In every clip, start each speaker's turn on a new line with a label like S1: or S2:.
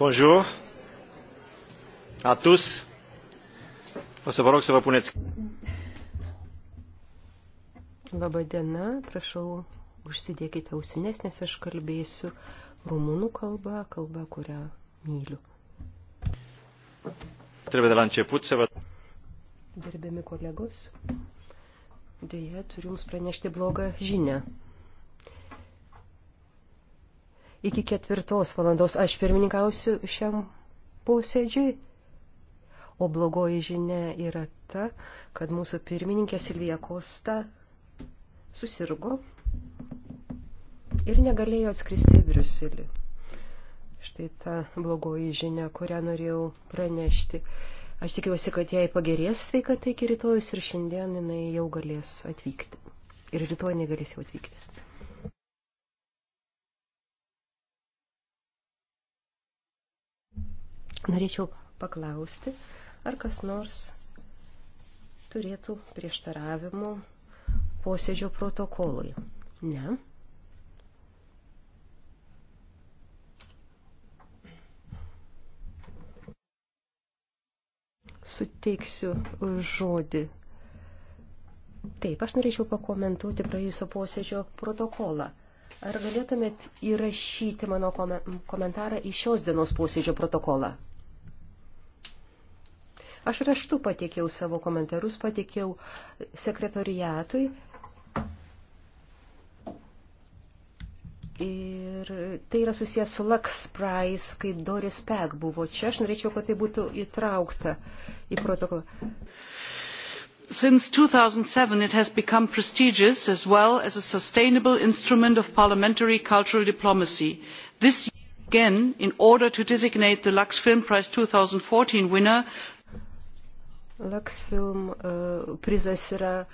S1: Bonjour à tous. O să vă rog să vă puneți.
S2: Labą dieną, prašau, užsidėkite ausinės, nes aš kalbėsiu rumunų kalbą, kalbą, kurią myliu.
S1: Trebuie de la început să vă...
S2: Gerbiami kolegos, dėja turiu Jums pranešti blogą žinę iki ketvirtos valandos aš pirmininkausiu šiam posėdžiui. O blogoji žinia yra ta, kad mūsų pirmininkė Silvija Kosta susirgo ir negalėjo atskristi į Briuselį. Štai ta blogoji žinia, kurią norėjau pranešti. Aš tikiuosi, kad jai pagerės sveikata iki rytojus ir šiandien jinai jau galės atvykti. Ir rytoj negalės jau atvykti. Norėčiau paklausti, ar kas nors turėtų prieštaravimų posėdžio protokolui. Ne. Suteiksiu žodį. Taip, aš norėčiau pakomentuoti praėjusio posėdžio protokolą. Ar galėtumėt įrašyti mano komentarą į šios dienos posėdžio protokolą? Aš raštu pateikiau savo komentarus, pateikiau sekretoriatui. Ir tai yra susijęs su Lux Prize, kaip Doris Peck buvo čia. Aš norėčiau, kad tai būtų įtraukta į protokolą. Since
S3: 2007 it has become prestigious as well as a sustainable instrument of parliamentary cultural diplomacy. This again in order to designate the lux film
S2: prize two thousand and fourteen winner Laksfilm e, prizas yra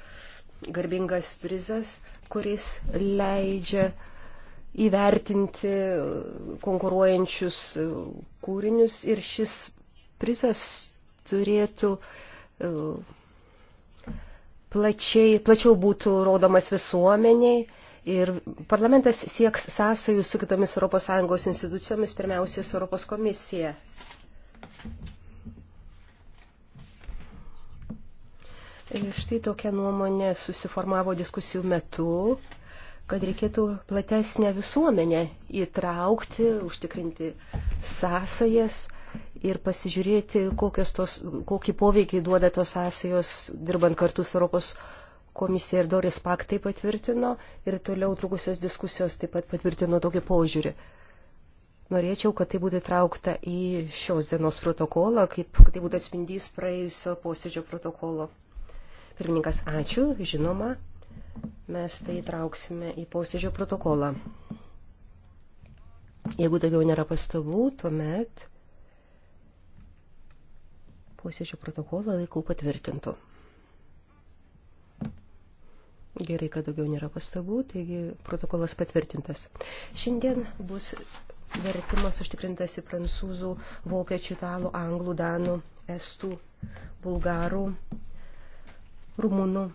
S2: garbingas prizas, kuris leidžia įvertinti konkuruojančius kūrinius ir šis prizas turėtų e, plačiai, plačiau būtų rodomas visuomeniai ir parlamentas sieks sąsajų su kitomis ES institucijomis, pirmiausiai su ES komisija. E, štai tokia nuomonė susiformavo diskusijų metu, kad reikėtų platesnę visuomenę įtraukti, užtikrinti sąsajas ir pasižiūrėti, tos, kokį poveikį duoda tos sąsajos dirbant kartu su Europos komisija ir Doris Pak tai patvirtino ir toliau trukusios diskusijos taip pat patvirtino tokį požiūrį. Norėčiau, kad tai būtų traukta į šios dienos protokolą, kaip tai būtų atspindys praėjusio posėdžio protokolo. Pirmininkas, ačiū, žinoma, mes tai trauksime į posėdžio protokolą. Jeigu daugiau nėra pastabų, tuomet posėdžio protokolą laikau patvirtintų. Gerai, kad daugiau nėra pastabų, taigi protokolas patvirtintas. Šiandien bus vertimas užtikrintas į prancūzų, vokiečių, italų, anglų, danų, estų, bulgarų, rumunų.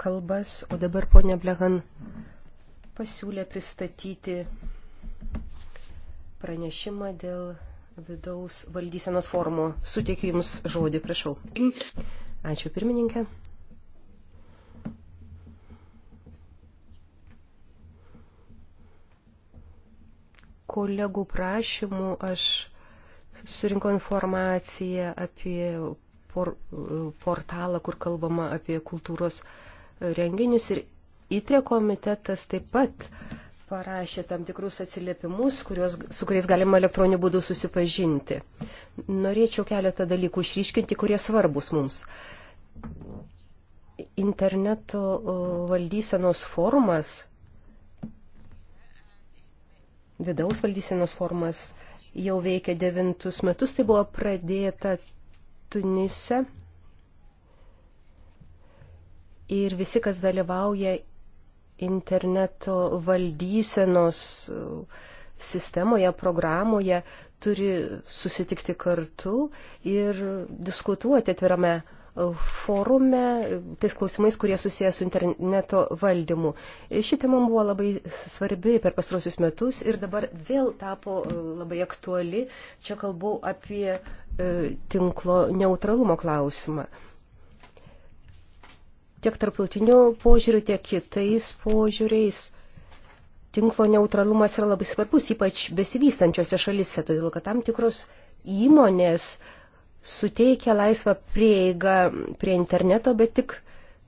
S2: kalbas, o dabar ponia Blehan pasiūlė pristatyti pranešimą dėl vidaus valdysenos formų. Suteikiu Jums žodį, prašau. Ačiū pirmininkė. kolegų prašymų aš surinko informaciją apie por, portalą, kur kalbama apie kultūros renginius ir įtrė komitetas taip pat parašė tam tikrus atsiliepimus, kurios, su kuriais galima elektroniniu būdu susipažinti. Norėčiau keletą dalykų išryškinti, kurie svarbus mums. Interneto valdysenos forumas vidaus valdysenos formas jau veikia devintus metus, tai buvo pradėta Tunise. Ir visi, kas dalyvauja interneto valdysenos sistemoje, programoje, turi susitikti kartu ir diskutuoti atvirame forume, tais klausimais, kurie susijęs su interneto valdymu. Ši tema buvo labai svarbi per pastarosius metus ir dabar vėl tapo e, labai aktuali. Čia kalbu apie e, tinklo neutralumo klausimą. Tiek tarptautiniu požiūriu, tiek kitais požiūriais. Tinklo neutralumas yra labai svarbus, ypač besivystančiose šalise, todėl kad tam tikros įmonės uh, suteikia laisvą prieigą prie interneto, bet tik,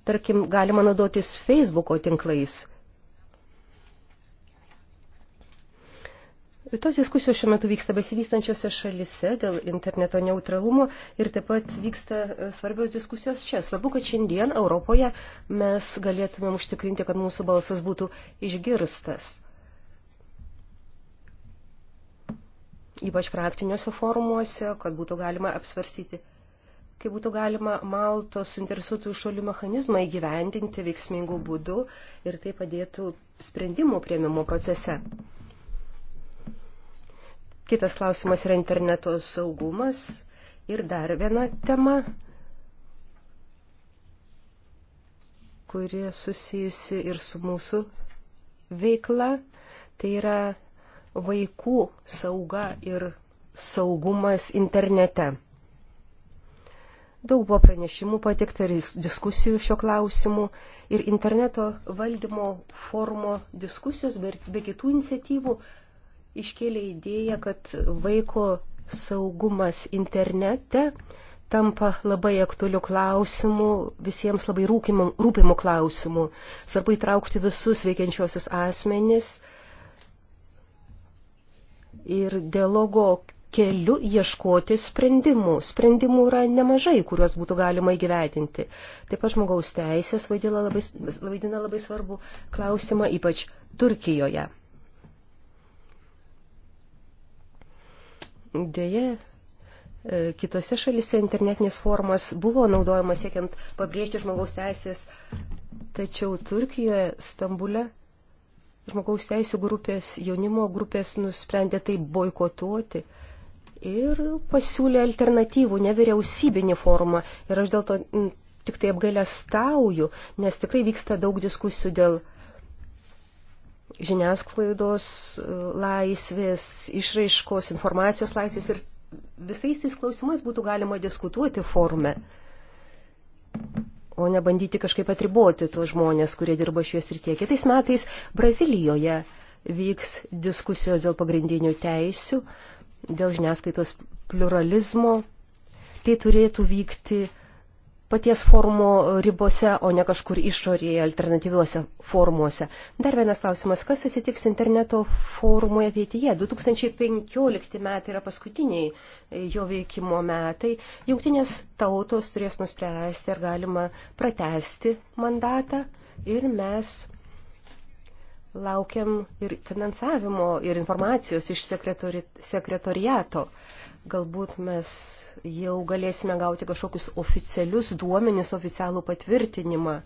S2: tarkim, galima naudotis Facebooko tinklais. Ir tos diskusijos šiuo metu vyksta besivystančiose šalise dėl interneto neutralumo ir taip pat vyksta e, svarbios diskusijos čia. Svarbu, kad šiandien Europoje mes galėtumėm užtikrinti, kad mūsų balsas būtų išgirstas. ypač praktiniuose forumuose, kad būtų galima apsvarsyti, kaip būtų galima Maltos suinteresuotų šalių mechanizmą įgyvendinti veiksmingų būdų ir tai padėtų sprendimų prieimimo procese. Kitas klausimas yra interneto saugumas ir dar viena tema kuri susijusi ir su mūsų veikla, tai yra vaikų sauga ir saugumas internete. Daug buvo pranešimų patikta ir diskusijų šio klausimu ir interneto valdymo forumo diskusijos be kitų iniciatyvų iškėlė idėją, kad vaiko saugumas internete tampa labai aktualiu klausimu, visiems labai rūpimu, rūpimu klausimu. Svarbu įtraukti visus veikiančiosius asmenis ir dialogo keliu ieškoti sprendimų. Sprendimų yra nemažai, kuriuos būtų galima įgyvendinti. Taip pat žmogaus teisės vaidina labai, vaidina labai svarbu klausimą, ypač Turkijoje. Deja, e, kitose šalise internetinės formas buvo naudojamas siekiant pabrėžti žmogaus teisės, tačiau Turkijoje, Stambule žmogaus teisų grupės, jaunimo grupės nusprendė tai boikotuoti ir pasiūlė alternatyvų, nevyriausybinį formą. Ir aš dėl to mm, tik tai apgailę stauju, nes tikrai vyksta daug diskusijų dėl žiniasklaidos e, laisvės, išraiškos, informacijos laisvės ir visais tais klausimais būtų galima diskutuoti forume. Mm o ne bandyti kažkaip atriboti tuos žmonės, kurie dirba šioje srityje. Kitais metais Brazilijoje vyks diskusijos dėl pagrindinių teisių, dėl žiniasklaidos pluralizmo. Tai turėtų vykti paties forumo ribose, o ne kažkur išorėje alternatyviuose formuose. Dar vienas klausimas, kas atsitiks interneto forumui ateityje? 2015 metai yra paskutiniai e, jo veikimo metai. Jungtinės tautos turės nuspręsti, ar galima pratesti mandatą ir mes laukiam ir finansavimo, ir informacijos iš sekretori, sekretoriato. sekretoriato Galbūt mes jau galėsime gauti kažkokius oficialius duomenis, oficialų patvirtinimą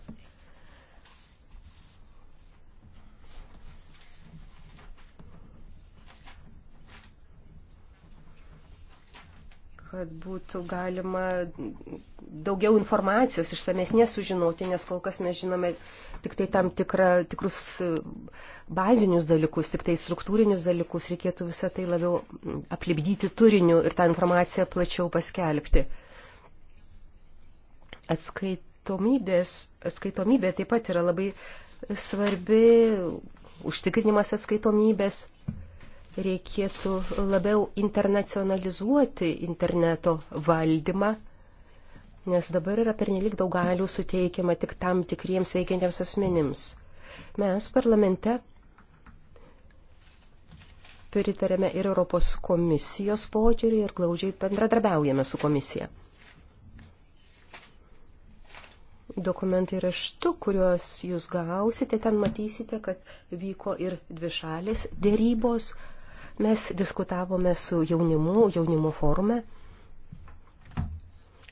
S2: kad būtų galima daugiau informacijos išsamesnės sužinoti, nes kol kas mes žinome tik tai tam tikra, tikrus e, bazinius dalykus, tik tai struktūrinius dalykus, reikėtų visą tai labiau aplipdyti turiniu ir tą informaciją plačiau paskelbti. Atskaitomybės, atskaitomybė taip pat yra labai svarbi, užtikrinimas atskaitomybės reikėtų labiau internacionalizuoti interneto valdymą, nes dabar yra pernelik daug galių suteikiama tik tam tikriems veikiantiems asmenims. Mes parlamente pritarėme ir Europos komisijos požiūrį ir glaudžiai bendradarbiaujame su komisija. Dokumentai raštu, kuriuos jūs gausite, ten matysite, kad vyko ir dvišalės dėrybos, Mes diskutavome su jaunimu, jaunimo forume,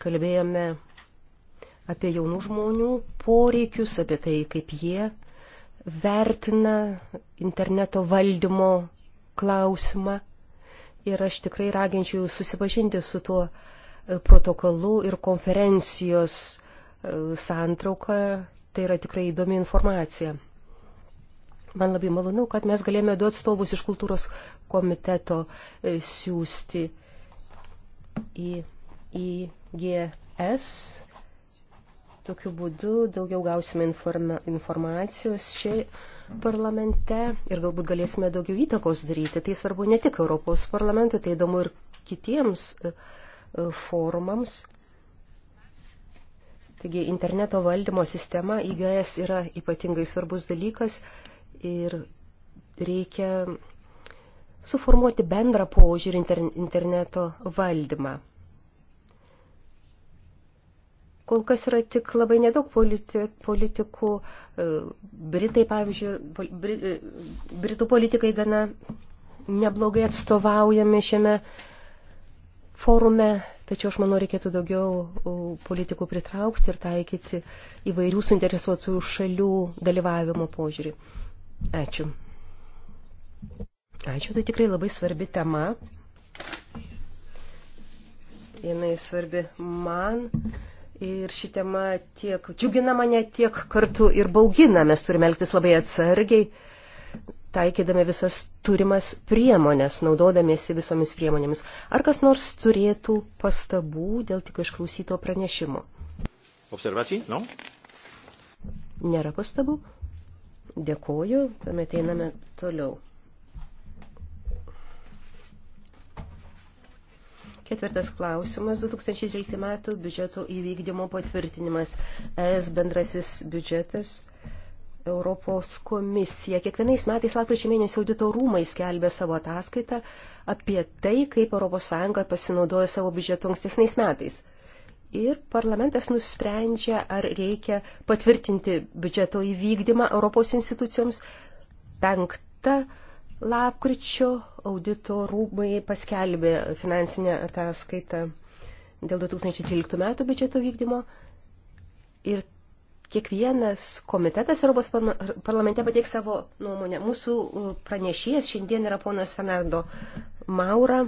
S2: kalbėjome apie jaunų žmonių poreikius, apie tai, kaip jie vertina interneto valdymo klausimą. Ir aš tikrai raginčiau susipažinti su tuo e, protokolu ir konferencijos e, santrauka. Tai yra tikrai įdomi informacija. Man labai malonu, kad mes galėjome du atstovus iš kultūros komiteto e, siūsti į, į GS. Tokiu būdu daugiau gausime informa, informacijos čia parlamente ir galbūt galėsime daugiau įtakos daryti. Tai svarbu ne tik Europos parlamentui, tai įdomu ir kitiems e, e, forumams. Taigi interneto valdymo sistema IGS yra ypatingai svarbus dalykas ir reikia suformuoti bendrą požiūrį interneto valdymą. Kol kas yra tik labai nedaug politikų. E, Britai, pavyzdžiui, e, Britų politikai gana neblogai atstovaujami šiame forume, tačiau aš manau reikėtų daugiau politikų pritraukti ir taikyti įvairių suinteresuotų šalių dalyvavimo požiūrį. Ačiū. Ačiū, tai tikrai labai svarbi tema. Jinai svarbi man. Ir ši tema tiek džiugina mane, tiek kartu ir baugina. Mes turime elgtis labai atsargiai, taikydami visas turimas priemonės, naudodamiesi visomis priemonėmis. Ar kas nors turėtų pastabų dėl tik išklausyto pranešimo? Observacijai? No? Nėra pastabų? Dėkuoju, tuomet einame toliau. Ketvirtas klausimas 2013 metų biudžeto įvykdymo patvirtinimas. ES bendrasis biudžetas Europos komisija. Kiekvienais metais lapkričio mėnesį audito rūmai skelbė savo ataskaitą apie tai, kaip ES pasinaudojo savo biudžeto ankstesniais metais ir parlamentas nusprendžia, ar reikia patvirtinti biudžeto įvykdymą Europos institucijoms. Penktą lapkričio audito rūmai paskelbė finansinę ataskaitą dėl 2013 metų biudžeto vykdymo ir kiekvienas komitetas Europos parlamente pateiks savo nuomonę. Mūsų pranešėjas šiandien yra ponas Fernando Maura.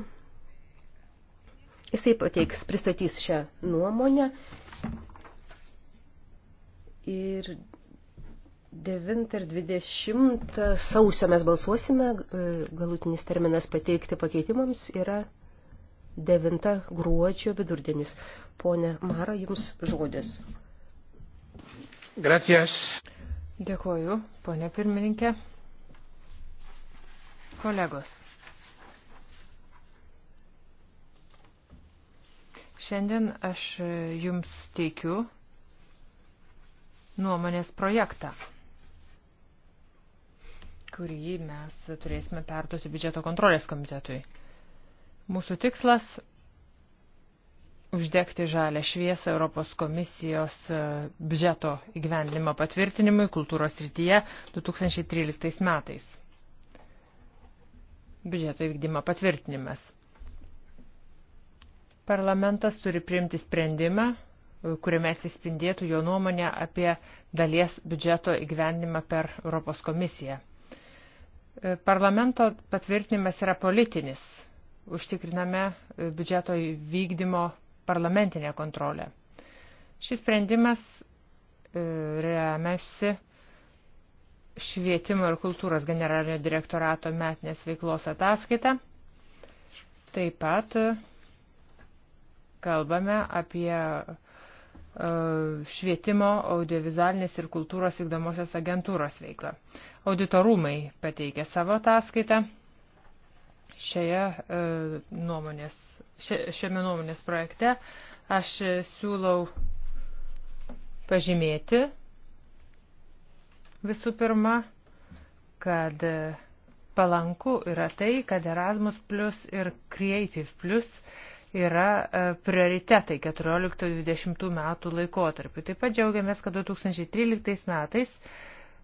S2: Jisai pateiks, pristatys šią nuomonę. Ir 9 ir 20 sausio mes balsuosime, e, galutinis terminas pateikti pakeitimams yra 9 gruodžio vidurdienis. Pone Mara, jums žodis.
S1: Gracias. Dėkuoju, ponė pirmininkė. Kolegos. Šiandien aš jums teikiu nuomonės projektą, kurį mes turėsime perduoti biudžeto kontrolės komitetui. Mūsų tikslas uždegti žalę šviesą Europos komisijos e, biudžeto įgyvendinimo patvirtinimui kultūros rytyje 2013 metais. Biudžeto įvykdymo patvirtinimas. Parlamentas turi priimti sprendimą, e, kuriame atsispindėtų jo nuomonė apie dalies biudžeto įgyvendimą per Europos komisiją. E, Parlamento patvirtinimas yra politinis. Užtikriname e, biudžeto vykdymo parlamentinę kontrolę. Šis sprendimas remiasi švietimo ir kultūros generalinio direktorato metinės veiklos ataskaita. Taip pat kalbame apie e, švietimo, audiovizualinės ir kultūros vykdomosios agentūros veiklą. Auditorumai pateikė savo ataskaitą šioje e, nuomonės, šiame nuomonės projekte. Aš siūlau pažymėti visų pirma, kad palanku yra tai, kad Erasmus Plus ir Creative Plus uh, yra e, prioritetai 14-20 metų laikotarpiu. Taip pat džiaugiamės, kad 2013 metais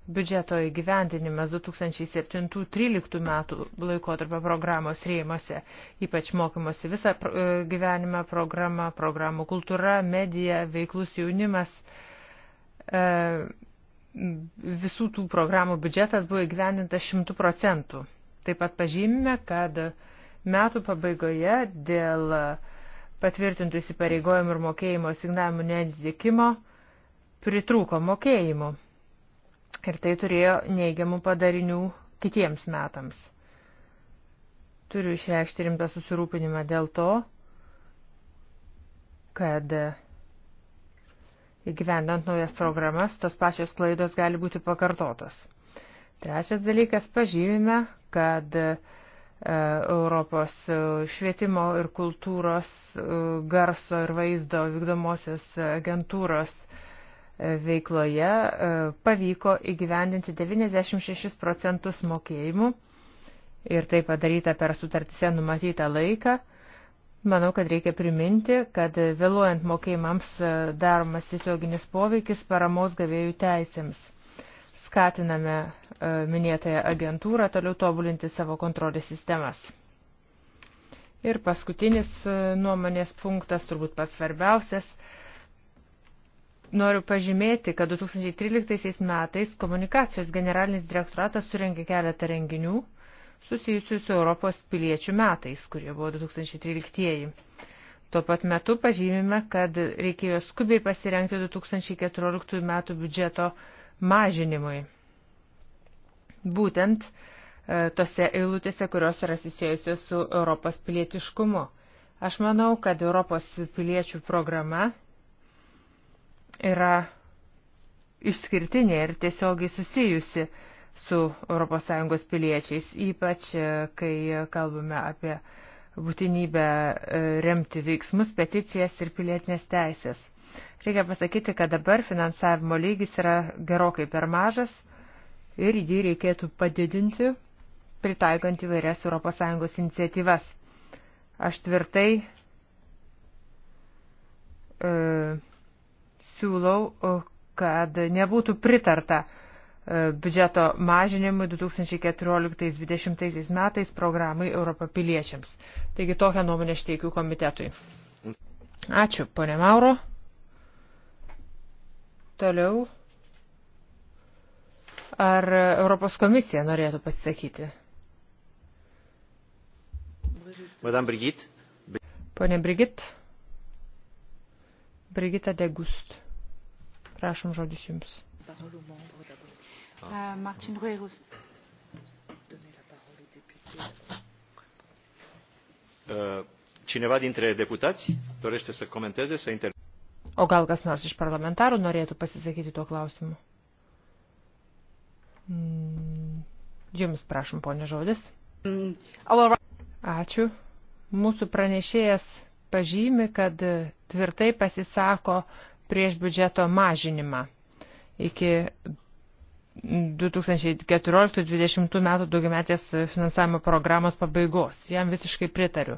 S1: biudžeto įgyvendinimas 2007-2013 metų laikotarpio programos rėmose, ypač mokymosi visą e, gyvenimą programą, programų kultūra, medija, veiklus jaunimas. E, visų tų programų biudžetas buvo įgyvendintas 100 procentų. Taip pat pažymime, kad uh, Metų pabaigoje dėl patvirtintų įsipareigojimų ir mokėjimo signavimų neatsidėkimo pritrūko mokėjimų. Ir tai turėjo neigiamų padarinių kitiems metams. Turiu išreikšti rimtą susirūpinimą dėl to, kad įgyvendant naujas programas, tos pačios klaidos gali būti pakartotos. Trečias dalykas, pažymime, kad uh, E, Europos e, švietimo ir kultūros e, garso ir vaizdo vykdomosios agentūros veikloje pavyko įgyvendinti 96 procentus mokėjimų ir tai padaryta per sutartise numatytą laiką. Manau, kad reikia priminti, kad vėluojant mokėjimams daromas tiesioginis poveikis paramos gavėjų teisėms skatiname e, minėtąją agentūrą toliau tobulinti savo kontrolės sistemas. Ir paskutinis e, nuomonės punktas, turbūt pats svarbiausias. Noriu pažymėti, kad 2013 metais komunikacijos generalinis direktoratas surengė keletą renginių susijusių su Europos piliečių metais, kurie buvo 2013. Tuo pat metu pažymime, kad reikėjo skubiai pasirengti 2014 metų biudžeto mažinimui. Būtent e, tose eilutėse, kurios yra susijusios su Europos pilietiškumu. Aš manau, kad Europos piliečių programa yra išskirtinė ir tiesiogiai susijusi su ES piliečiais, ypač e, kai kalbame apie būtinybę e, remti veiksmus, peticijas ir pilietinės teisės. Reikia pasakyti, kad dabar finansavimo lygis yra gerokai per mažas ir jį reikėtų padidinti, pritaikant įvairias ES iniciatyvas. Aš tvirtai e, siūlau, e, kad nebūtų pritarta e, biudžeto mažinimui 2014-2020 metais programai Europą piliečiams. Taigi tokią nuomonę aš teikiu komitetui. Ačiū, ponė Mauro. Toliau. Ar Europos komisija norėtų pasisakyti? Madame Brigitte. Pone Brigit. Brigita Degust. Prašom žodis jums. Euh,
S2: Martin Ruirus.
S1: Euh, cineva dintre deputați dorește să comenteze, să intervină? O gal kas nors iš parlamentarų norėtų pasisakyti tuo klausimu? Mm, jums prašom, ponė žodis. Ačiū. Mūsų pranešėjas pažymi, kad tvirtai pasisako prieš biudžeto mažinimą. Iki 2014-2020 metų daugiametės finansavimo programos pabaigos. Jam visiškai pritariu.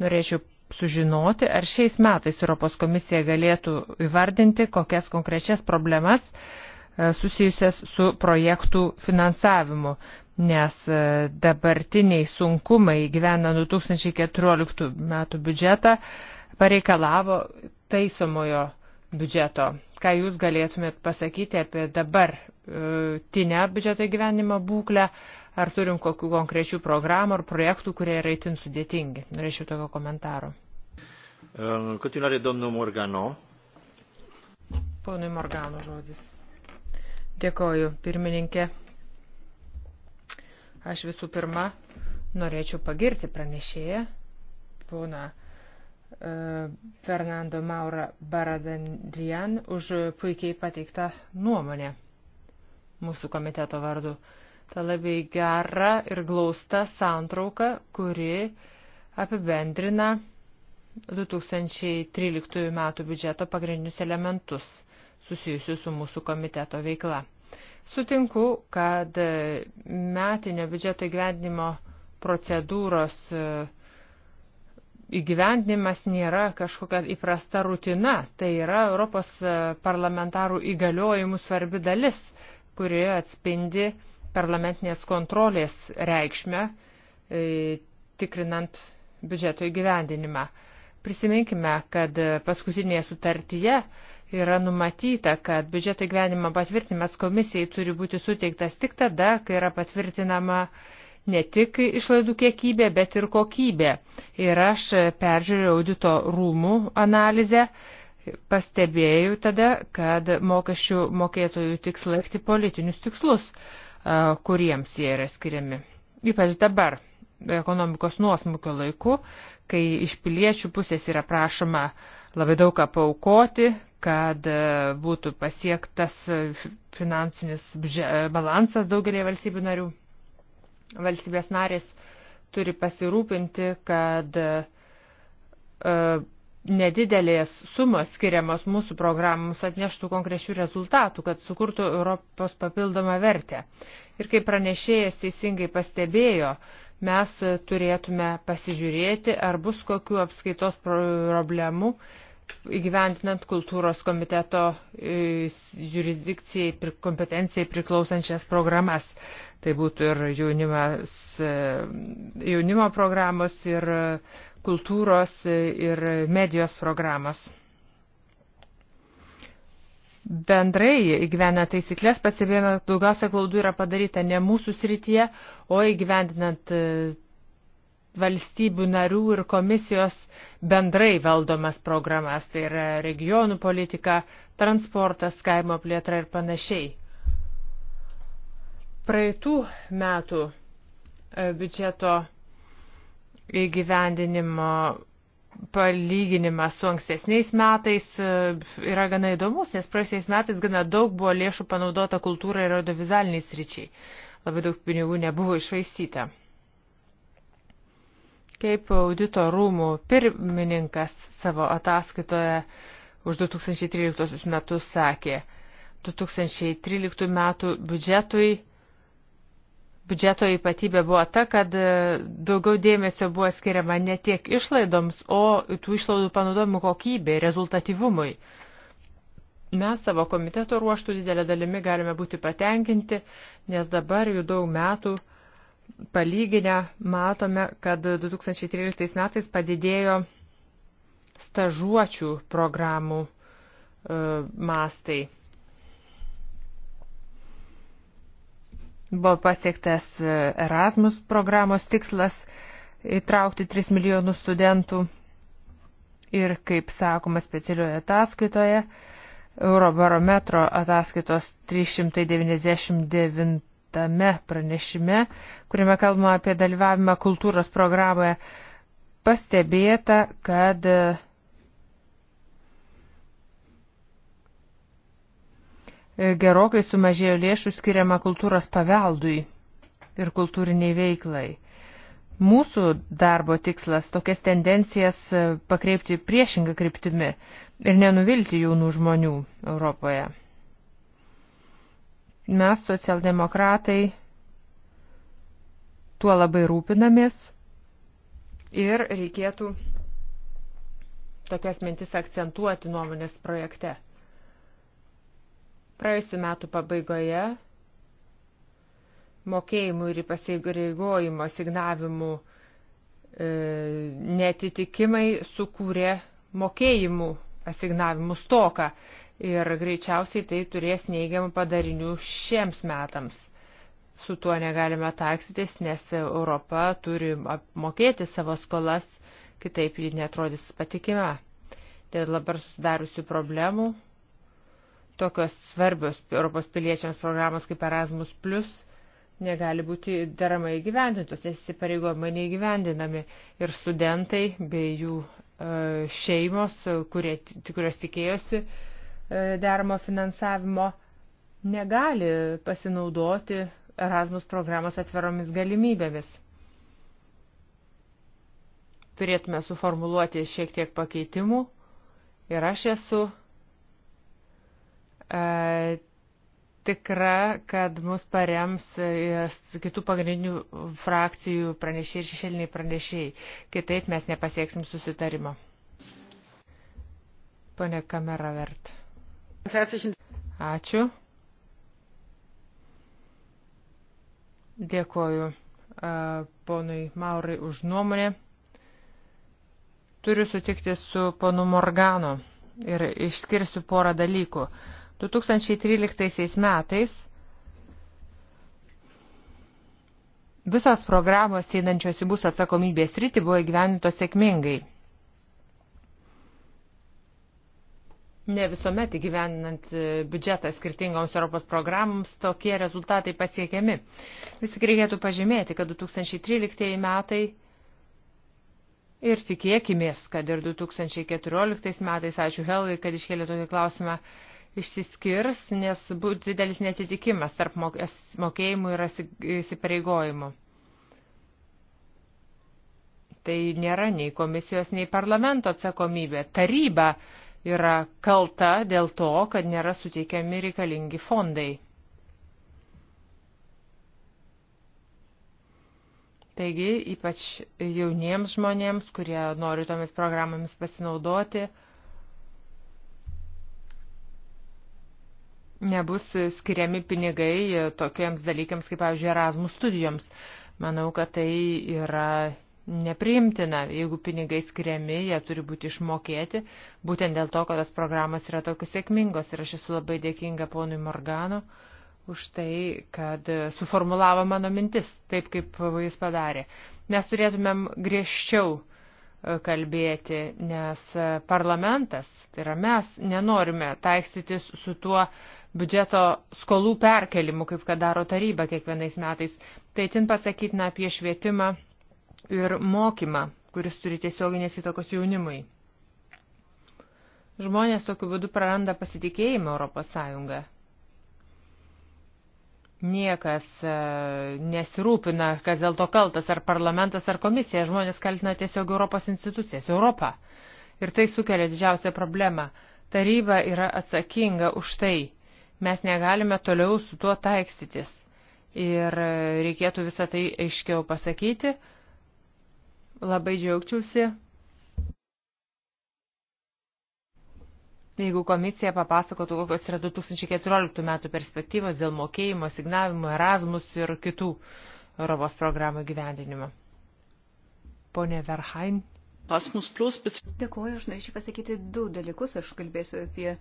S1: Norėčiau sužinoti, ar šiais metais Europos komisija galėtų įvardinti, kokias konkrečias problemas e, susijusias su projektų finansavimu, nes e, dabartiniai sunkumai gyvena 2014 metų biudžetą pareikalavo taisomojo biudžeto. Ką Jūs galėtumėt pasakyti apie dabar e, tinę biudžeto gyvenimo būklę, Ar turim kokių konkrečių programų ar projektų, kurie yra itin sudėtingi? Norėčiau tokio komentaro. Continuare, domnul Morgano. Ponui Morgano žodis. Dėkoju, pirmininkė. Aš visų pirma norėčiau pagirti pranešėją, poną e, Fernando Maura Baradandrian, už puikiai pateiktą nuomonę mūsų komiteto vardu. Ta labai gera ir glausta santrauka, kuri apibendrina 2013 m. biudžeto pagrindinius elementus susijusius su mūsų komiteto veikla. Sutinku, kad metinio biudžeto įgyvendinimo procedūros e, įgyvendinimas nėra kažkokia įprasta rutina, tai yra Europos e, parlamentarų įgaliojimų svarbi dalis, kuri atspindi parlamentinės kontrolės reikšmę, e, tikrinant biudžeto įgyvendinimą. Prisiminkime, kad paskutinėje sutartyje yra numatyta, kad biudžeto įgyvendinimo patvirtinimas komisijai turi būti suteiktas tik tada, kai yra patvirtinama ne tik išlaidų kiekybė, bet ir kokybė. Ir aš peržiūrėjau audito rūmų analizę, pastebėjau tada, kad mokesčių mokėtojų tikslai akti politinius tikslus kuriems jie yra skiriami. Ypač dabar, ekonomikos nuosmukio laiku, kai iš piliečių pusės yra prašoma labai daug ką paukoti, kad būtų pasiektas finansinis balansas daugelį valstybių narių. Valstybės narės turi pasirūpinti, kad nedidelės sumos skiriamos mūsų programoms atneštų konkrečių rezultatų, kad sukurtų Europos papildomą vertę. Ir kaip pranešėjas teisingai pastebėjo, mes turėtume pasižiūrėti, ar bus kokių apskaitos problemų įgyventinant kultūros komiteto e, jurisdikcijai, kompetencijai priklausančias programas. Tai būtų ir jaunimas, e, jaunimo programos, ir kultūros ir medijos programos. Bendrai įgyvenant taisyklės pastebėjome, kad daugiausia klaudų yra padaryta ne mūsų srityje, o įgyvendinant e, valstybių narių ir komisijos bendrai valdomas programas, tai yra regionų politika, transportas, kaimo plėtra ir panašiai. Praeitų metų e, biudžeto įgyvendinimo palyginimas su ankstesniais metais e, yra gana įdomus, nes praėjusiais metais gana daug buvo lėšų panaudota kultūrai ir audiovizualiniai sričiai. Labai daug pinigų nebuvo išvaistyta. Kaip audito rūmų pirmininkas savo ataskaitoje už 2013 metus sakė, 2013 metų biudžetui biudžeto ypatybė buvo ta, kad e, daugiau dėmesio buvo skiriama ne tiek išlaidoms, o tų išlaidų panaudojimų kokybė, rezultatyvumui. Mes savo komiteto ruoštų didelę dalimi galime būti patenkinti, nes dabar jau daug metų palyginę matome, kad 2013 metais padidėjo stažuočių programų e, mastai. Buvo pasiektas e, Erasmus programos tikslas įtraukti 3 milijonus studentų. Ir, kaip sakoma specialioje ataskaitoje, Eurobarometro ataskaitos 399 pranešime, kuriame kalbama apie dalyvavimą kultūros programoje, pastebėta, kad e, E, gerokai sumažėjo lėšų skiriama kultūros paveldui ir kultūriniai veiklai. Mūsų darbo tikslas tokias tendencijas e, pakreipti priešingą kryptimi ir nenuvilti jaunų žmonių Europoje. Mes, socialdemokratai, tuo labai rūpinamės ir reikėtų tokias mintis akcentuoti nuomonės projekte. Praėjusiu metu pabaigoje mokėjimų ir pasigareigojimo signavimų e, netitikimai sukūrė mokėjimų asignavimų stoką ir greičiausiai tai turės neigiamų padarinių šiems metams. Su tuo negalime taikstytis, nes Europa turi apmokėti savo skolas, kitaip ji netrodys patikima. Dėl dabar susidariusių problemų Tokios svarbios Europos piliečiams programos kaip Erasmus Plus negali būti deramai įgyvendintos, nes įsipareigojimai neįgyvendinami ir studentai bei jų e, šeimos, kurie, kurios tikėjosi e, deramo finansavimo, negali pasinaudoti Erasmus programos atveromis galimybėmis. Turėtume suformuluoti šiek tiek pakeitimų ir aš esu tikra, kad mus parems e, kitų pagrindinių frakcijų pranešėjai ir šešėliniai pranešėjai. Kitaip mes nepasieksim susitarimo. Pone Kameravert. Ačiū. Dėkoju ponui Maurai už nuomonę. Turiu sutikti su ponu Morgano ir išskirsiu porą dalykų. Uh, 2013 metais visos programos einančios į bus atsakomybės rytį buvo įgyvenintos sėkmingai. Ne visuomet įgyveninant e, biudžetą skirtingoms Europos programoms tokie rezultatai pasiekiami. Vis tik reikėtų pažymėti, kad 2013 metai ir tikėkimės, kad ir 2014 metais, ačiū Helgai, kad iškėlė tokį klausimą, išsiskirs, nes būtų didelis netitikimas tarp mokėjimų ir įsipareigojimų. Tai nėra nei komisijos, nei parlamento atsakomybė. Taryba yra kalta dėl to, kad nėra suteikiami reikalingi fondai. Taigi, ypač jauniems žmonėms, kurie nori tomis programomis pasinaudoti, nebus skiriami pinigai tokiems dalykiams kaip, pavyzdžiui, Erasmus studijoms. Manau, kad tai yra nepriimtina. Jeigu pinigai skiriami, jie turi būti išmokėti, būtent dėl to, kad tos programos yra tokios sėkmingos. Ir aš esu labai dėkinga ponui Morgano už tai, kad suformulavo mano mintis, taip kaip jis padarė. Mes turėtumėm griežčiau e, kalbėti, nes e, parlamentas, tai yra mes, nenorime taikstytis su tuo biudžeto skolų perkelimu, kaip kad daro taryba kiekvienais metais. Tai tin pasakytina apie švietimą ir mokymą, kuris turi tiesioginės įtakos jaunimui. Žmonės tokiu būdu praranda pasitikėjimą Europos Sąjungą. Niekas e, nesirūpina, kas dėl to kaltas, ar parlamentas, ar komisija. Žmonės kaltina tiesiog Europos institucijas, Europą. Ir tai sukelia didžiausią problemą taryba yra atsakinga už tai, Mes negalime toliau su tuo taikstytis. Ir reikėtų visą tai aiškiau pasakyti. Labai džiaugčiausi, jeigu komisija papasakotų, kokios yra 2014 metų perspektyvos dėl mokėjimo, signavimo, Erasmus ir kitų Europos programų gyvendinimo. Pone Verhain. Dėkuoju,
S3: aš norėčiau pasakyti du dalykus, aš kalbėsiu apie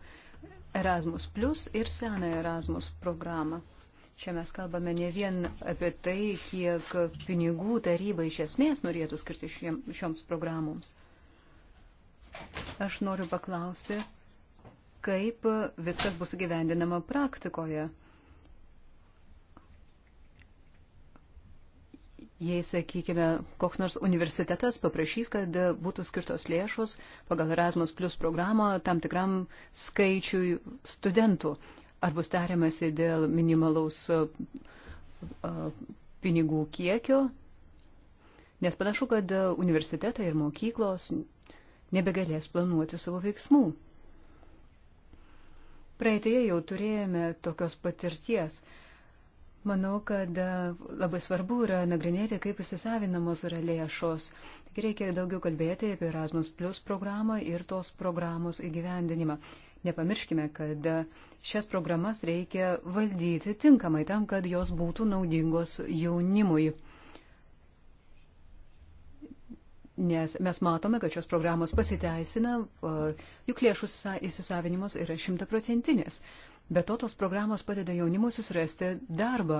S3: Erasmus Plus ir senąją Erasmus programą. Čia mes kalbame ne vien apie tai, kiek pinigų taryba iš esmės norėtų skirti šiem, šioms programoms. Aš noriu paklausti, kaip viskas bus gyvendinama praktikoje. jei, sakykime, koks nors universitetas paprašys, kad būtų skirtos lėšos pagal Erasmus Plus programą tam tikram skaičiui studentų. Ar bus tariamasi dėl minimalaus pinigų kiekio? Nes panašu, kad universitetai ir mokyklos nebegalės planuoti savo veiksmų. Praeitėje jau turėjome tokios patirties Manau, kad e, labai svarbu yra nagrinėti, kaip įsisavinamos yra lėšos. Tik reikia daugiau kalbėti apie Erasmus Plus programą ir tos programos įgyvendinimą. Nepamirškime, kad e, šias programas reikia valdyti tinkamai tam, kad jos būtų naudingos jaunimui. Nes mes matome, kad šios programos pasiteisina, juk lėšų įsisavinimas yra šimtaprocentinės. procentinės. Be to, tos programos padeda jaunimui susirasti darbą.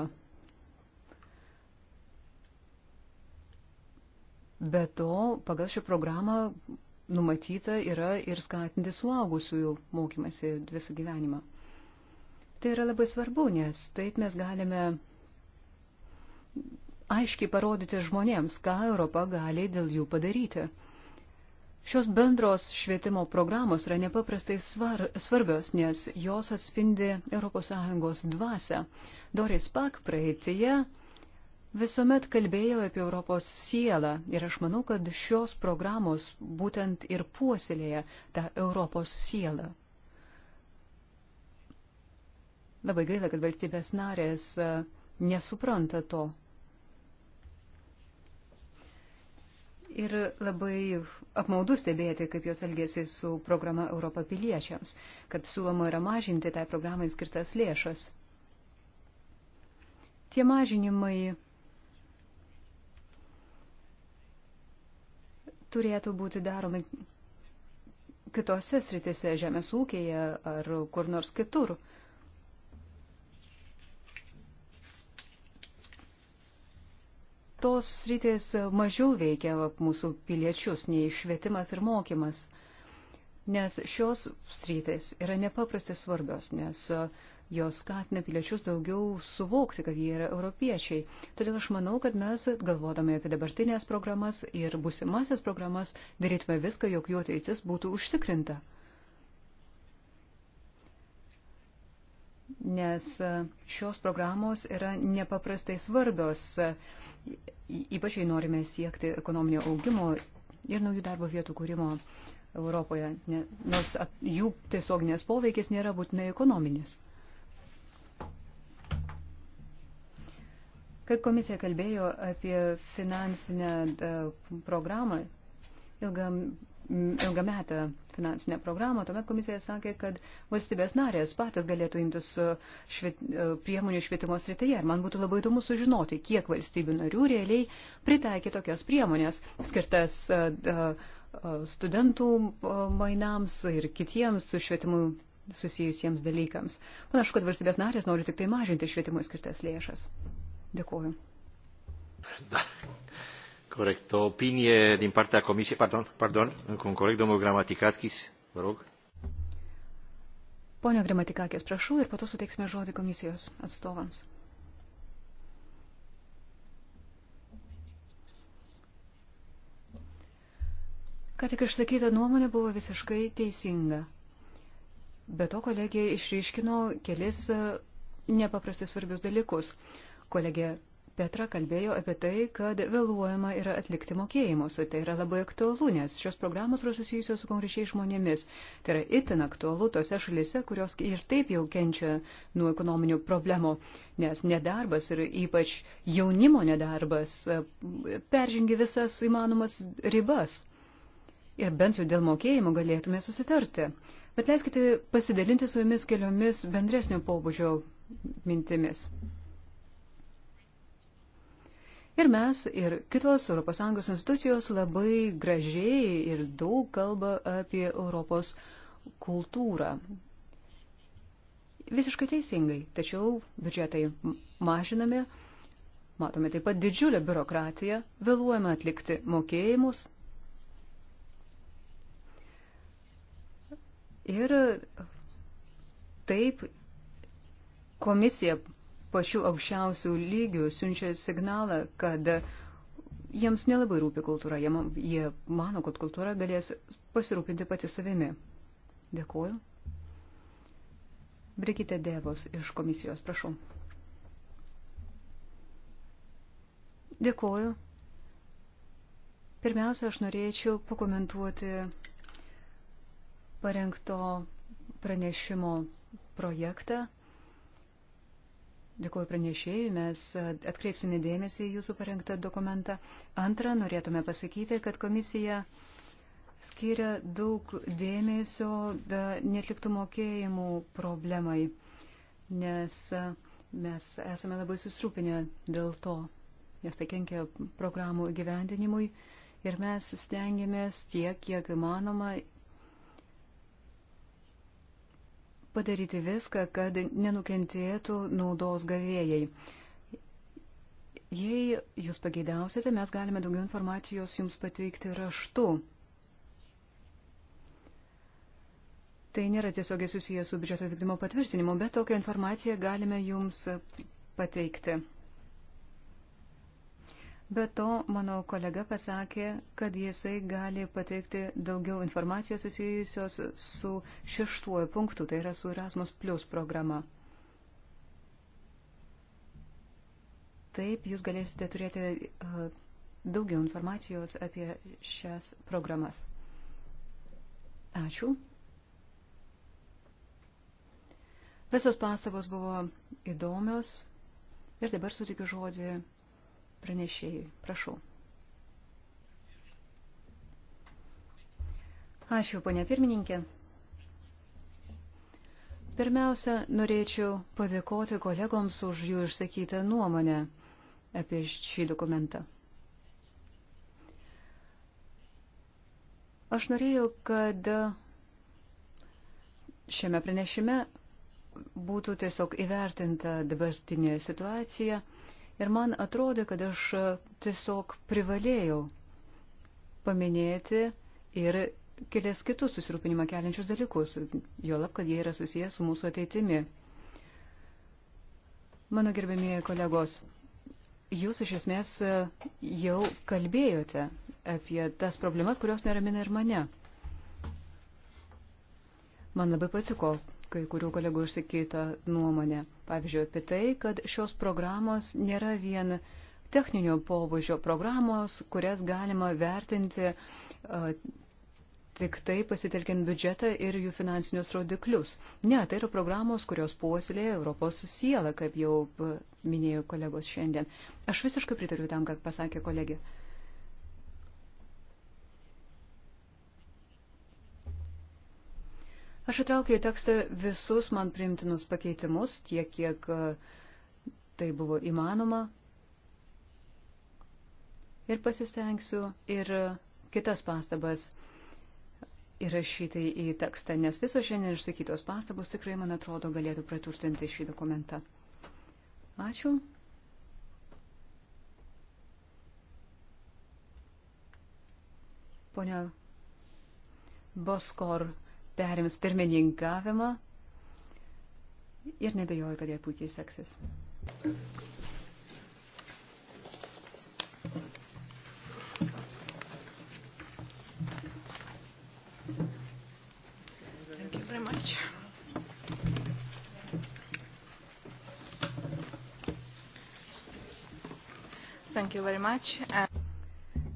S3: Be to, pagal šią programą numatyta yra ir skatinti suaugusiųjų mokymasi visą gyvenimą. Tai yra labai svarbu, nes taip mes galime aiškiai parodyti žmonėms, ką Europa gali dėl jų padaryti. Šios bendros švietimo programos yra nepaprastai svar, svarbios, nes jos atspindi ES dvasę. Doris Pak praeitie visuomet kalbėjo apie Europos sielą ir aš manau, kad šios programos būtent ir puoselėja tą Europos sielą. Labai gaila, kad valstybės narės e, nesupranta to. Ir labai apmaudu stebėti, kaip jos elgėsi su programa Europą piliečiams, kad siūloma yra mažinti tai programai skirtas lėšas. Tie mažinimai turėtų būti daromi kitose sritise, žemės ūkėje ar kur nors kitur. tos sritės mažiau veikia mūsų piliečius nei švietimas ir mokymas. Nes šios sritės yra nepaprastai svarbios, nes jos skatina piliečius daugiau suvokti, kad jie yra europiečiai. Todėl aš manau, kad mes, galvodami apie dabartinės programas ir busimasias programas, darytume viską, jog jų ateitis būtų užtikrinta. nes šios programos yra nepaprastai svarbios, ypač jei norime siekti ekonominio augimo ir naujų darbo vietų kūrimo Europoje, nors jų tiesioginės poveikis nėra būtinai ekonominis. Kai komisija kalbėjo apie finansinę e, programą, ilgam, ilgametę finansinę programą, tuomet komisija sakė, kad valstybės narės patys galėtų imtis e, švit, e, priemonių švietimo srityje. Ir man būtų labai įdomu sužinoti, kiek valstybių narių realiai pritaikė tokias priemonės skirtas e, studentų mainams ir kitiems su švietimu susijusiems dalykams. Panašu, kad valstybės narės nori tik tai mažinti švietimui skirtas lėšas. Dėkuoju.
S1: Corect. O opinie din partea Comisiei. Pardon, pardon, încă un corect, domnul Gramaticakis, vă rog.
S3: Pone Gramatikakis, prašau ir po to suteiksime žodį komisijos atstovams. Ką tik išsakyta nuomonė buvo visiškai teisinga. Be to kolegija išryškino kelis nepaprastai svarbius dalykus. Kolegija Petra kalbėjo apie tai, kad vėluojama yra atlikti mokėjimus. Tai yra labai aktualu, nes šios programos yra susijusios su konkrečiai žmonėmis. Tai yra itin aktualu tose šalise, kurios ir taip jau kenčia nuo ekonominių problemų, nes nedarbas ir ypač jaunimo nedarbas e, peržengia visas įmanomas ribas. Ir bent jau dėl mokėjimų galėtume susitarti. Bet leiskite pasidalinti su jumis keliomis bendresnio pobūdžio mintimis. Ir mes ir kitos ES institucijos labai gražiai ir daug kalba apie Europos kultūrą. Visiškai teisingai, tačiau biudžetai mažinami, matome taip pat didžiulę biurokratiją, vėluojame atlikti mokėjimus. Ir taip komisija pačiu aukščiausių lygių siunčia signalą, kad jiems nelabai rūpi kultūra, jie, jie mano, kad kultūra galės pasirūpinti pati savimi. Dėkuoju. Brigite Devos iš komisijos, prašau. Dėkuoju. Pirmiausia, aš norėčiau pakomentuoti parengto pranešimo projektą Dėkuoju pranešėjai, mes e, atkreipsime dėmesį į jūsų parengtą dokumentą. Antra, norėtume pasakyti, kad komisija skiria daug dėmesio e, netliktų mokėjimų problemai, nes e, mes esame labai susirūpinę dėl to, nes tai kenkia programų gyvendinimui ir mes stengiamės tiek, kiek įmanoma, padaryti viską, kad nenukentėtų naudos gavėjai. Jei jūs pageidausite, mes galime daugiau informacijos jums pateikti raštu. Tai nėra tiesiogiai susijęs su biudžeto vykdymo patvirtinimu, bet tokią informaciją galime jums pateikti. Be to, mano kolega pasakė, kad jisai gali pateikti daugiau informacijos susijusios su šeštuoju punktu, tai yra su Erasmus Plus programa. Taip, jūs galėsite turėti uh, daugiau informacijos apie šias programas. Ačiū. Visos pastabos buvo įdomios ir dabar sutikiu žodį pranešėjui. Prašau. Ačiū, ponia pirmininkė. Pirmiausia, norėčiau padėkoti kolegoms už jų išsakytą nuomonę apie šį dokumentą. Aš norėjau, kad šiame pranešime būtų tiesiog įvertinta dabartinė situacija Ir man atrodė, kad aš tiesiog privalėjau paminėti ir kelias kitus susirūpinimą keliančius dalykus, juolab, kad jie yra susijęs su mūsų ateitimi. Mano gerbėmėjai kolegos, jūs iš esmės jau kalbėjote apie tas problemas, kurios neramina ir mane. Man labai patiko kai kurių kolegų išsakytą nuomonę. Pavyzdžiui, apie tai, kad šios programos nėra vien techninio pobūdžio programos, kurias galima vertinti tik tai pasitelkiant biudžetą ir jų finansinius rodiklius. Ne, tai yra programos, kurios puoselėja Europos sielą, kaip jau minėjo kolegos šiandien. Aš visiškai pritariu tam, ką pasakė kolegė. Uh, Aš atraukiau į tekstą visus man primtinus pakeitimus, tiek kiek e, tai buvo įmanoma. Ir pasistengsiu ir e, kitas pastabas įrašyti į tekstą, nes visos šiandien išsakytos pastabos tikrai, man atrodo, galėtų praturtinti šį dokumentą. Ačiū. Pone Boskor perims pirmininkavimą ir nebejoju, kad jai puikiai seksis.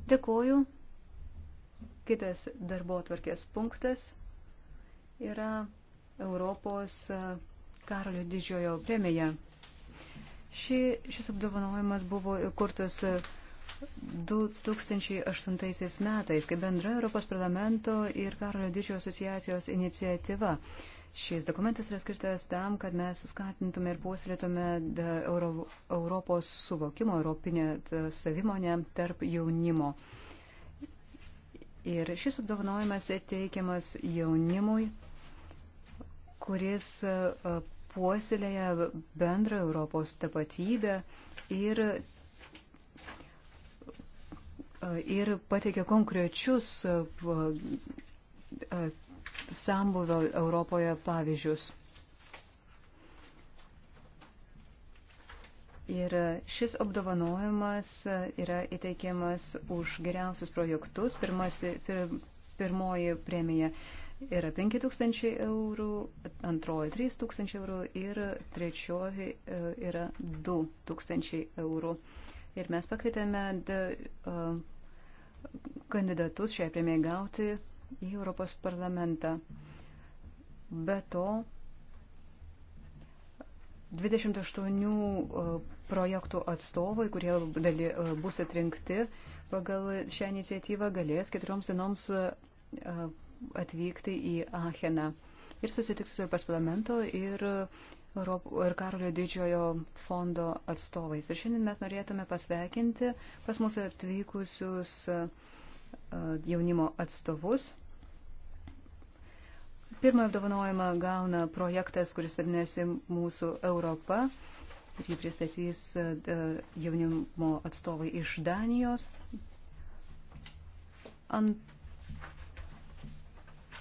S3: Dėkuoju. Kitas darbo atvarkės punktas yra Europos e, Karolio didžiojo premija. Ši, šis apdovanojimas buvo įkurtas 2008 e, metais, kai bendra Europos parlamento ir Karolio didžiojo asociacijos iniciatyva. Šis dokumentas yra skirtas tam, kad mes skatintume ir puoselėtume Euro, Europos suvokimo, europinę e, savimonę tarp jaunimo. Ir šis apdovanojimas teikiamas jaunimui kuris e, e, puoselėja bendrą Europos tapatybę ir, e, ir pateikia konkrečius sambuvio Europoje pavyzdžius. Ir šis apdovanojimas yra įteikiamas už geriausius projektus, pirmasi, pir, pirmoji premija yra 5000 eurų, antroji 3000 eurų ir trečioji e, yra 2000 eurų. Ir mes pakvietėme e, kandidatus šiai premijai gauti į Europos parlamentą. Be to, 28 e, projektų atstovai, kurie daly, bus atrinkti pagal šią iniciatyvą, galės keturioms dienoms atvykti į Acheną ir susitiks su Europos parlamento ir, ir Karolio didžiojo fondo atstovais. Ir šiandien mes norėtume pasveikinti pas mūsų atvykusius e, jaunimo atstovus. Pirmą apdovanojimą gauna projektas, kuris vadinasi Mūsų Europa. Ir jį pristatys e, jaunimo atstovai iš Danijos. Ant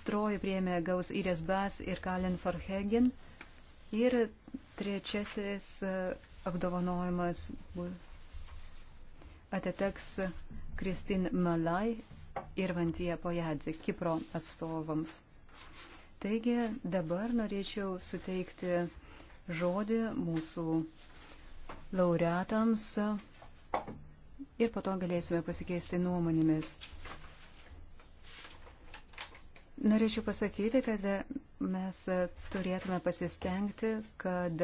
S3: Trojų priemė gaus Irės Bas ir Kalin Farhegen. Ir trečiasis e, apdovanojimas atiteks Kristin Malai ir Vantija Pojadzi, Kipro atstovams. Taigi dabar norėčiau suteikti žodį mūsų laureatams ir po to galėsime pasikeisti nuomonėmis. Norėčiau pasakyti, kad mes turėtume pasistengti, kad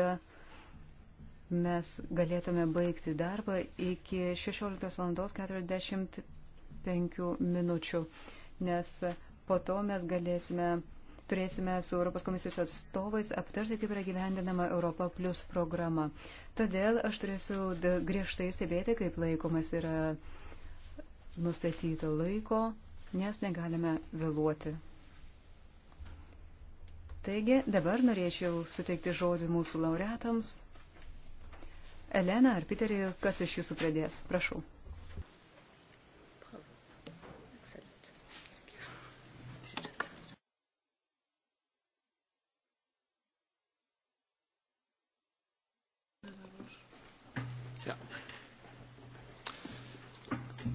S3: mes galėtume baigti darbą iki 16.45 minučių, nes po to mes galėsime, turėsime su Europos komisijos atstovais aptarti, kaip yra gyvendinama Europa Plus programa. Todėl aš turėsiu griežtai stebėti, kaip laikomas yra nustatyto laiko, nes negalime vėluoti. Taigi dabar norėčiau suteikti žodį mūsų laureatams. Elena ar Piterį, kas iš jūsų pradės? Prašau.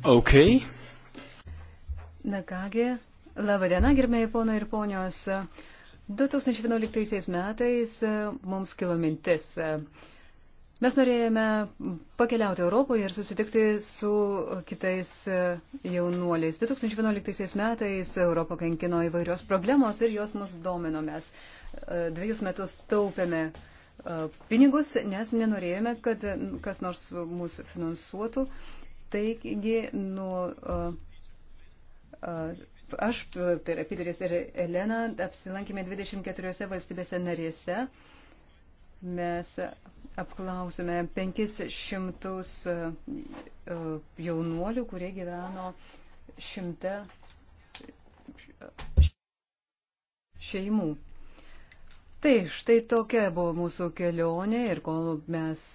S3: Okay. Na kągi, laba diena, gerbėjai ponai ir ponios. 2011 metais e, mums kilo mintis. E, mes norėjome pakeliauti Europoje ir susitikti su kitais e, jaunuoliais. 2011 metais Europą kankino įvairios problemos ir jos mus domino. Mes dviejus metus taupėme pinigus, nes nenorėjome, kad kas nors mūsų finansuotų. Taigi nuo Aš, tai yra Piteris ir Elena, apsilankėme 24 valstybėse narėse. Mes apklausėme 500 e, jaunuolių, kurie gyveno šimte šeimų. Tai štai tokia buvo mūsų kelionė ir kol mes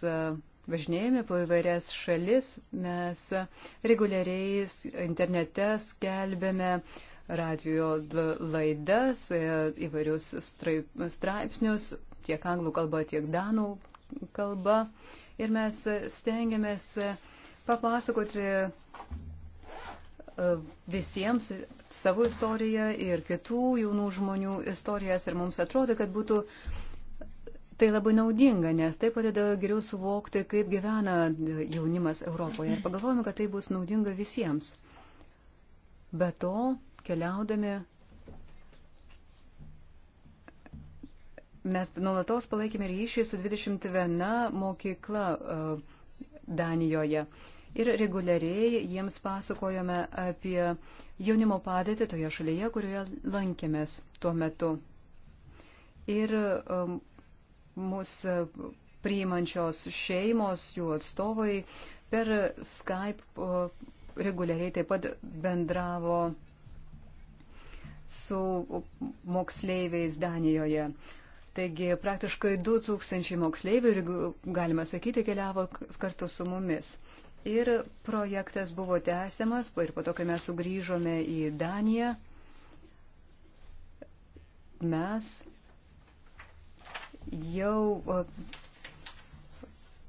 S3: važinėjame po įvairias šalis, mes reguliariai internete skelbėme radio laidas, e, įvairius straipsnius, tiek anglų kalba, tiek danų kalba. Ir mes stengiamės papasakoti e, visiems savo istoriją ir kitų jaunų žmonių istorijas. Ir mums atrodo, kad būtų uh, Tai labai naudinga, nes tai padeda geriau suvokti, kaip gyvena jaunimas Europoje. Ir pagalvojame, kad tai bus naudinga visiems. Be to, keliaudami, mes nuolatos palaikėme ryšį su 21 mokykla e, Danijoje. Ir reguliariai jiems pasakojome apie jaunimo padėtį toje šalyje, kurioje lankėmės tuo metu. Ir um, mūsų e, priimančios šeimos, jų atstovai per Skype e, reguliariai taip pat bendravo su moksleiviais Danijoje. Taigi praktiškai 2000 moksleivių, galima sakyti, keliavo kartu su mumis. Ir projektas buvo tęsiamas, ir po to, kai mes sugrįžome į Daniją, mes jau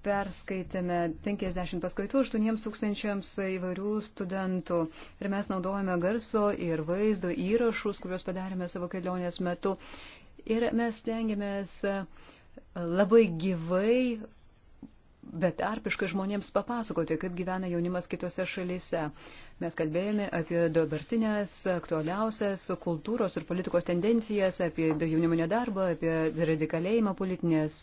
S3: perskaitėme 50 paskaitų 8 tūkstančiams įvairių studentų. Ir mes naudojame garso ir vaizdo įrašus, kuriuos padarėme savo kelionės metu. Ir mes tengiamės labai gyvai betarpiškai žmonėms papasakoti, kaip gyvena jaunimas kitose šalyse. Mes kalbėjome apie dabartinės aktualiausias kultūros ir politikos tendencijas, apie jaunimo nedarbą, apie radikalėjimą politinės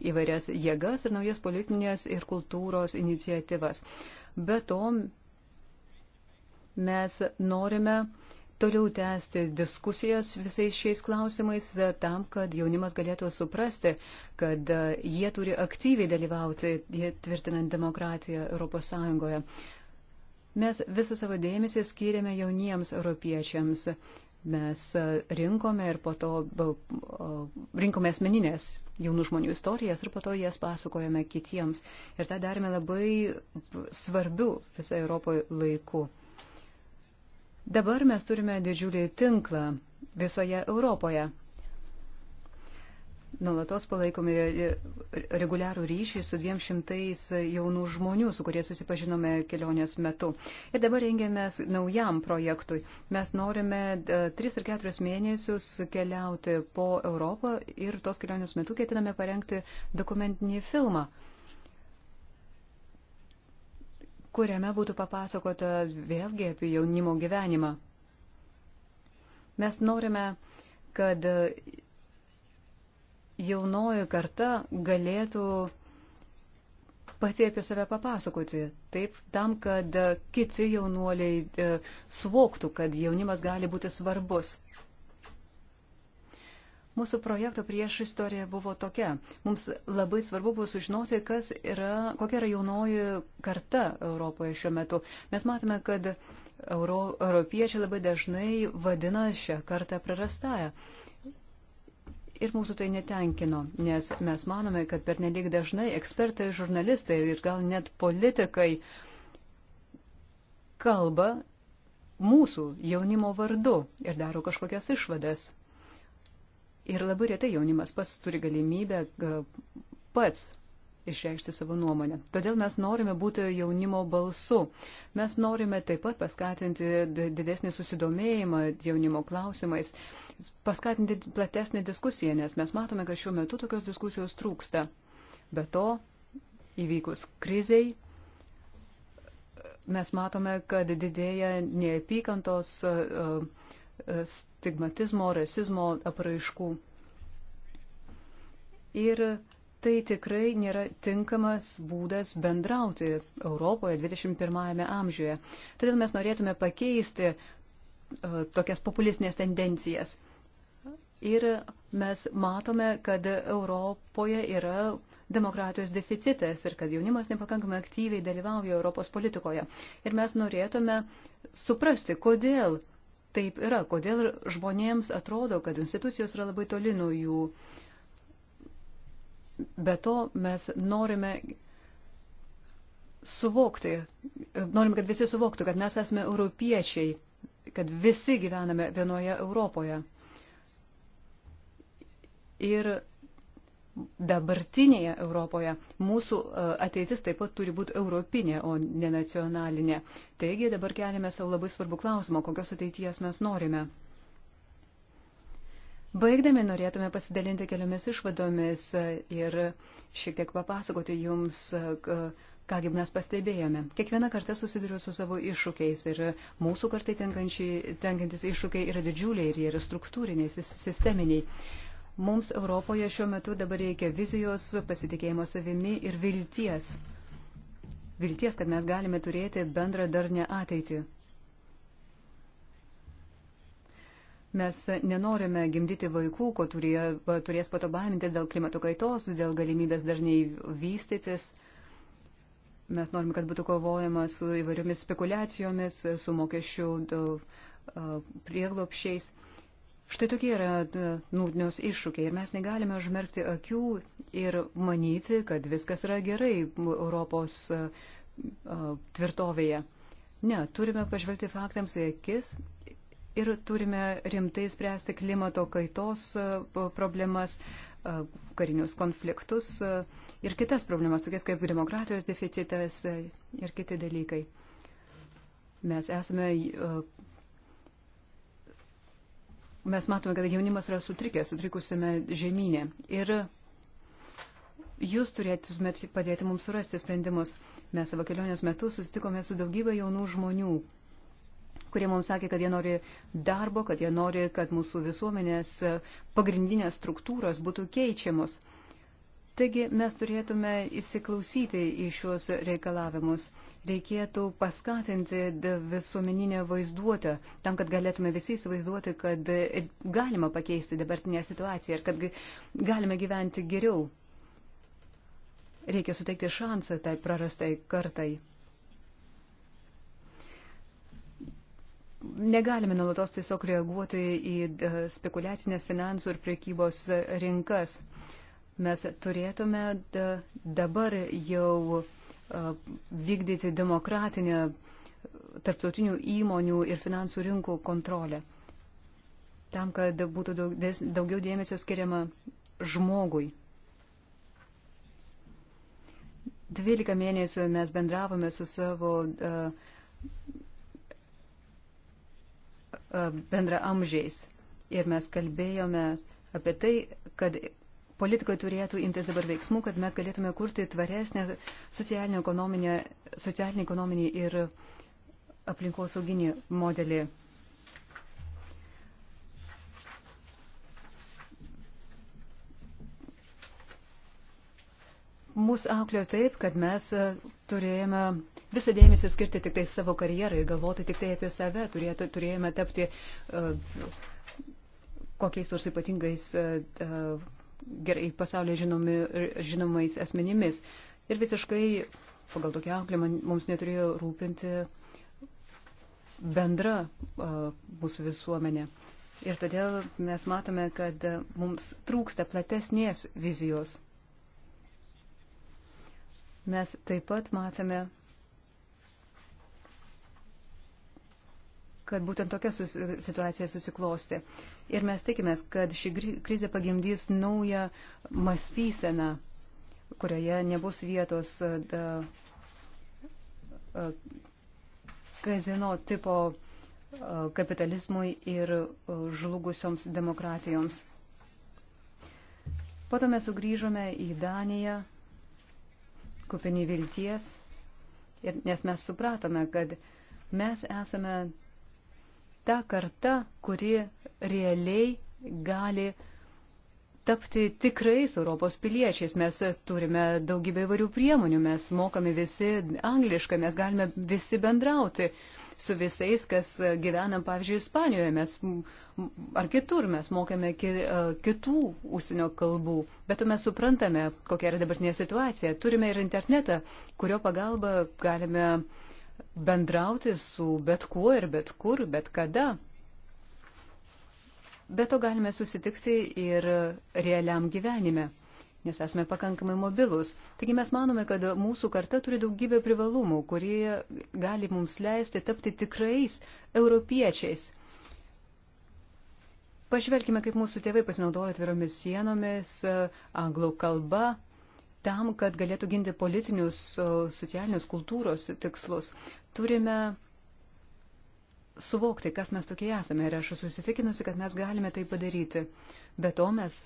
S3: įvairias jėgas ir naujas politinės ir kultūros iniciatyvas. Be to, mes norime toliau tęsti diskusijas visais šiais klausimais e, tam, kad jaunimas galėtų suprasti, kad e, jie turi aktyviai dalyvauti tvirtinant demokratiją Europos Sąjungoje. Mes visą savo dėmesį skyrėme jauniems europiečiams. Mes e, rinkome ir po to rinkome asmeninės jaunų žmonių istorijas ir po to jas pasakojame kitiems. Ir tą darėme labai svarbių visai Europoje laiku. Dabar mes turime didžiulį tinklą visoje Europoje. Nulatos palaikome reguliarų ryšį su 200 jaunų žmonių, su kurie susipažinome kelionės metu. Ir dabar rengiamės naujam projektui. Mes norime 3 e, ar 4 mėnesius keliauti po Europą ir tos kelionės metu ketiname parengti dokumentinį filmą kuriame būtų papasakota vėlgi apie jaunimo gyvenimą. Mes norime, kad jaunoji karta galėtų pati apie save papasakoti, taip tam, kad kiti jaunuoliai e, suvoktų, kad jaunimas gali būti svarbus. Mūsų projekto prieš istorija buvo tokia. Mums labai svarbu buvo sužinoti, kas yra, kokia yra jaunoji karta Europoje šiuo metu. Mes matome, kad euro, europiečiai labai dažnai vadina šią kartą prarastąją. Ir mūsų tai netenkino, nes mes manome, kad per nelik dažnai ekspertai, žurnalistai ir gal net politikai kalba mūsų jaunimo vardu ir daro kažkokias išvadas. Ir labai retai jaunimas pats turi galimybę pats išreikšti savo nuomonę. Todėl mes norime būti jaunimo balsu. Mes norime taip pat paskatinti didesnį susidomėjimą jaunimo klausimais, paskatinti platesnį diskusiją, nes mes matome, kad šiuo metu tokios diskusijos trūksta. Be to, įvykus kriziai, mes matome, kad didėja neapykantos. Uh, stigmatizmo, rasizmo apraiškų. Ir tai tikrai nėra tinkamas būdas bendrauti Europoje 21-ame amžiuje. Todėl mes norėtume pakeisti e, tokias populistinės tendencijas. Ir mes matome, kad Europoje yra demokratijos deficitas ir kad jaunimas nepakankamai aktyviai dalyvauja Europos politikoje. Ir mes norėtume suprasti, kodėl taip yra, kodėl žmonėms atrodo, kad institucijos yra labai toli nuo jų. Be to mes norime suvokti, norime, kad visi suvoktų, kad mes esame europiečiai, kad visi gyvename vienoje Europoje. Ir dabartinėje Europoje mūsų e, ateitis taip pat turi būti europinė, o ne nacionalinė. Taigi dabar keliame savo labai svarbų klausimą, kokios ateities mes norime. Baigdami norėtume pasidalinti keliomis išvadomis e, ir šiek tiek papasakoti jums, e, kągi mes pastebėjome. Kiekvieną kartą susiduriu su savo iššūkiais ir mūsų kartai tenkantis iššūkiai yra didžiuliai ir jie yra struktūriniai, sisteminiai. Mums Europoje šiuo metu dabar reikia vizijos, pasitikėjimo savimi ir vilties. Vilties, kad mes galime turėti bendrą darnę ateitį. Mes nenorime gimdyti vaikų, ko turė, turės pato baimintis dėl klimato kaitos, dėl galimybės dažnai vystytis. Mes norime, kad būtų kovojama su įvairiomis spekulacijomis, su mokesčių prieglopšiais. Štai tokie yra nūdnios iššūkiai ir mes negalime užmerkti akių ir manyti, kad viskas yra gerai Europos e, e, tvirtovėje. Ne, turime pažvelgti faktams į akis ir turime rimtai spręsti klimato kaitos e, problemas, karinius konfliktus ir kitas problemas, tokias kaip demokratijos deficitas ir kiti dalykai. Mes esame Mes matome, kad jaunimas yra sutrikęs, sutrikusime žemynė. Ir jūs turėtumėt padėti mums surasti sprendimus. Mes savo kelionės metu susitikome su daugybė jaunų žmonių, kurie mums sakė, kad jie nori darbo, kad jie nori, kad mūsų visuomenės pagrindinės struktūros būtų keičiamos. Uh, Taigi mes turėtume įsiklausyti į šios reikalavimus. Reikėtų paskatinti visuomeninę vaizduotę, tam, kad galėtume visi įsivaizduoti, kad e, galima pakeisti dabartinę situaciją ir kad galime gyventi geriau. Reikia suteikti šansą tai prarastai kartai. negalime nuolatos tiesiog reaguoti į spekuliacinės finansų ir priekybos e, rinkas. Mes turėtume dabar jau vykdyti demokratinę tarptautinių įmonių ir finansų rinkų kontrolę. Tam, kad būtų daugiau dėmesio skiriama žmogui. 12 mėnesių mes bendravome su savo uh, bendra amžiais ir mes kalbėjome apie tai, kad politikai turėtų imtis dabar veiksmų, kad mes galėtume kurti tvaresnę socialinį, socialinį ekonominį ir aplinkosauginį modelį. Mūsų auklio taip, kad mes turėjome visą dėmesį skirti tik tai savo karjerai ir galvoti tik tai apie save, Turėtų, turėjome tapti uh, kokiais nors ypatingais uh, uh gerai pasaulyje žinomi, žinomais asmenimis. Ir visiškai pagal tokią auklę mums neturėjo rūpinti bendra mūsų visuomenė. Ir todėl mes matome, kad mums trūksta platesnės vizijos. Mes taip pat matome, kad būtent tokia sus, situacija susiklosti. Ir mes tikimės, kad ši krizė pagimdys naują mąstyseną, kurioje nebus vietos da, kazino tipo kapitalizmui ir žlugusioms demokratijoms. Po to mes sugrįžome į Daniją, kupinį vilties, ir, nes mes supratome, kad mes esame ta karta, kuri realiai gali tapti tikrais Europos piliečiais. Mes turime daugybę įvairių priemonių, mes mokame visi angliškai, mes galime visi bendrauti su visais, kas gyvenam, pavyzdžiui, Ispanijoje mes, ar kitur mes mokame e, kitų užsienio kalbų, bet mes suprantame, kokia yra dabartinė situacija. Turime ir internetą, kurio pagalba galime uh, bendrauti su bet kuo ir bet kur, bet kada. Bet to galime susitikti ir realiam gyvenime, nes esame pakankamai mobilus. Taigi mes manome, kad mūsų karta turi daugybę privalumų, kurie gali mums leisti tapti tikrais europiečiais. Pažvelkime, kaip mūsų tėvai pasinaudojo atviromis sienomis, anglų kalba, tam, kad galėtų ginti politinius, socialinius, kultūros tikslus, turime suvokti, kas mes tokie esame. Ir aš esu įsitikinusi, kad mes galime tai padaryti. Be to mes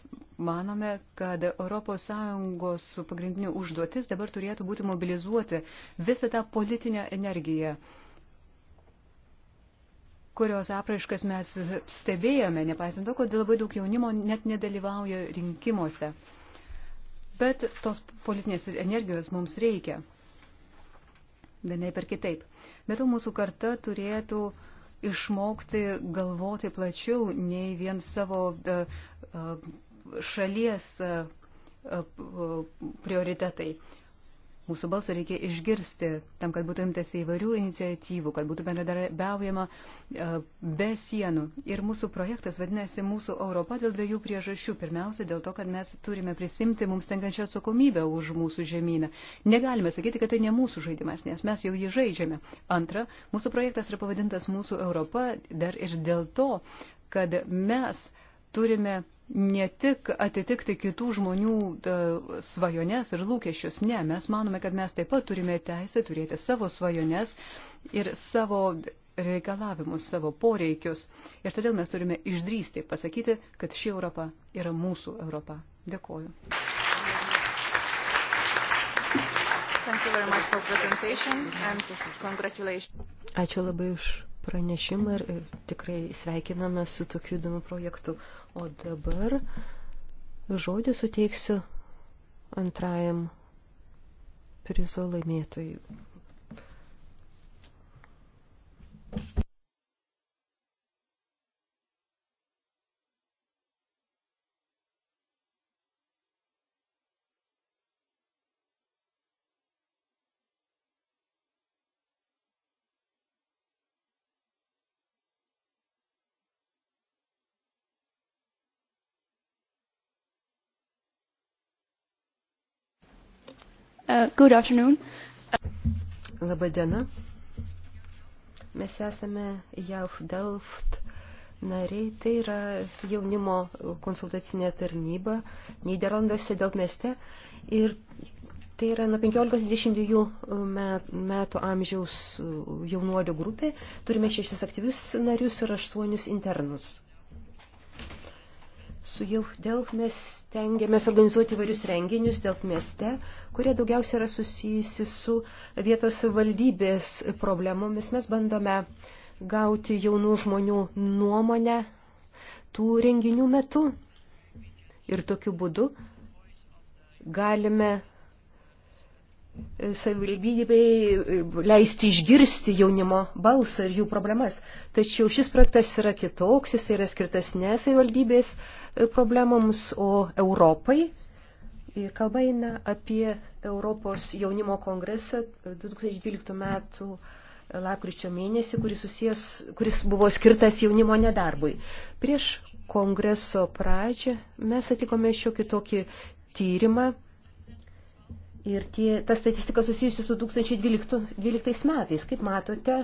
S3: manome, kad ES pagrindinė užduotis dabar turėtų būti mobilizuoti visą tą politinę energiją kurios apraiškas mes stebėjome, nepaisant to, kad labai daug jaunimo net nedalyvauja rinkimuose bet tos politinės energijos mums reikia. Vienai per kitaip. Bet to mūsų karta turėtų išmokti galvoti plačiau nei vien savo e, e, šalies e, prioritetai. Mūsų balsą reikia išgirsti tam, kad būtų imtasi įvairių iniciatyvų, kad būtų bendradarbiaujama e, be sienų. Ir mūsų projektas vadinasi Mūsų Europa dėl dviejų priežasčių. Pirmiausia, dėl to, kad mes turime prisimti mums tenkančią atsakomybę už mūsų žemyną. Negalime sakyti, kad tai ne mūsų žaidimas, nes mes jau jį žaidžiame. Antra, mūsų projektas yra pavadintas Mūsų Europa dar ir dėl to, kad mes turime ne tik atitikti kitų žmonių e, svajones ir lūkesčius, ne, mes manome, kad mes taip pat turime teisę turėti savo svajones ir savo reikalavimus, savo poreikius. Ir todėl mes turime išdrysti pasakyti, kad ši Europa yra mūsų Europa. Dėkoju.
S2: Ačiū labai už pranešimą ir tikrai sveikiname su tokiu įdomu projektu. O dabar žodį suteiksiu antrajam prizo laimėtojui. Uh, good afternoon. Labai diena. Mes esame JAF Delft nariai. Tai yra jaunimo konsultacinė tarnyba Niderlanduose dėl mieste. Ir tai yra nuo 15-22 metų amžiaus jaunuolių grupė. Turime šešis aktyvius narius ir aštuonius internus. Su Delf mes tengiamės organizuoti varius renginius Delf mieste, kurie daugiausia yra susijusi su vietos valdybės problemomis. Mes bandome gauti jaunų žmonių nuomonę tų renginių metu. Ir tokiu būdu galime savivaldybei leisti išgirsti jaunimo balsą ir jų problemas. Tačiau šis projektas yra kitoks, jis yra skirtas ne savivaldybės e, problemams, o Europai. Ir kalba eina apie Europos jaunimo kongresą 2012 e, metų e, lakryčio mėnesį, kuris, susijęs, kuris buvo skirtas jaunimo nedarbui. Prieš kongreso pradžią mes atikome šiokį tokį tyrimą Ir tie, ta statistika susijusi su 2012, 2012 metais, kaip matote,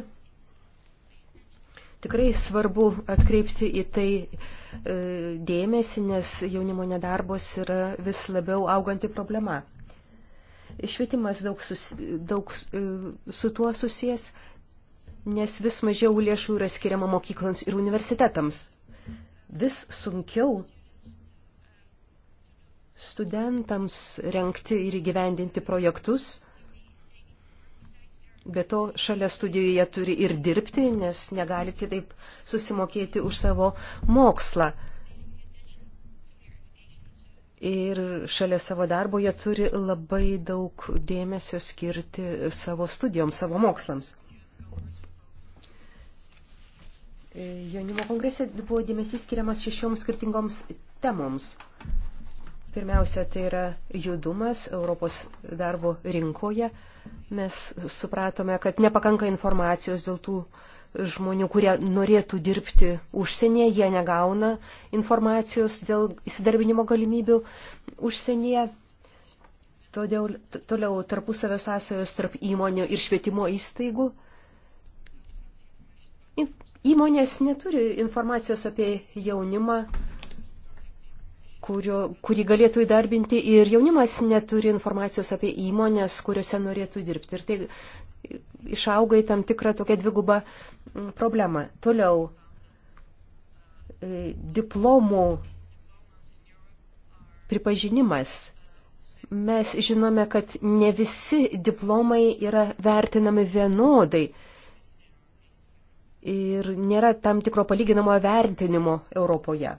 S2: tikrai svarbu atkreipti į tai e, dėmesį, nes jaunimo nedarbos yra vis labiau auganti problema. Švietimas daug, sus, daug e, su tuo susijęs, nes vis mažiau lėšų yra skiriama mokykloms ir universitetams. Vis sunkiau studentams renkti ir įgyvendinti projektus. Be to, šalia studijų jie turi ir dirbti, nes negali kitaip susimokėti už savo mokslą. Ir šalia savo darbo jie turi labai daug dėmesio skirti savo studijoms, savo mokslams. Jaunimo kongrese buvo dėmesys skiriamas šešioms skirtingoms temoms. Pirmiausia, tai yra judumas Europos darbo rinkoje. Mes supratome, kad nepakanka informacijos dėl tų žmonių, kurie norėtų dirbti užsienyje, jie negauna informacijos dėl įsidarbinimo galimybių užsienyje. Todėl, toliau tarpusavio sąsajos tarp įmonių ir švietimo įstaigų. Įmonės neturi informacijos apie jaunimą kurio, kurį galėtų įdarbinti ir jaunimas neturi informacijos apie įmonės, kuriuose norėtų dirbti. Ir tai išauga į tam tikrą tokią dvigubą mm, problemą. Toliau, e, diplomų pripažinimas. Mes žinome, kad ne visi diplomai yra vertinami vienodai ir nėra tam tikro palyginamojo vertinimo Europoje.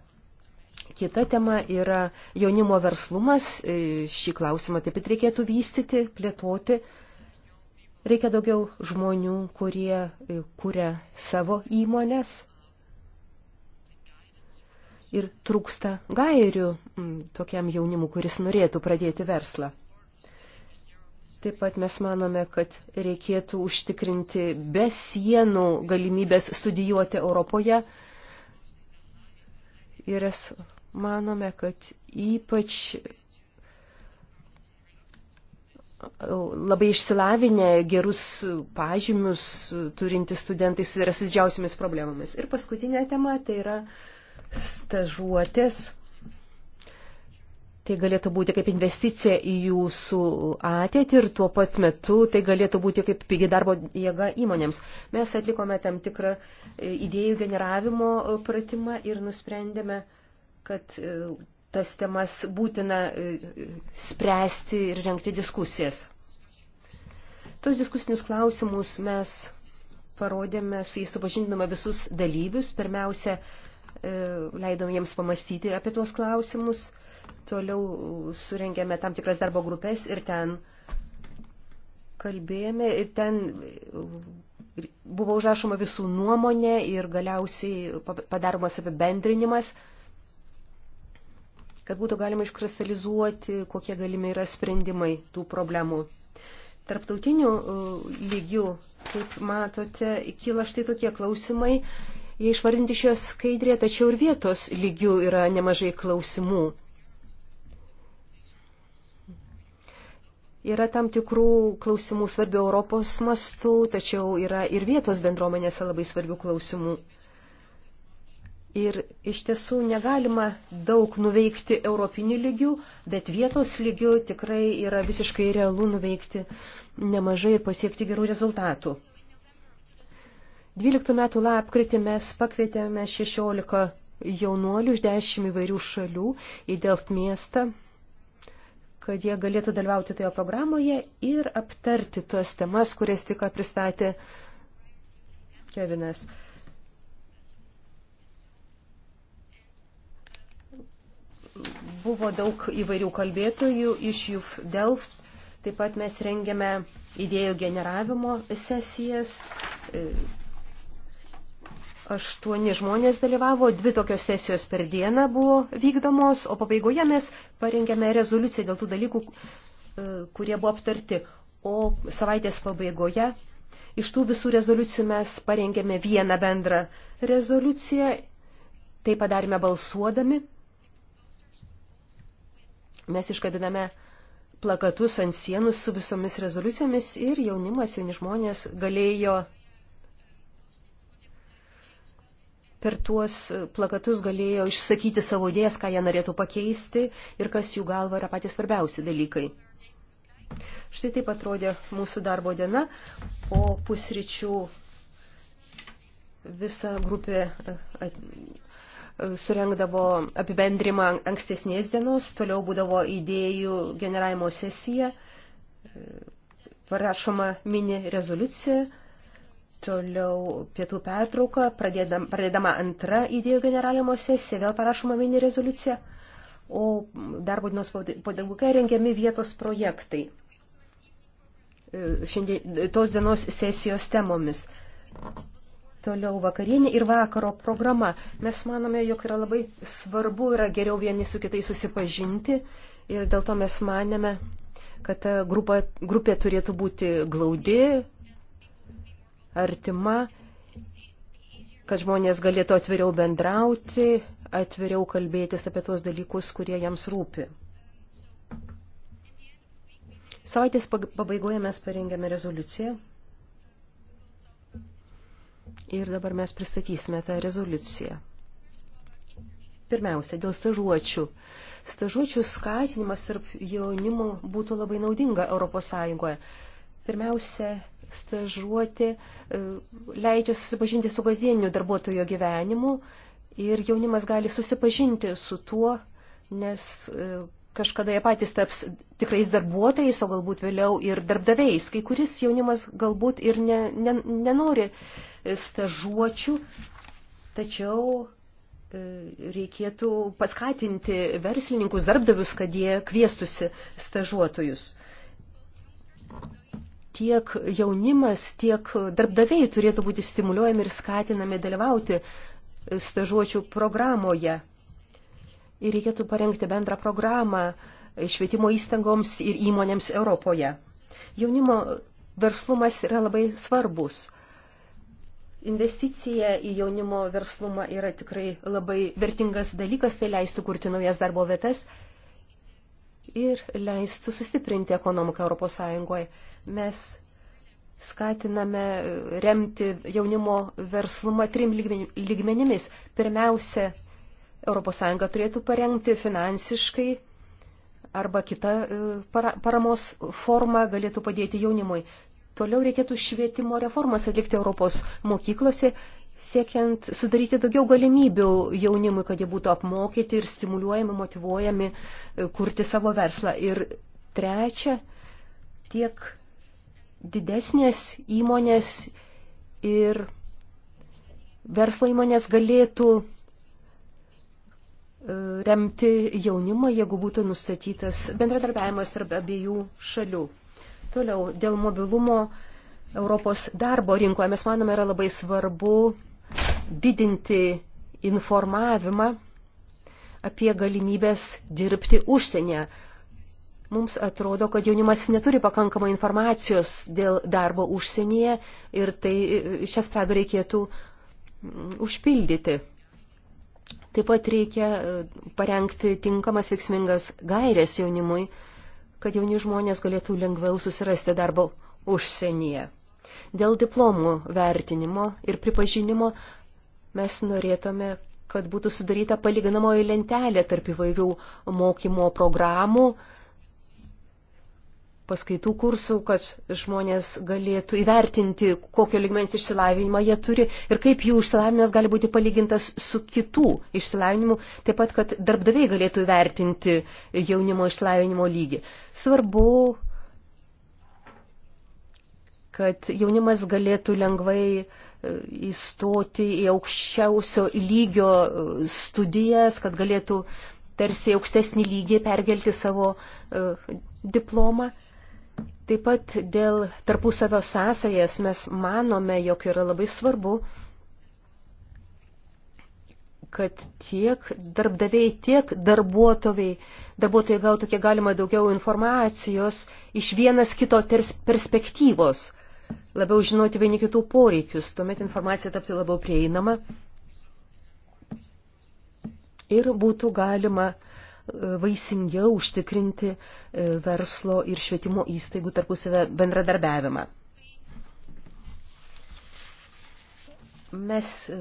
S2: Kita tema yra jaunimo verslumas. E, šį klausimą taip pat reikėtų vystyti, plėtoti. Reikia daugiau žmonių, kurie e, kuria savo įmonės. Ir trūksta gairių tokiam jaunimu, kuris norėtų pradėti verslą. Taip pat mes manome, kad reikėtų užtikrinti be sienų galimybės studijuoti Europoje Ir es manome, kad ypač labai išsilavinę, gerus pažymius turintys studentai yra su didžiausiamis problemomis. Ir paskutinė tema tai yra stažuotės Tai galėtų būti kaip investicija į jūsų ateitį ir tuo pat metu tai galėtų būti kaip pigi darbo jėga įmonėms. Mes atlikome tam tikrą e, idėjų generavimo e, pratimą ir nusprendėme, kad e, tas temas būtina spręsti ir renkti diskusijas. Tos diskusinius klausimus mes parodėme, su jais supažindinome visus dalyvius. Pirmiausia, leidom jiems pamastyti apie tuos klausimus – Toliau surengėme tam tikras darbo grupės ir ten kalbėjome ir ten buvo užrašoma visų nuomonė ir galiausiai padaromas apibendrinimas, kad būtų galima iškristalizuoti, kokie galimi yra sprendimai tų problemų. Tarptautinių e, lygių, kaip matote, kyla štai tokie klausimai. Jie išvardinti šioje skaidrėje, tačiau ir vietos lygių yra nemažai klausimų. Yra tam tikrų klausimų svarbių Europos mastu, tačiau yra ir vietos bendruomenėse labai svarbių klausimų. Ir iš tiesų negalima daug nuveikti europinių lygių, bet vietos lygių tikrai yra visiškai realu nuveikti nemažai ir pasiekti gerų rezultatų. 12 metų lapkritį mes pakvietėme 16 jaunuolių iš 10 įvairių šalių į Delft miestą kad jie galėtų dalyvauti toje programoje ir aptarti tuos temas, kurias tik pristatė Kevinas. Buvo daug įvairių kalbėtojų iš JUF Delft. Taip pat mes rengiame idėjų generavimo sesijas, aštuoni žmonės dalyvavo, dvi tokios sesijos per dieną buvo vykdomos, o pabaigoje mes parengėme rezoliuciją dėl tų dalykų, e, kurie buvo aptarti. O savaitės pabaigoje iš tų visų rezoliucijų mes parengėme vieną bendrą rezoliuciją, tai padarėme balsuodami. Mes iškabiname plakatus ant sienų su visomis rezoliucijomis ir jaunimas, jauni žmonės galėjo per tuos plakatus galėjo išsakyti savo idėjas, ką jie norėtų pakeisti ir kas jų galva yra patys svarbiausi dalykai. Štai taip atrodė mūsų darbo diena, o pusryčių visa grupė e, e, surengdavo apibendrimą ankstesnės dienos, toliau būdavo idėjų generavimo sesija, e, parašoma mini rezoliucija. Toliau pietų pertrauka, pradėdama, pradėdama antra idėjų generalimo sesija, vėl parašoma mini rezoliucija, o darbo dienos padagukai rengiami vietos projektai e, šiandien, e, tos dienos sesijos temomis. Toliau vakarienė ir vakaro programa. Mes manome, jog yra labai svarbu, yra geriau vieni su kitais susipažinti ir dėl to mes manėme, kad ta grupa, grupė turėtų būti glaudi, artima, kad žmonės galėtų atviriau bendrauti, atviriau kalbėtis apie tuos dalykus, kurie jiems rūpi. Savaitės pabaigoje mes parengėme rezoliuciją ir dabar mes pristatysime tą rezoliuciją. Pirmiausia, dėl stažuočių. Stažuočių skatinimas tarp jaunimo būtų labai naudinga Europos Sąjungoje. Pirmiausia, stažuoti e, leidžia susipažinti su kasdieniniu darbuotojo gyvenimu ir jaunimas gali susipažinti su tuo, nes e, kažkada jie patys taps tikrais darbuotojais, o galbūt vėliau ir darbdaviais. Kai kuris jaunimas galbūt ir ne, ne, nenori e, stažuočių, tačiau reikėtų paskatinti verslininkus, darbdavius, kad jie kviestusi stažuotojus tiek jaunimas, tiek darbdaviai turėtų būti stimuliuojami ir skatinami dalyvauti stažuočių programoje. Ir reikėtų parengti bendrą programą švietimo įstangoms ir įmonėms Europoje. Jaunimo verslumas yra labai svarbus. Investicija į jaunimo verslumą yra tikrai labai vertingas dalykas, tai leistų kurti naujas darbo vietas ir leistų sustiprinti ekonomiką Europos Sąjungoje. Mes skatiname remti jaunimo verslumą trim lygmenimis. Pirmiausia, ES turėtų parengti finansiškai arba kita e, paramos forma galėtų padėti jaunimui. Toliau reikėtų švietimo reformas atlikti Europos mokyklose, siekiant sudaryti daugiau galimybių jaunimui, kad jie būtų apmokyti ir stimuliuojami, motivuojami e, kurti savo verslą. Ir trečia, tiek didesnės įmonės ir verslo įmonės galėtų e, remti jaunimą, jeigu būtų nustatytas bendradarbiavimas tarp abiejų šalių. Toliau, dėl mobilumo Europos darbo rinkoje mes manome yra labai svarbu didinti informavimą apie galimybės dirbti užsienyje. Mums atrodo, kad jaunimas neturi pakankamai informacijos dėl darbo užsienyje ir tai e, šią spragą reikėtų užpildyti. Taip pat reikia e, parengti tinkamas veiksmingas gairės jaunimui, kad jauni žmonės galėtų lengviau susirasti darbo užsienyje. Dėl diplomų vertinimo ir pripažinimo mes norėtume, kad būtų sudaryta palyginamoji lentelė tarp įvairių mokymo programų, paskaitų kursų, kad žmonės galėtų įvertinti, kokio ligmens išsilavinimą jie turi ir kaip jų išsilavinimas gali būti palygintas su kitų išsilavinimu, taip pat, kad darbdaviai galėtų įvertinti jaunimo išsilavinimo lygį. Svarbu, kad jaunimas galėtų lengvai e, įstoti į aukščiausio lygio e, studijas, kad galėtų tarsi aukštesnį lygį perkelti savo e, diplomą. Taip pat dėl tarpusavio sąsajas mes manome, jog yra labai svarbu, kad tiek darbdaviai, tiek darbuotojai, darbuotojai gautų kiek galima daugiau informacijos iš vienas kito perspektyvos, labiau žinoti vieni kitų poreikius, tuomet informacija tapti labiau prieinama ir būtų galima vaisingiau užtikrinti e, verslo ir švietimo įstaigų tarpusavę bendradarbiavimą. Mes e,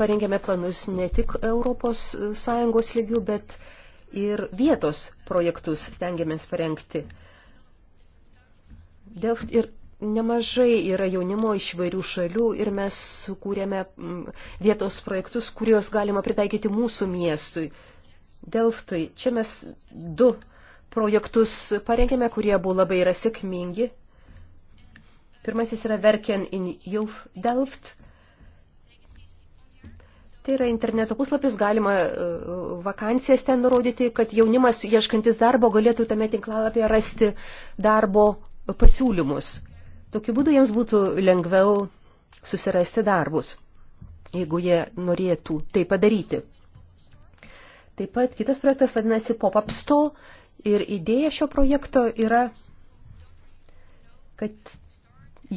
S2: parengėme planus ne tik Europos e, Sąjungos lygių, bet ir vietos projektus stengiamės parengti. Delft ir nemažai yra jaunimo iš vairių šalių ir mes sukūrėme vietos projektus, kuriuos galima pritaikyti mūsų miestui. Delftui. Čia mes du projektus parengėme, kurie buvo labai yra sėkmingi. Pirmasis yra Verken in Jauf Delft. Tai yra interneto puslapis, galima e, vakancijas ten nurodyti, kad jaunimas ieškantis darbo galėtų tame tinklalapyje rasti darbo pasiūlymus. Tokiu būdu jiems būtų lengviau susirasti darbus, jeigu jie norėtų tai padaryti. Taip pat kitas projektas vadinasi Pop-up Store ir idėja šio projekto yra, kad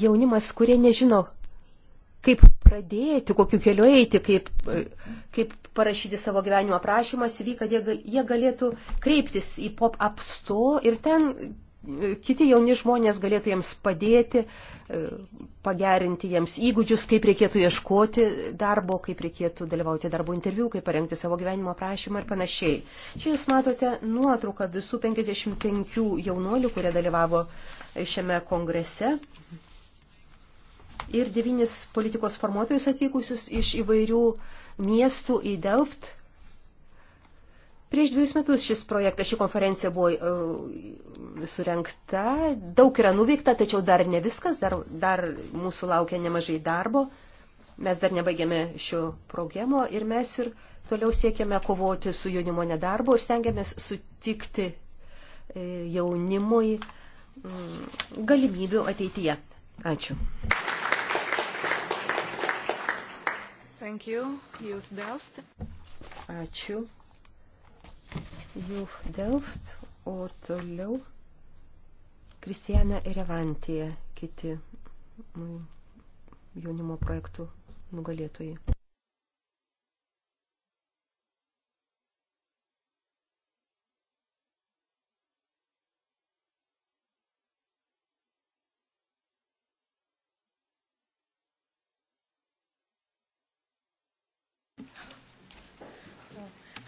S2: jaunimas, kurie nežino, kaip pradėti, kokiu keliu eiti, kaip, kaip parašyti savo gyvenimo aprašymą, CV, kad jie, jie galėtų kreiptis į Pop-up Store ir ten kiti jauni žmonės galėtų jiems padėti, e, pagerinti jiems įgūdžius, kaip reikėtų ieškoti darbo, kaip reikėtų dalyvauti darbo interviu, kaip parengti savo gyvenimo aprašymą ir panašiai. Čia jūs matote nuotrauką visų 55 jaunuolių, kurie dalyvavo šiame kongrese. Ir devynis politikos formuotojus atvykusius iš įvairių miestų į Delft Prieš dviejus metus šis projektas, ši konferencija buvo uh, e, surenkta, daug yra nuveikta, tačiau dar ne viskas, dar, dar mūsų laukia nemažai darbo. Mes dar nebaigėme šio programo ir mes ir toliau siekiame kovoti su jaunimo nedarbo ir stengiamės sutikti e, jaunimui mm, galimybių ateityje. Ačiū.
S3: Thank you. Jūs
S2: Ačiū. Juf Delft, o toliau Kristijana ir Evantija, kiti jaunimo projektų nugalėtojai.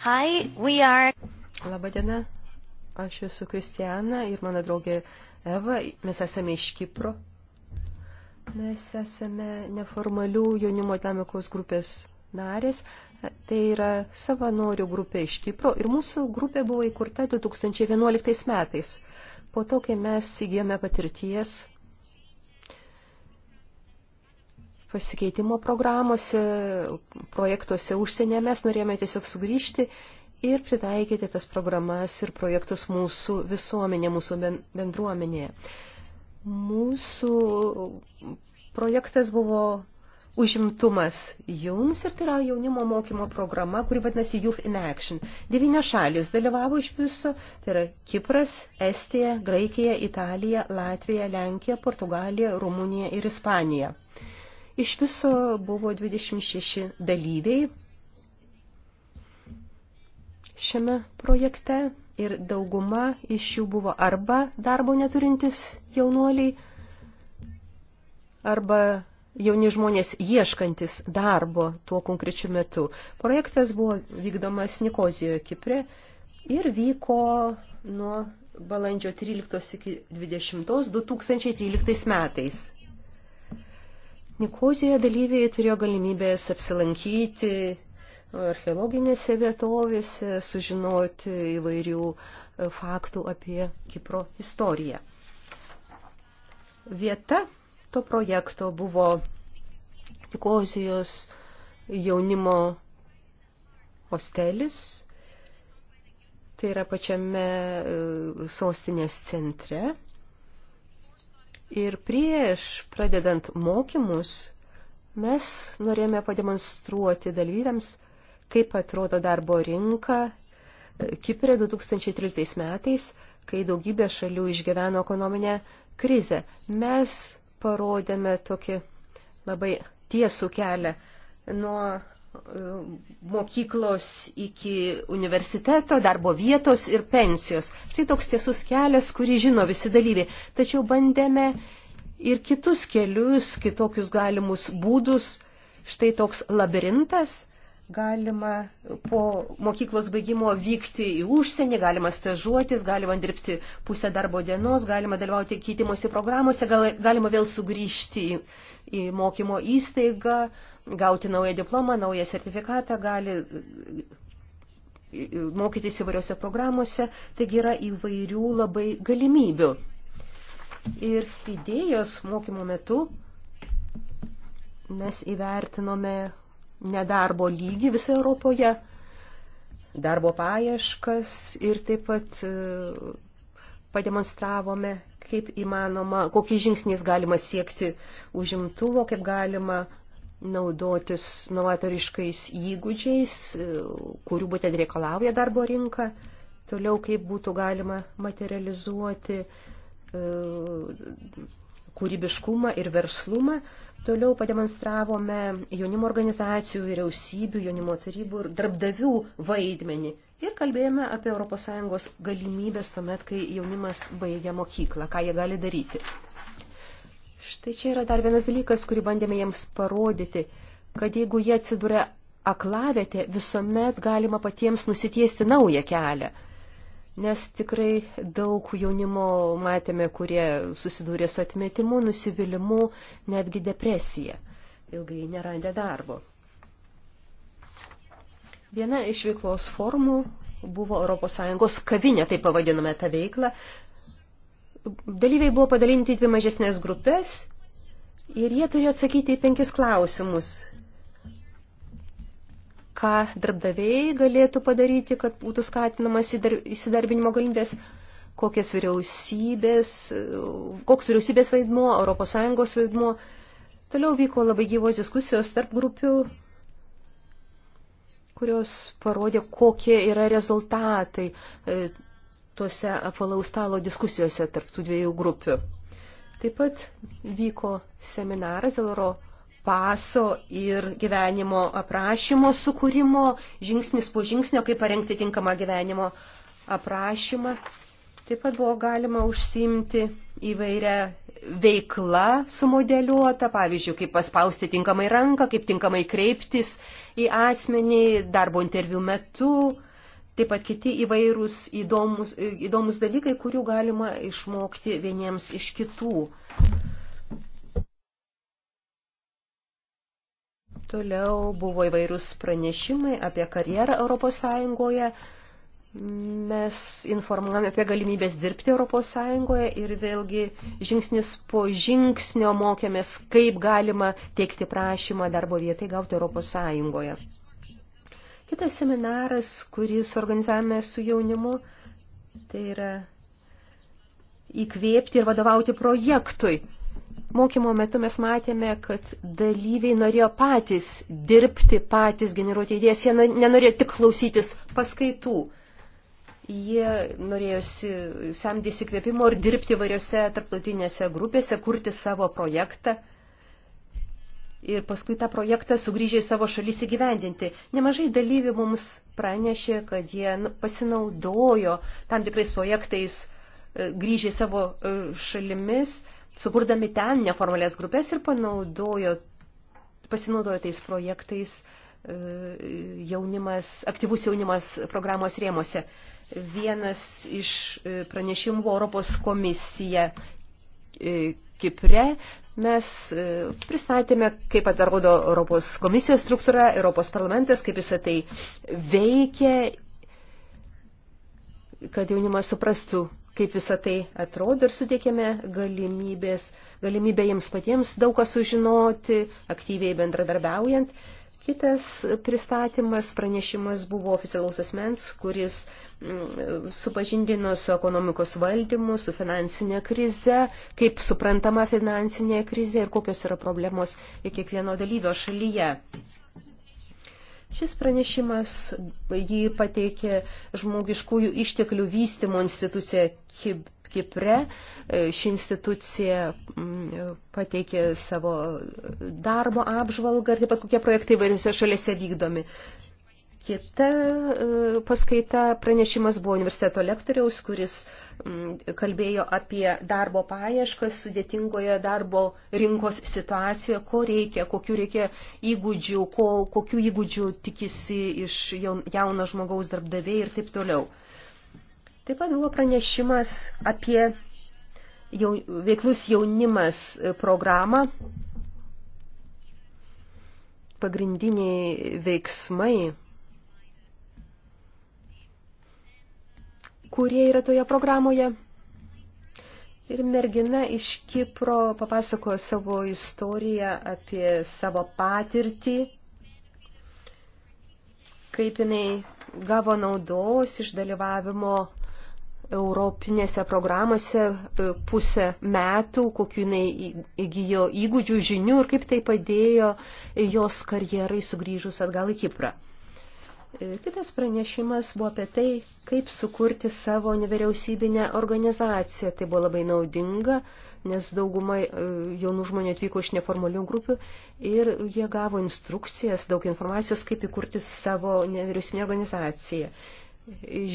S2: Hi, we are... Labadiena, aš esu Kristiana ir mano draugė Eva, mes esame iš Kipro. Mes esame neformalių jaunimo dinamikos grupės narės, tai yra savanorių grupė iš Kipro ir mūsų grupė buvo įkurta 2011 metais. Po to, kai mes įgijome patirties pasikeitimo programuose, projektuose užsienė mes norėjome tiesiog sugrįžti ir pritaikyti tas programas ir projektus mūsų visuomenė, mūsų bendruomenėje. Mūsų projektas buvo užimtumas jums ir tai yra jaunimo mokymo programa, kuri vadinasi Youth in Action. Devynios šalis dalyvavo iš viso, tai yra Kipras, Estija, Graikija, Italija, Latvija, Lenkija, Portugalija, Rumunija ir Ispanija. Iš viso buvo 26 dalyviai šiame projekte ir dauguma iš jų buvo arba darbo neturintis jaunuoliai, arba jauni žmonės ieškantis darbo tuo konkrečiu metu. Projektas buvo vykdomas Nikozijoje, Kipre ir vyko nuo balandžio 13 iki 20 2013 metais. Nikozijoje dalyviai turėjo galimybės apsilankyti archeologinėse vietovėse, sužinoti įvairių e, faktų apie Kipro istoriją. Vieta to projekto buvo Nikozijos jaunimo hostelis, tai yra pačiame e, sostinės centre. Ir prieš pradedant mokymus mes norėjome pademonstruoti dalyviams, kaip atrodo darbo rinka Kiprė 2013 metais, kai daugybė šalių išgyveno ekonominę krizę. Mes parodėme tokį labai tiesų kelią nuo mokyklos iki universiteto, darbo vietos ir pensijos. Tai toks tiesus kelias, kurį žino visi dalyviai. Tačiau bandėme ir kitus kelius, kitokius galimus būdus. Štai toks labirintas, galima po mokyklos baigimo vykti į užsienį, galima stažuotis, galima dirbti pusę darbo dienos, galima dalyvauti keitimosi programuose, gal, galima vėl sugrįžti į, į mokymo įstaigą, gauti naują diplomą, naują sertifikatą, gali mokytis įvairiose programuose, taigi yra įvairių labai galimybių. Ir idėjos mokymo metu mes įvertinome nedarbo lygį visoje Europoje, darbo paieškas ir taip pat e, pademonstravome, kaip įmanoma, kokiais žingsniais galima siekti užimtumo, kaip galima naudotis novatoriškais įgūdžiais, e, kurių būtent reikalauja darbo rinka, toliau kaip būtų galima materializuoti e, kūrybiškumą ir verslumą, Toliau pademonstravome jaunimo organizacijų, vyriausybių, jaunimo tarybų ir darbdavių vaidmenį. Ir kalbėjome apie ES galimybės tuomet, kai jaunimas baigia mokyklą, ką jie gali daryti. Štai čia yra dar vienas dalykas, kurį bandėme jiems parodyti, kad jeigu jie atsiduria aklavėte, visuomet galima patiems nusitiesti naują kelią nes tikrai daug jaunimo matėme, kurie susidūrė su atmetimu, nusivylimu, netgi depresija, ilgai nerandė darbo. Viena iš veiklos formų buvo ES kavinė, taip pavadinome tą veiklą. Dalyviai buvo padalinti į dvi mažesnės grupės ir jie turėjo atsakyti į penkis klausimus ką darbdaviai galėtų padaryti, kad būtų skatinamas įsidarbinimo galimybės, kokias vyriausybės, koks vyriausybės vaidmuo, ES vaidmuo. Toliau vyko labai gyvos diskusijos tarp grupių, kurios parodė, kokie yra rezultatai e, tuose apvalaus stalo diskusijose tarp tų dviejų grupių. Taip pat vyko seminaras dėl oro paso ir gyvenimo aprašymo sukūrimo, žingsnis po žingsnio, kaip parengti tinkamą gyvenimo aprašymą. Taip pat buvo galima užsimti įvairią veiklą sumodeliuotą, pavyzdžiui, kaip paspausti tinkamai ranką, kaip tinkamai kreiptis į asmenį darbo interviu metu, taip pat kiti įvairūs įdomus, įdomus dalykai, kurių galima išmokti vieniems iš kitų. Toliau buvo įvairūs pranešimai apie karjerą Europos Sąjungoje. Mes informuojame apie galimybės dirbti Europos Sąjungoje ir vėlgi žingsnis po žingsnio mokėmės, kaip galima teikti prašymą darbo vietai gauti Europos Sąjungoje. Kitas seminaras, kurį suorganizavome su jaunimu, tai yra įkvėpti ir vadovauti projektui. Mokymo metu mes matėme, kad dalyviai norėjo patys dirbti, patys generuoti idėjas, jie nenorėjo tik klausytis paskaitų. Jie norėjosi samdys įkvėpimo ir dirbti variose tarptautinėse grupėse, kurti savo projektą ir paskui tą projektą sugrįžę į savo šalis įgyvendinti. Nemažai dalyvių mums pranešė, kad jie nu, pasinaudojo tam tikrais projektais e, grįžę į savo e, šalimis suburdami ten neformalės grupės ir panaudojo, pasinaudojo tais projektais e, jaunimas, aktyvus jaunimas programos rėmose. Vienas iš e, pranešimų buvo Europos komisija e, Kipre. Mes pristatėme, kaip atrodo Europos komisijos struktūra, Europos parlamentas, kaip visą tai veikia, kad jaunimas suprastų, kaip visą tai atrodo ir suteikėme galimybės, galimybę jiems patiems daug ką sužinoti, aktyviai bendradarbiaujant. Kitas pristatymas, pranešimas buvo oficialaus asmens, kuris mm, supažindino su ekonomikos valdymu, su finansinė krize, kaip suprantama finansinė krize ir kokios yra problemos kiekvieno dalyvio šalyje. Šis pranešimas jį pateikė žmogiškųjų išteklių vystimo institucija KIB. Kipre e, ši institucija mm, pateikė savo darbo apžvalgą ir taip pat kokie projektai įvairiose šalyse vykdomi. Kita e, paskaita pranešimas buvo universiteto lektoriaus, kuris uh, Mm, kalbėjo apie darbo paieškas sudėtingoje darbo rinkos situacijoje, ko reikia, kokių reikia įgūdžių, ko, kokių įgūdžių tikisi iš jauno žmogaus darbdaviai ir taip toliau. Taip pat buvo pranešimas apie jau, veiklus jaunimas programą. Pagrindiniai veiksmai kurie yra toje programoje. Ir mergina iš Kipro papasakojo savo istoriją apie savo patirtį, kaip jinai gavo naudos iš dalyvavimo europinėse programose e, pusę metų, kokiu jinai įgyjo įgūdžių žinių ir kaip tai padėjo jos karjerai sugrįžus atgal į Kiprą. E, kitas pranešimas buvo apie tai, kaip sukurti savo nevyriausybinę organizaciją. Tai buvo labai naudinga, nes dauguma e, jaunų žmonių atvyko iš neformalių grupių ir jie gavo instrukcijas, daug informacijos, kaip įkurti savo nevyriausybinę organizaciją.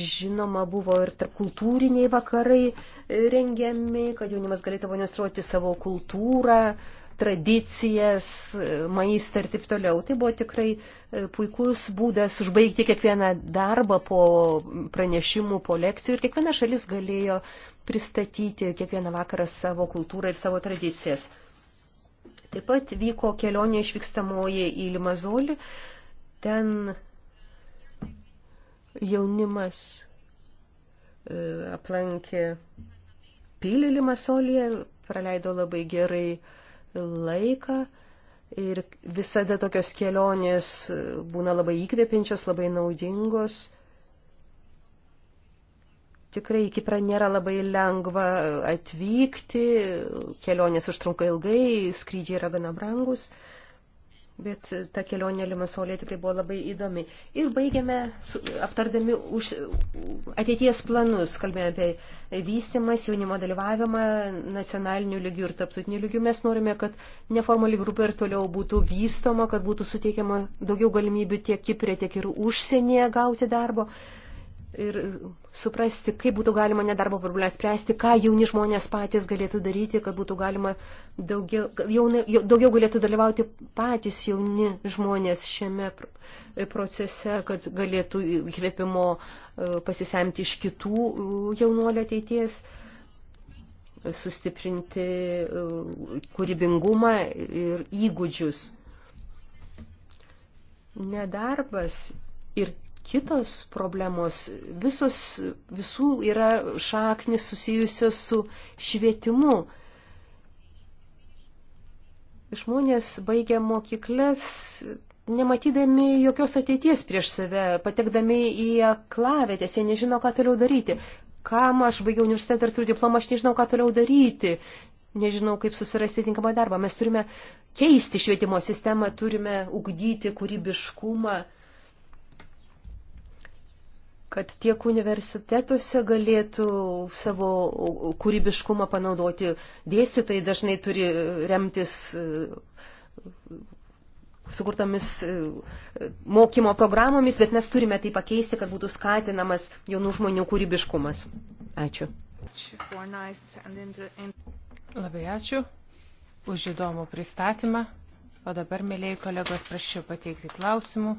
S2: Žinoma, buvo ir kultūriniai vakarai e, rengiami, kad jaunimas galėtų demonstruoti savo kultūrą, tradicijas, maistą ir taip toliau. Tai buvo tikrai e, puikus būdas užbaigti kiekvieną darbą po pranešimų, po lekcijų ir kiekviena šalis galėjo pristatyti kiekvieną vakarą savo kultūrą ir savo tradicijas. Taip pat vyko kelionė išvykstamoji į Limazolį. Ten jaunimas e, aplankė pilį Limasolyje, praleido labai gerai laiką ir visada tokios kelionės būna labai įkvepiančios, labai naudingos. Tikrai į Kiprą nėra labai lengva atvykti, kelionės užtrunka ilgai, skrydžiai yra gana brangus. Bet ta kelionė Limasolė tikrai buvo labai įdomi. Ir baigėme su, aptardami už, ateities planus, kalbėjome apie vystimas, jaunimo dalyvavimą nacionaliniu lygiu ir taptutiniu lygiu. Mes norime, kad neformali grupė ir toliau būtų vystoma, kad būtų suteikiama daugiau galimybių tiek Kiprė, tiek ir užsienyje gauti darbo. Uh, ir suprasti, kaip būtų galima nedarbo problemą spręsti, ką jauni žmonės patys galėtų daryti, kad būtų galima daugiau, jauni, daugiau galėtų dalyvauti patys jauni žmonės šiame procese, kad galėtų įkvėpimo e, pasisemti iš kitų e, jaunuolio ateities sustiprinti e, kūrybingumą ir įgūdžius. Nedarbas ir kitos problemos, visos, visų yra šaknis susijusios su švietimu. Žmonės baigia mokyklas, nematydami jokios ateities prieš save, patekdami į klavietės, jie nežino, ką toliau daryti. Kam aš baigiau universitetą ir turiu diplomą, aš nežinau, ką toliau daryti. Nežinau, kaip susirasti tinkamą darbą. Mes turime keisti švietimo sistemą, turime ugdyti kūrybiškumą kad tiek universitetuose galėtų savo kūrybiškumą panaudoti. Dėstytojai dažnai turi remtis e, sukurtomis e, mokymo programomis, bet mes turime tai pakeisti, kad būtų skatinamas jaunų žmonių kūrybiškumas. Ačiū.
S1: Labai ačiū už įdomų pristatymą. O dabar, mėlyi kolegos, prašau pateikti klausimų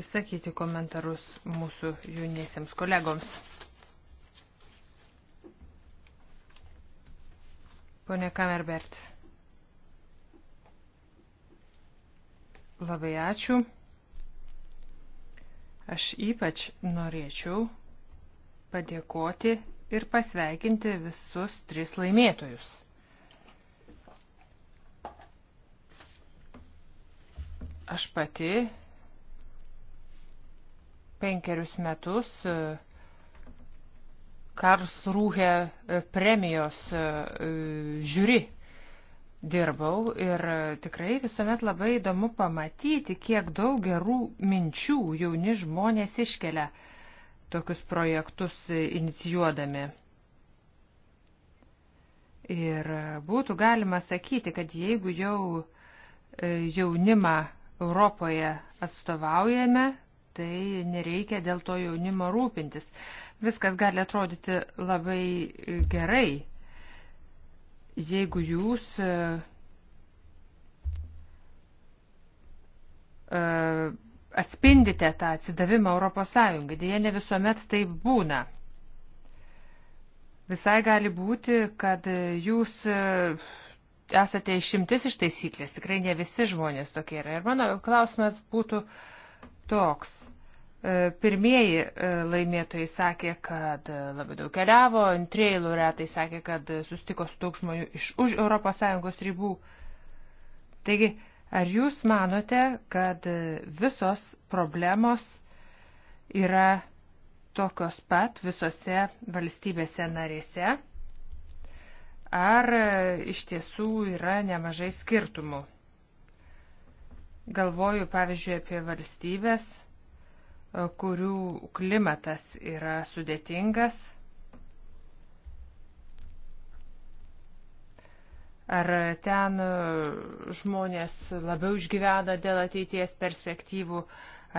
S1: išsakyti komentarus mūsų jauniesiems kolegoms. Pone Kamerbert. Labai ačiū. Aš ypač norėčiau padėkoti ir pasveikinti visus tris laimėtojus. Aš pati penkerius metus e, Karlsrūhe e, premijos e, žiūri dirbau ir tikrai visuomet labai įdomu pamatyti, kiek daug gerų minčių jauni žmonės iškelia tokius projektus inicijuodami. Ir būtų galima sakyti, kad jeigu jau jaunimą Europoje atstovaujame, tai nereikia dėl to jaunimo rūpintis. Viskas gali atrodyti labai e, gerai, jeigu jūs e, e, atspindite tą atsidavimą Europos Sąjungai. Dėja, ne visuomet taip būna. Visai gali būti, kad jūs esate išimtis iš taisyklės, tikrai ne visi žmonės tokie yra. Ir mano klausimas būtų toks. E, pirmieji e, laimėtojai sakė, kad e, labai daug keliavo, antrieji laureatai sakė, kad sustiko su daug žmonių iš už ES ribų. Taigi, ar jūs manote, kad visos problemos yra tokios pat visose valstybėse narėse? Ar iš tiesų yra nemažai skirtumų? Galvoju, pavyzdžiui, apie valstybės, e, kurių klimatas yra sudėtingas. Ar ten e, žmonės labiau išgyvena dėl ateities perspektyvų,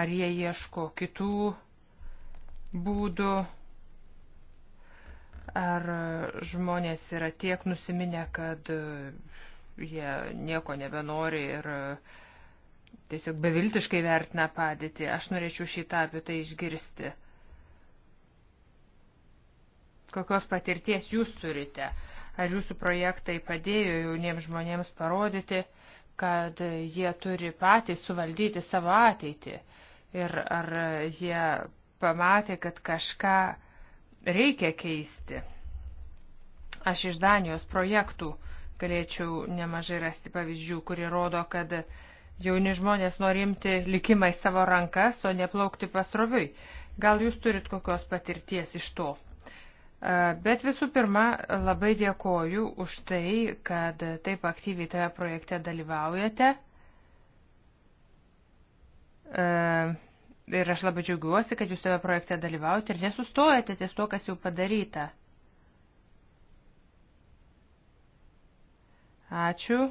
S1: ar jie ieško kitų būdų, ar žmonės yra tiek nusiminę, kad e, jie nieko nebenori ir uh, tiesiog beviltiškai vertina padėtį. Aš norėčiau šitą apie tai išgirsti. Kokios patirties jūs turite? Ar jūsų projektai padėjo jauniems žmonėms parodyti, kad jie turi patys suvaldyti savo ateitį? Ir ar jie pamatė, kad kažką reikia keisti? Aš iš Danijos projektų galėčiau nemažai rasti pavyzdžių, kurie rodo, kad uh, Jauni žmonės nori imti likimą į savo rankas, o neplaukti pasroviui. Gal jūs turit kokios patirties iš to? E, bet visų pirma, labai dėkoju už tai, kad taip aktyviai toje projekte dalyvaujate. E, ir aš labai džiaugiuosi, kad jūs tame projekte dalyvaujate ir nesustojate ties to, kas jau padaryta. Ačiū.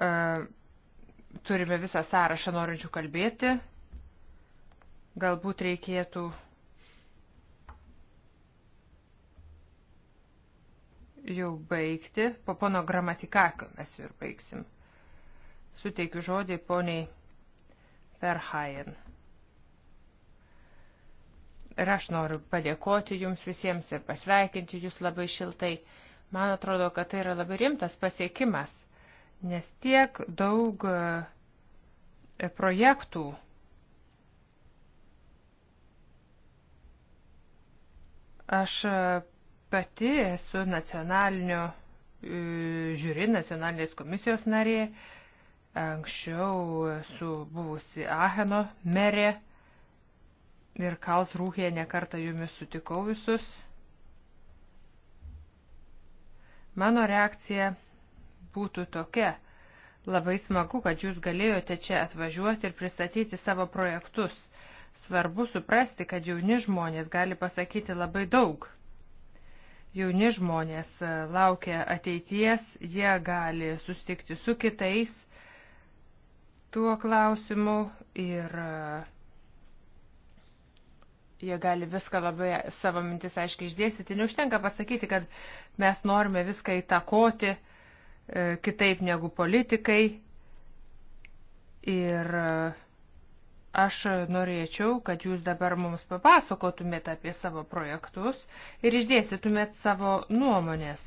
S1: E, turime visą sąrašą norinčių kalbėti. Galbūt reikėtų jau baigti. Po pono gramatikakio mes ir baigsim. Suteikiu žodį poniai Verhaien. Ir aš noriu padėkoti jums visiems ir pasveikinti jūs labai šiltai. Man atrodo, kad tai yra labai rimtas pasiekimas – nes tiek daug e, projektų aš e, pati esu nacionalinio e, žiūri nacionalinės komisijos narė, anksčiau esu buvusi Aheno merė ir Kalsrūhė nekartą jumis sutikau visus. Mano reakcija būtų tokia. Labai smagu, kad jūs galėjote čia atvažiuoti ir pristatyti savo projektus. Svarbu suprasti, kad jauni žmonės gali pasakyti labai daug. Jauni žmonės e, laukia ateities, jie gali sustikti su kitais tuo klausimu ir e, jie gali viską labai savo mintis aiškiai išdėstyti. Neužtenka pasakyti, kad mes norime viską įtakoti E, kitaip negu politikai. Ir e, aš norėčiau, kad jūs dabar mums papasakotumėt apie savo projektus ir išdėstytumėt savo nuomonės.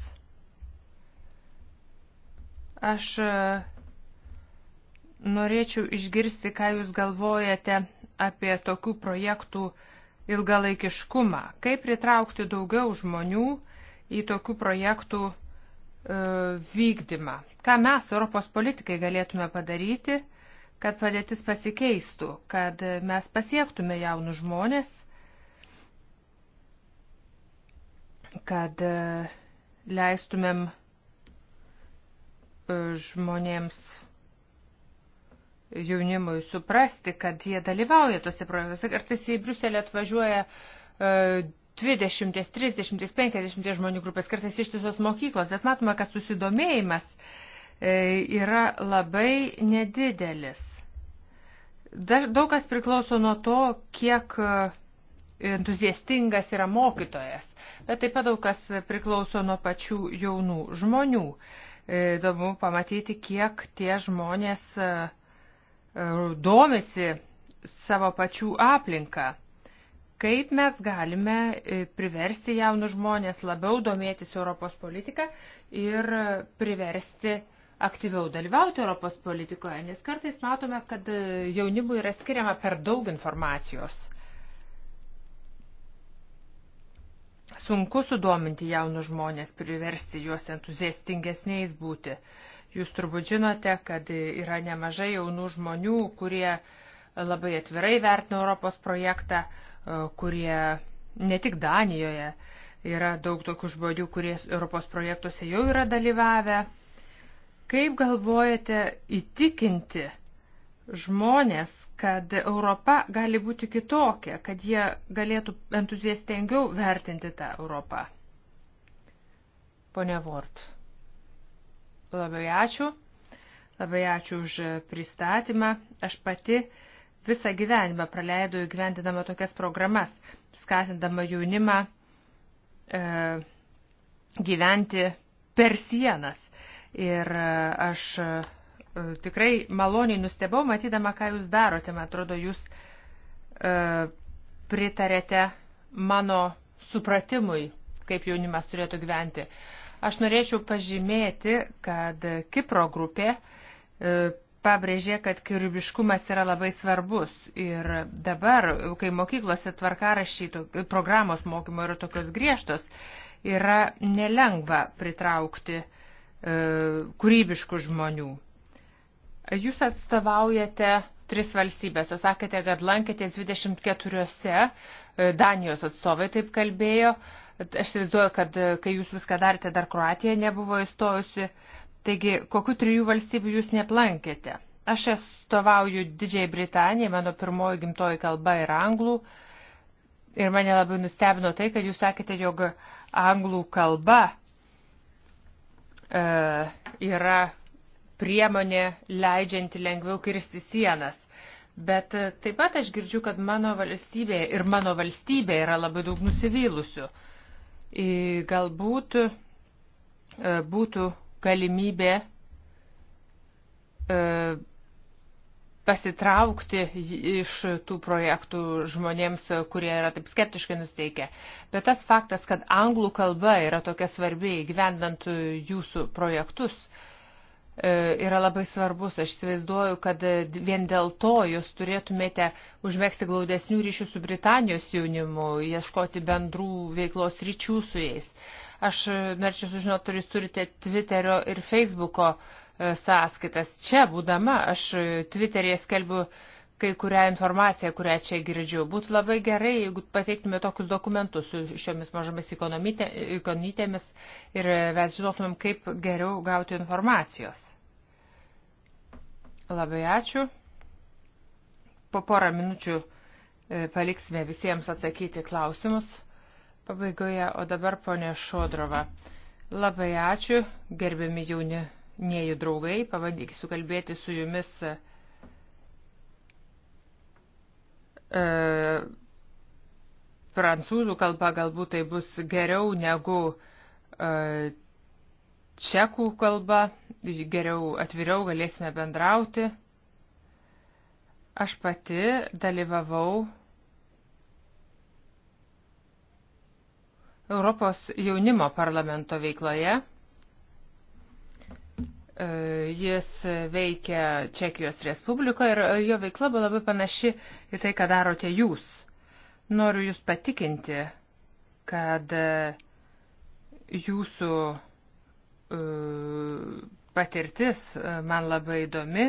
S1: Aš e, norėčiau išgirsti, ką jūs galvojate apie tokių projektų ilgalaikiškumą, kaip pritraukti daugiau žmonių į tokių projektų E, vykdymą. Ką mes, Europos politikai, galėtume padaryti, kad padėtis pasikeistų, kad mes pasiektume jaunų žmonės, kad e, leistumėm e, žmonėms jaunimui suprasti, kad jie dalyvauja tose projektuose. Kartais į Briuselį atvažiuoja 20, 30, 50 žmonių grupės, kartais ištisos mokyklos, bet matome, kad susidomėjimas e, yra labai nedidelis. Daug kas priklauso nuo to, kiek e, entuziastingas yra mokytojas, bet taip pat daug kas priklauso nuo pačių jaunų žmonių. E, įdomu pamatyti, kiek tie žmonės domisi savo pačių aplinką. Kaip mes galime e, priversti jaunus žmonės labiau domėtis Europos politiką ir e, priversti aktyviau dalyvauti Europos politikoje, nes kartais matome, kad e, jaunimui yra skiriama per daug informacijos. Sunku sudominti jaunus žmonės, priversti juos entuziastingesniais būti. Jūs turbūt žinote, kad yra nemažai jaunų žmonių, kurie uh, labai atvirai vertino Europos projektą, e, kurie ne tik Danijoje yra daug tokių žmonių, kurie Europos projektuose jau yra dalyvavę. Kaip galvojate įtikinti žmonės, kad Europa gali būti kitokia, kad jie galėtų entuziastingiau vertinti tą Europą? Pone Vort. Labai ačiū. Labai ačiū už pristatymą. Aš pati uh, visą gyvenimą praleido įgyvendinama tokias programas, skatindama jaunimą e, gyventi per sienas. Ir e, aš e, tikrai maloniai nustebau, matydama, ką jūs darote. Man atrodo, jūs e, pritarėte mano supratimui, kaip jaunimas turėtų gyventi. Aš norėčiau pažymėti, kad Kipro grupė e, pabrėžė, kad kūrybiškumas yra labai svarbus. Ir dabar, kai mokyklose tvarkaraščiai, programos mokymo yra tokios griežtos, yra nelengva pritraukti e, kūrybiškų žmonių. Jūs atstovaujate tris valstybės, jūs sakėte, kad lankėtės 24, e, Danijos atstovai taip kalbėjo, aš įsivaizduoju, kad e, kai jūs viską darėte, dar Kroatija nebuvo įstojusi. Taigi, kokiu trijų valstybių jūs neplankėte? Aš atstovauju Didžiai Britanijai, mano pirmoji gimtoji kalba yra anglų. Ir mane labai nustebino tai, kad jūs sakėte, jog anglų kalba e, yra priemonė leidžianti lengviau kirsti sienas. Bet e, taip pat aš girdžiu, kad mano valstybė ir mano valstybė yra labai daug nusivylusių. Galbūt e, būtų galimybė e, pasitraukti iš tų projektų žmonėms, kurie yra taip skeptiškai nusteikę. Bet tas faktas, kad anglų kalba yra tokia svarbi gyvendant jūsų projektus, e, yra labai svarbus. Aš įsivaizduoju, kad vien dėl to jūs turėtumėte užmėgsti glaudesnių ryšių su Britanijos jaunimu, ieškoti bendrų veiklos ryčių su jais. Aš e, norėčiau sužinoti, ar jūs turite Twitterio ir Facebooko e, sąskaitas. Čia būdama, aš e, Twitterėje skelbiu kai kurią informaciją, kurią čia girdžiu. Būtų labai gerai, jeigu pateiktume tokius dokumentus su šiomis mažomis ikonytėmis ir mes žinosumėm, kaip geriau gauti informacijos. Labai ačiū. Po porą minučių paliksime visiems atsakyti klausimus pabaigoje, o dabar ponė Šodrova. Labai ačiū, gerbiami jaunieji draugai, pabandysiu kalbėti su jumis e, prancūzų kalba, galbūt tai bus geriau negu e, čekų kalba, geriau atviriau galėsime bendrauti. Aš pati dalyvavau Europos jaunimo parlamento veikloje. E, jis veikia Čekijos Respublikoje ir e, jo veikla buvo labai panaši į tai, ką darote jūs. Noriu jūs patikinti, kad e, jūsų patirtis man labai įdomi,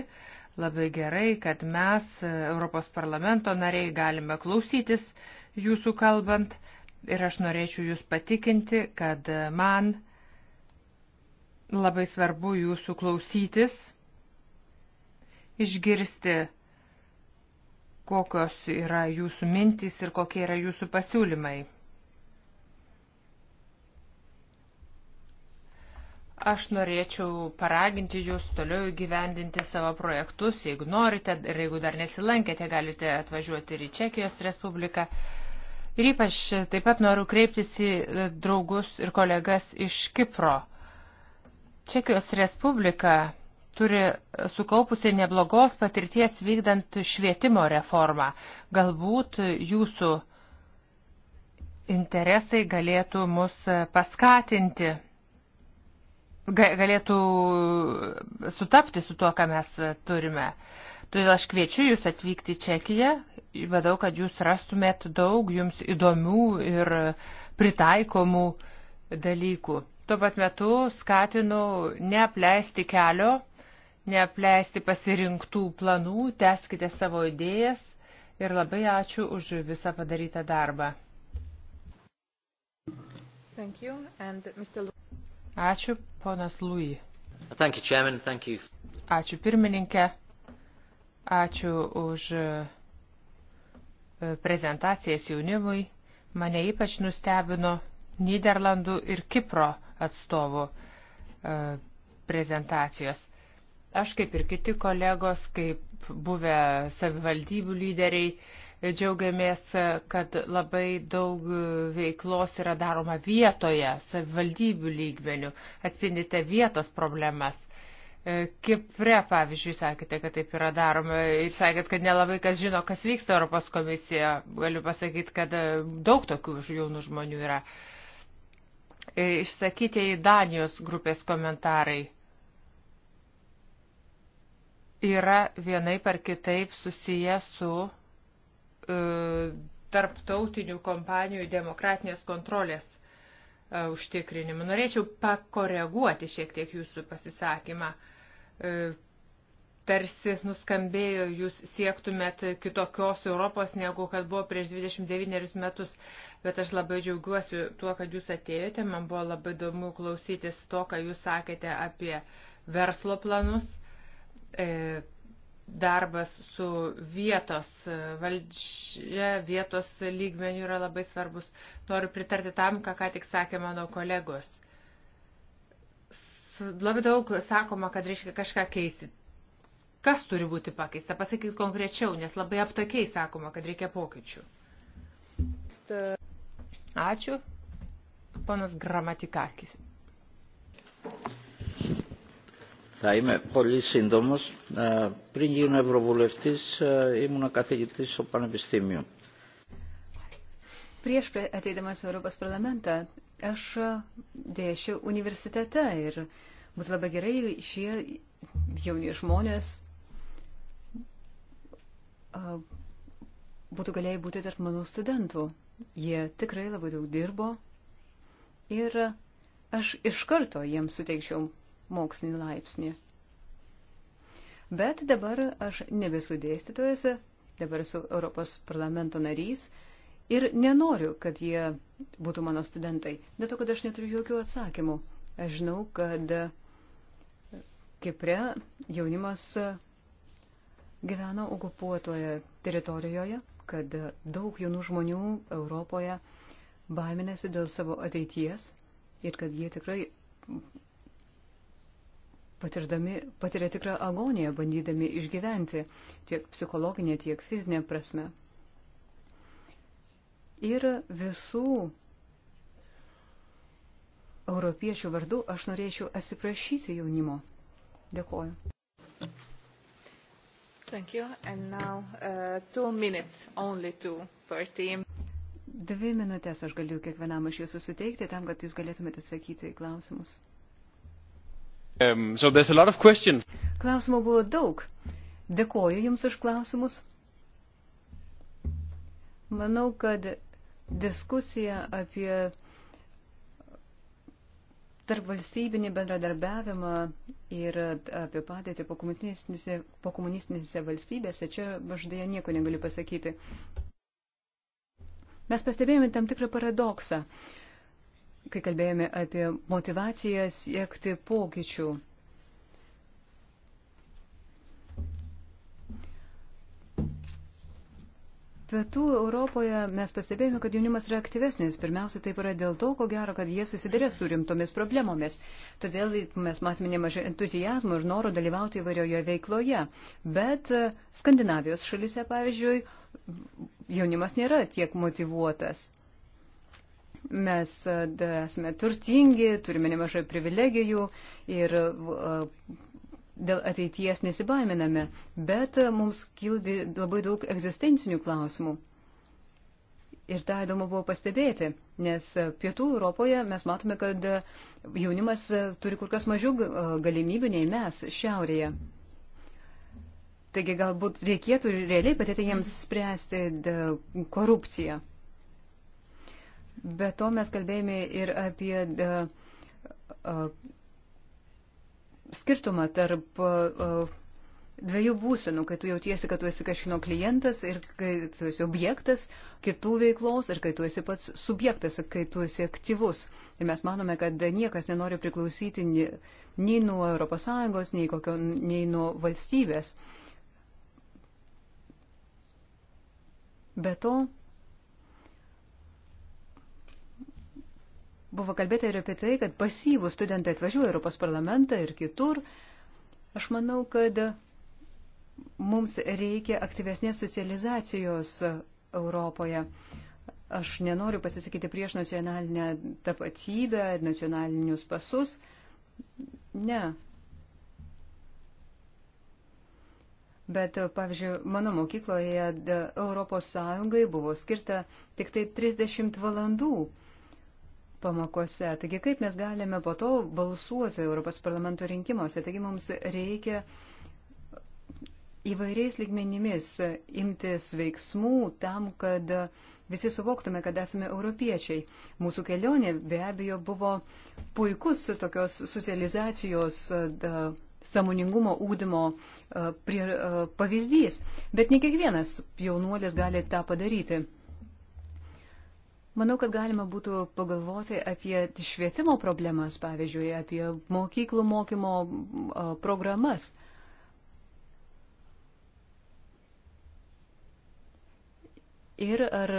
S1: labai gerai, kad mes, Europos parlamento nariai, galime klausytis jūsų kalbant, ir aš norėčiau Jūs patikinti, kad man labai svarbu Jūsų klausytis, išgirsti, kokios yra Jūsų mintys ir kokie yra Jūsų pasiūlymai. Aš norėčiau paraginti jūs toliau įgyvendinti savo projektus. Jeigu norite ir jeigu dar nesilankėte, galite atvažiuoti ir į Čekijos Respubliką. Ir ypač taip pat noriu kreiptis į e, draugus ir kolegas iš Kipro. Čekijos Respublika turi sukaupusi neblogos patirties vykdant švietimo reformą. Galbūt jūsų interesai galėtų mus paskatinti, galėtų sutapti su tuo, ką mes turime. Todėl aš kviečiu jūs atvykti į Čekiją, vadau, kad jūs rastumėt daug jums įdomių ir pritaikomų dalykų. Tuo pat metu skatinu neapleisti kelio, neapleisti pasirinktų planų, teskite savo idėjas ir labai ačiū už visą padarytą darbą.
S3: Thank you. And Mr.
S1: Ačiū, ponas Lui. Thank you, Chairman. Thank you. Ačiū pirmininkė. Ačiū už e, prezentacijas jaunimui. Mane ypač nustebino Niderlandų ir Kipro atstovų e, prezentacijos. Aš kaip ir kiti kolegos, kaip buvę savivaldybių lyderiai, e, džiaugiamės, kad labai daug veiklos yra daroma vietoje, savivaldybių lygmenių, atspindite vietos problemas. Kipre, pavyzdžiui, sakėte, kad taip yra daroma ir sakėt, kad nelabai kas žino, kas vyksta Europos komisija. Galiu pasakyti, kad e, daug tokių jaunų žmonių yra. E, išsakyti į Danijos grupės komentarai yra vienai par kitaip susiję su e, tarptautinių kompanijų demokratinės kontrolės e, užtikrinimu. Norėčiau pakoreguoti šiek tiek jūsų pasisakymą. E, E, tarsi nuskambėjo, jūs siektumėt kitokios Europos, negu kad buvo prieš 29 metus. Bet aš labai džiaugiuosi tuo, kad jūs atėjote. Man buvo labai įdomu klausytis to, ką jūs sakėte apie verslo planus, e, darbas su vietos valdžia, vietos lygmenių yra labai svarbus. Noriu pritarti tam, ką ką tik sakė mano kolegos labai daug sakoma, kad reiškia kažką keisti. Kas turi būti pakeista? Pasakyk konkrečiau, nes labai aptakiai sakoma, kad reikia pokyčių. Ačiū. Panas Gramatikakis. Θα είμαι πολύ σύντομος. Πριν γίνω ευρωβουλευτής ήμουν καθηγητής στο Πανεπιστήμιο.
S3: Prieš ateidamas Europos parlamentą Aš dėšiu universitete ir bus labai gerai šie jauni žmonės būtų galėję būti tarp mano studentų. Jie tikrai labai daug dirbo ir aš iš karto jiems suteikčiau mokslinį laipsnį. Bet dabar aš nebesu dėstytojas, dabar esu Europos parlamento narys ir nenoriu, kad jie būtų mano studentai, dėl to, kad aš neturiu jokių atsakymų. Aš žinau, kad Kipre jaunimas gyvena okupuotoje teritorijoje, kad daug jaunų žmonių Europoje baiminasi dėl savo ateities ir kad jie tikrai patirdami, patiria tikrą agoniją, bandydami išgyventi tiek psichologinė, tiek fizinė prasme. Ir visų europiečių vardu aš norėčiau atsiprašyti jaunimo. Dėkuoju.
S1: Thank you. And now uh, two minutes, only two per team.
S3: Dvi minutės aš galiu kiekvienam iš jūsų suteikti tam, kad jūs galėtumėte atsakyti į klausimus. Um, so there's a lot of questions. Klausimų buvo daug. Dėkoju Jums už klausimus. Manau, kad diskusiją apie tarpvalstybinį bendradarbiavimą ir apie padėtį pokomunistinėse po valstybėse, čia aš dėja nieko negaliu pasakyti. Mes pastebėjome tam tikrą paradoksą, kai kalbėjome apie motivaciją siekti pokyčių Pietų Europoje mes pastebėjome, kad jaunimas yra aktyvesnis. Pirmiausia, taip yra dėl to, ko gero, kad jie susidarė su rimtomis problemomis. Todėl mes matome nemažai entuzijazmų ir noro dalyvauti įvairioje veikloje. Bet e, Skandinavijos šalise, pavyzdžiui, jaunimas nėra tiek motivuotas. Mes e, esame turtingi, turime nemažai privilegijų ir e, dėl ateities nesibaiminame, bet mums kildi labai daug egzistencinių klausimų. Ir tą įdomu buvo pastebėti, nes pietų Europoje mes matome, kad jaunimas turi kur kas mažiau galimybių nei mes šiaurėje. Taigi galbūt reikėtų realiai padėti jiems spręsti korupciją. Be to mes kalbėjome ir apie skirtumą tarp e, dviejų būsenų, kai tu jautiesi, kad tu esi kažkino klientas ir kai tu esi objektas kitų veiklos ir kai tu esi pats subjektas, kai tu esi aktyvus. Ir mes manome, kad niekas nenori priklausyti nei, nei nuo ES, nei, kokio, nei nuo valstybės. Be to, Buvo kalbėta ir apie tai, kad pasyvų studentai atvažiuoja Europos parlamentą ir kitur. Aš manau, kad mums reikia aktyvesnės socializacijos Europoje. Aš nenoriu pasisakyti prieš nacionalinę tapatybę, nacionalinius pasus. Ne. Bet, pavyzdžiui, mano mokykloje Europos Sąjungai buvo skirta tik tai 30 valandų pamokose. Taigi kaip mes galime po to balsuoti Europos parlamento rinkimuose? Taigi mums reikia įvairiais ligmenimis imtis veiksmų tam, kad visi suvoktume, kad esame europiečiai. Mūsų kelionė be abejo buvo puikus tokios socializacijos da, samoningumo ūdymo prie, pavyzdys, bet ne kiekvienas jaunuolis gali tą padaryti. Manau, kad galima būtų pagalvoti apie švietimo problemas, pavyzdžiui, apie mokyklų mokymo programas. Ir ar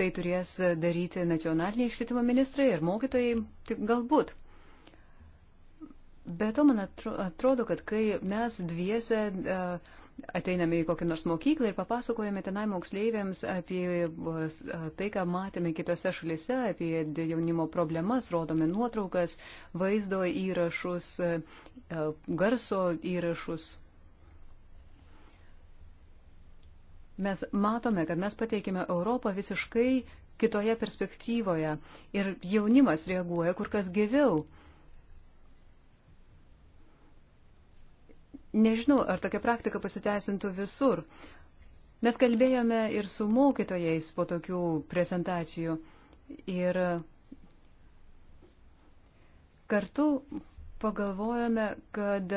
S3: tai turės daryti nacionaliniai švietimo ministrai ir mokytojai? Tik galbūt. Bet to man atrodo, kad kai mes dviese e, ateiname į kokią nors mokyklą ir papasakojame tenai moksleiviams apie e, e, tai, ką matėme kitose šalise, apie jaunimo problemas, rodome nuotraukas, vaizdo įrašus, garso įrašus. Mes matome, kad mes pateikime Europą visiškai kitoje perspektyvoje ir jaunimas reaguoja kur kas gyviau Nežinau, ar tokia praktika pasiteisintų visur. Mes kalbėjome ir su mokytojais po tokių prezentacijų ir kartu pagalvojame, kad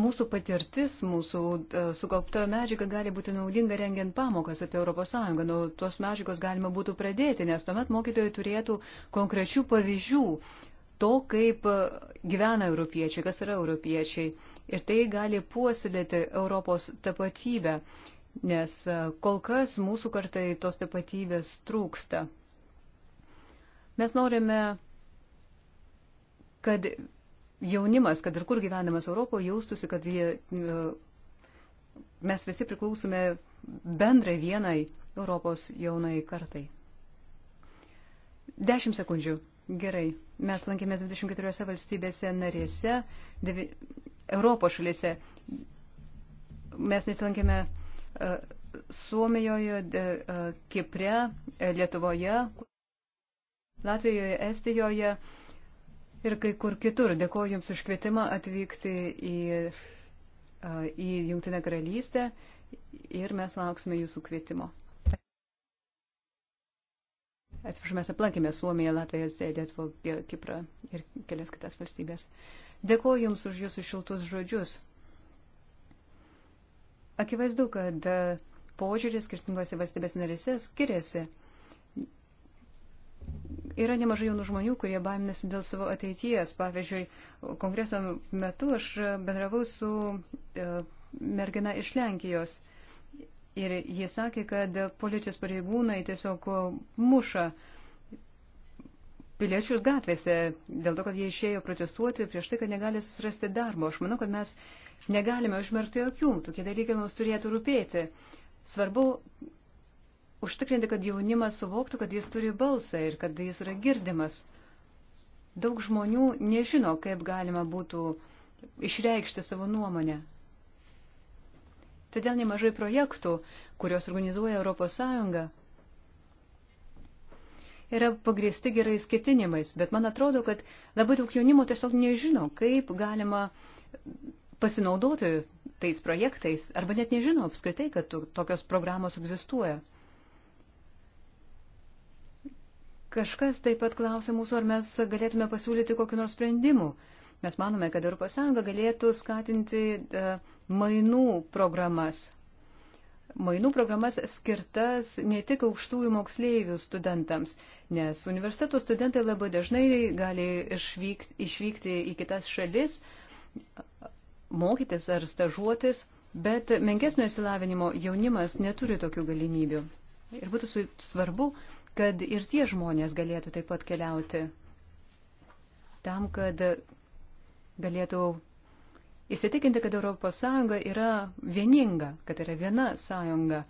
S3: mūsų patirtis, mūsų e, sukaupta medžiaga gali būti naudinga rengiant pamokas apie ES. Nuo tos medžiagos galima būtų pradėti, nes tuomet mokytojai turėtų konkrečių pavyzdžių, to, kaip gyvena europiečiai, kas yra europiečiai. Ir tai gali puoselėti Europos tapatybę, nes e, kol kas mūsų kartai tos tapatybės trūksta. Mes norime, kad jaunimas, kad ir kur gyvenamas Europoje, jaustųsi, kad jie, e, mes visi priklausome bendrai vienai Europos jaunai kartai. Dešimt sekundžių. Gerai, mes lankėmės 24 valstybėse narėse, devi, Europos šalyse. Mes nesilankėme uh, Suomijoje, de, uh, Kipre, e, Lietuvoje, Latvijoje, Estijoje ir kai kur kitur. Dėkuoju Jums už kvietimą atvykti į, uh, į Jungtinę karalystę ir mes lauksime Jūsų kvietimo. Atsiprašau, mes aplankėme Suomiją, Latviją, Lietuvą, Kiprą ir kelias kitas valstybės. Dėkuoju Jums už Jūsų šiltus žodžius. Akivaizdu, kad požiūrės skirtingose valstybės narėse skiriasi. Yra nemažai jaunų žmonių, kurie baiminasi dėl savo ateities. Pavyzdžiui, kongreso metu aš bendravau su e, mergina iš Lenkijos. Ir jis sakė, kad policijos pareigūnai tiesiog muša piliečius gatvėse dėl to, kad jie išėjo protestuoti prieš tai, kad negali susirasti darbo. Aš manau, kad mes negalime užmerkti akių. Tokie dalykai mums turėtų rūpėti. Svarbu užtikrinti, kad jaunimas suvoktų, kad jis turi balsą ir kad jis yra girdimas. Daug žmonių nežino, kaip galima būtų išreikšti savo nuomonę. Todėl nemažai projektų, kurios organizuoja ES, yra pagristi gerais ketinimais, bet man atrodo, kad labai daug jaunimo tiesiog nežino, kaip galima pasinaudoti tais projektais, arba net nežino apskritai, kad tokios programos egzistuoja. Kažkas taip pat klausė mūsų, ar mes galėtume pasiūlyti kokiu nors sprendimu. Uh, Mes manome, kad ES galėtų skatinti e, mainų programas. Mainų programas skirtas ne tik aukštųjų moksleivių studentams, nes universitetų studentai labai dažnai gali išvykti, išvykti į kitas šalis, mokytis ar stažuotis, bet menkesnio įsilavinimo jaunimas neturi tokių galimybių. Ir būtų svarbu, kad ir tie žmonės galėtų taip pat keliauti tam, kad galėtų įsitikinti, kad ES yra vieninga, kad yra viena sąjunga.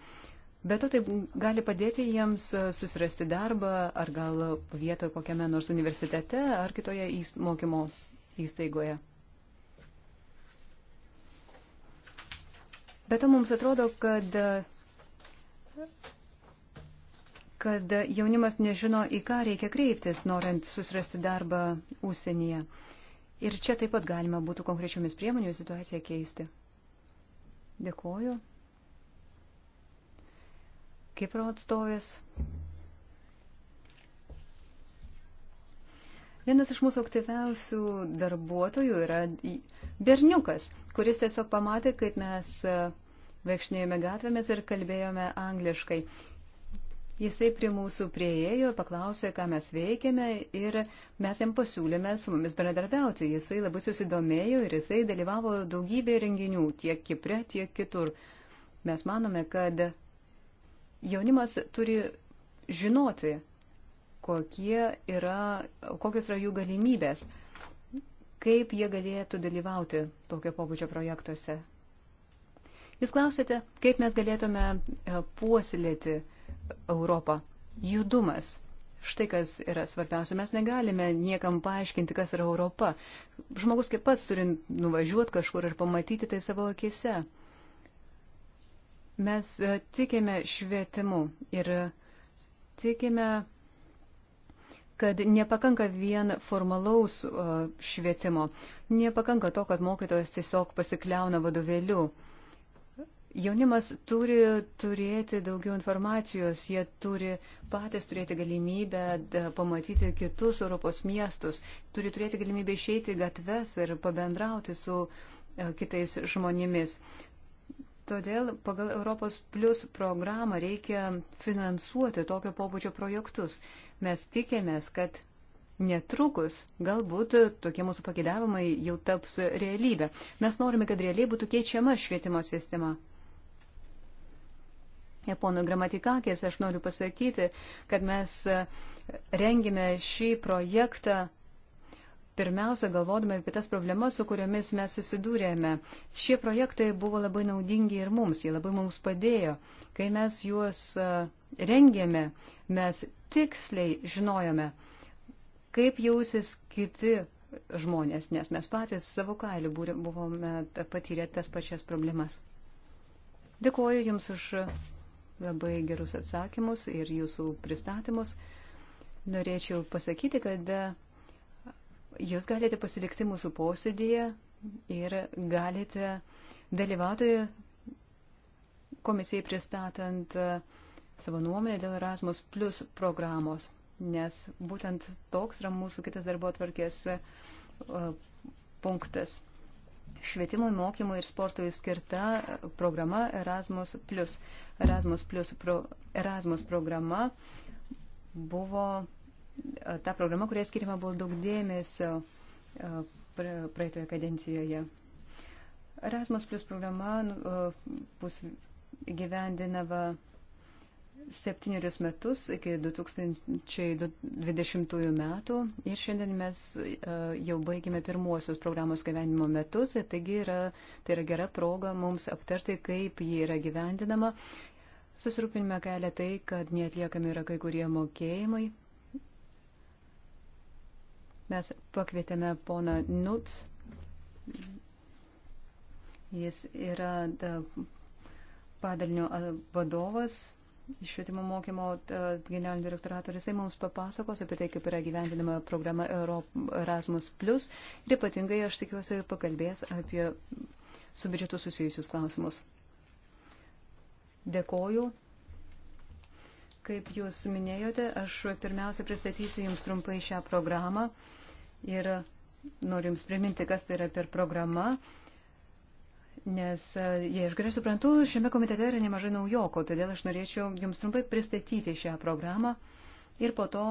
S3: Bet to tai gali padėti jiems e, susirasti darbą ar gal vietą kokiame nors universitete ar kitoje mokymo įstaigoje. Bet to mums atrodo, kad, kad jaunimas nežino, į ką reikia kreiptis, norint susirasti darbą ūsienyje. Ir čia taip pat galima būtų konkrečiomis priemonių situaciją keisti. Dėkuoju. Kipro atstovės. Vienas iš mūsų aktyviausių darbuotojų yra berniukas, kuris tiesiog pamatė, kaip mes e, vaikšnėjome gatvėmis ir kalbėjome angliškai. Jisai prie mūsų prieėjo, paklausė, ką mes veikiame ir mes jam pasiūlėme su mumis bendradarbiauti. Jisai labai susidomėjo ir jisai dalyvavo daugybė renginių tiek Kipre, tiek kitur. Mes manome, kad jaunimas turi žinoti, yra, kokios yra jų galimybės, kaip jie galėtų dalyvauti tokio pobūdžio projektuose. Jūs klausėte, kaip mes galėtume e, puoselėti uh, Europą. Judumas. Štai kas yra svarbiausia. Mes negalime niekam paaiškinti, kas yra Europa. Žmogus kaip pats turi nuvažiuoti kažkur ir pamatyti tai savo akise. Mes e, tikime švietimu ir e, tikime, kad nepakanka vien formalaus e, švietimo. Nepakanka to, kad mokytojas tiesiog pasikliauna vadovėliu. Jaunimas turi turėti daugiau informacijos, jie turi patys turėti galimybę e, pamatyti kitus Europos miestus, turi turėti galimybę išeiti gatves ir pabendrauti su e, kitais žmonėmis. Todėl pagal Europos Plus programą reikia finansuoti tokio pobūdžio projektus. Mes tikėmės, kad netrukus galbūt tokie mūsų pagėdavimai jau taps realybė. Mes norime, kad realiai būtų keičiama švietimo sistema. Pono gramatikakės aš noriu pasakyti, kad mes e, rengime šį projektą pirmiausia galvodami apie tas problemas, su kuriomis mes susidūrėme. Šie projektai buvo labai naudingi ir mums, jie labai mums padėjo. Kai mes juos e, rengėme, mes tiksliai žinojome, kaip jausis kiti žmonės, nes mes patys savo kailiu buvome patyrę tas pačias problemas. Dėkuoju Jums už labai gerus atsakymus ir jūsų pristatymus. Norėčiau pasakyti, kad jūs galite pasilikti mūsų posėdėje ir galite dalyvauti komisijai pristatant savo nuomonę dėl Erasmus Plus programos, nes būtent toks yra mūsų kitas darbo atvarkės e, punktas švietimui, mokymui ir sportui skirta programa Erasmus. Erasmus, pro, Erasmus programa buvo e, ta programa, kurie skirima buvo daug dėmesio e, praeitoje kadencijoje. Erasmus plus programa nu, e, bus gyvendinama septynerius metus iki 2020 metų ir šiandien mes e, jau baigėme pirmuosius programos gyvenimo metus, taigi yra, tai yra gera proga mums aptarti, kaip ji yra gyvendinama. Susirūpinime kelią tai, kad neatliekami yra kai kurie mokėjimai. Mes pakvietėme poną Nuts. Jis yra padalinio vadovas švietimo mokymo e, generalinio direktorato, jisai mums papasakos apie tai, kaip yra gyvendinama programa Erasmus Plus ir ypatingai, aš tikiuosi, pakalbės apie su biudžetu susijusius klausimus. Dėkoju. Kaip jūs minėjote, aš pirmiausia pristatysiu jums trumpai šią programą ir noriu jums priminti, kas tai yra per programa. Uh, Nes, e, jei aš gerai suprantu, šiame komitete yra nemažai naujokų, todėl aš norėčiau Jums trumpai pristatyti šią programą ir po to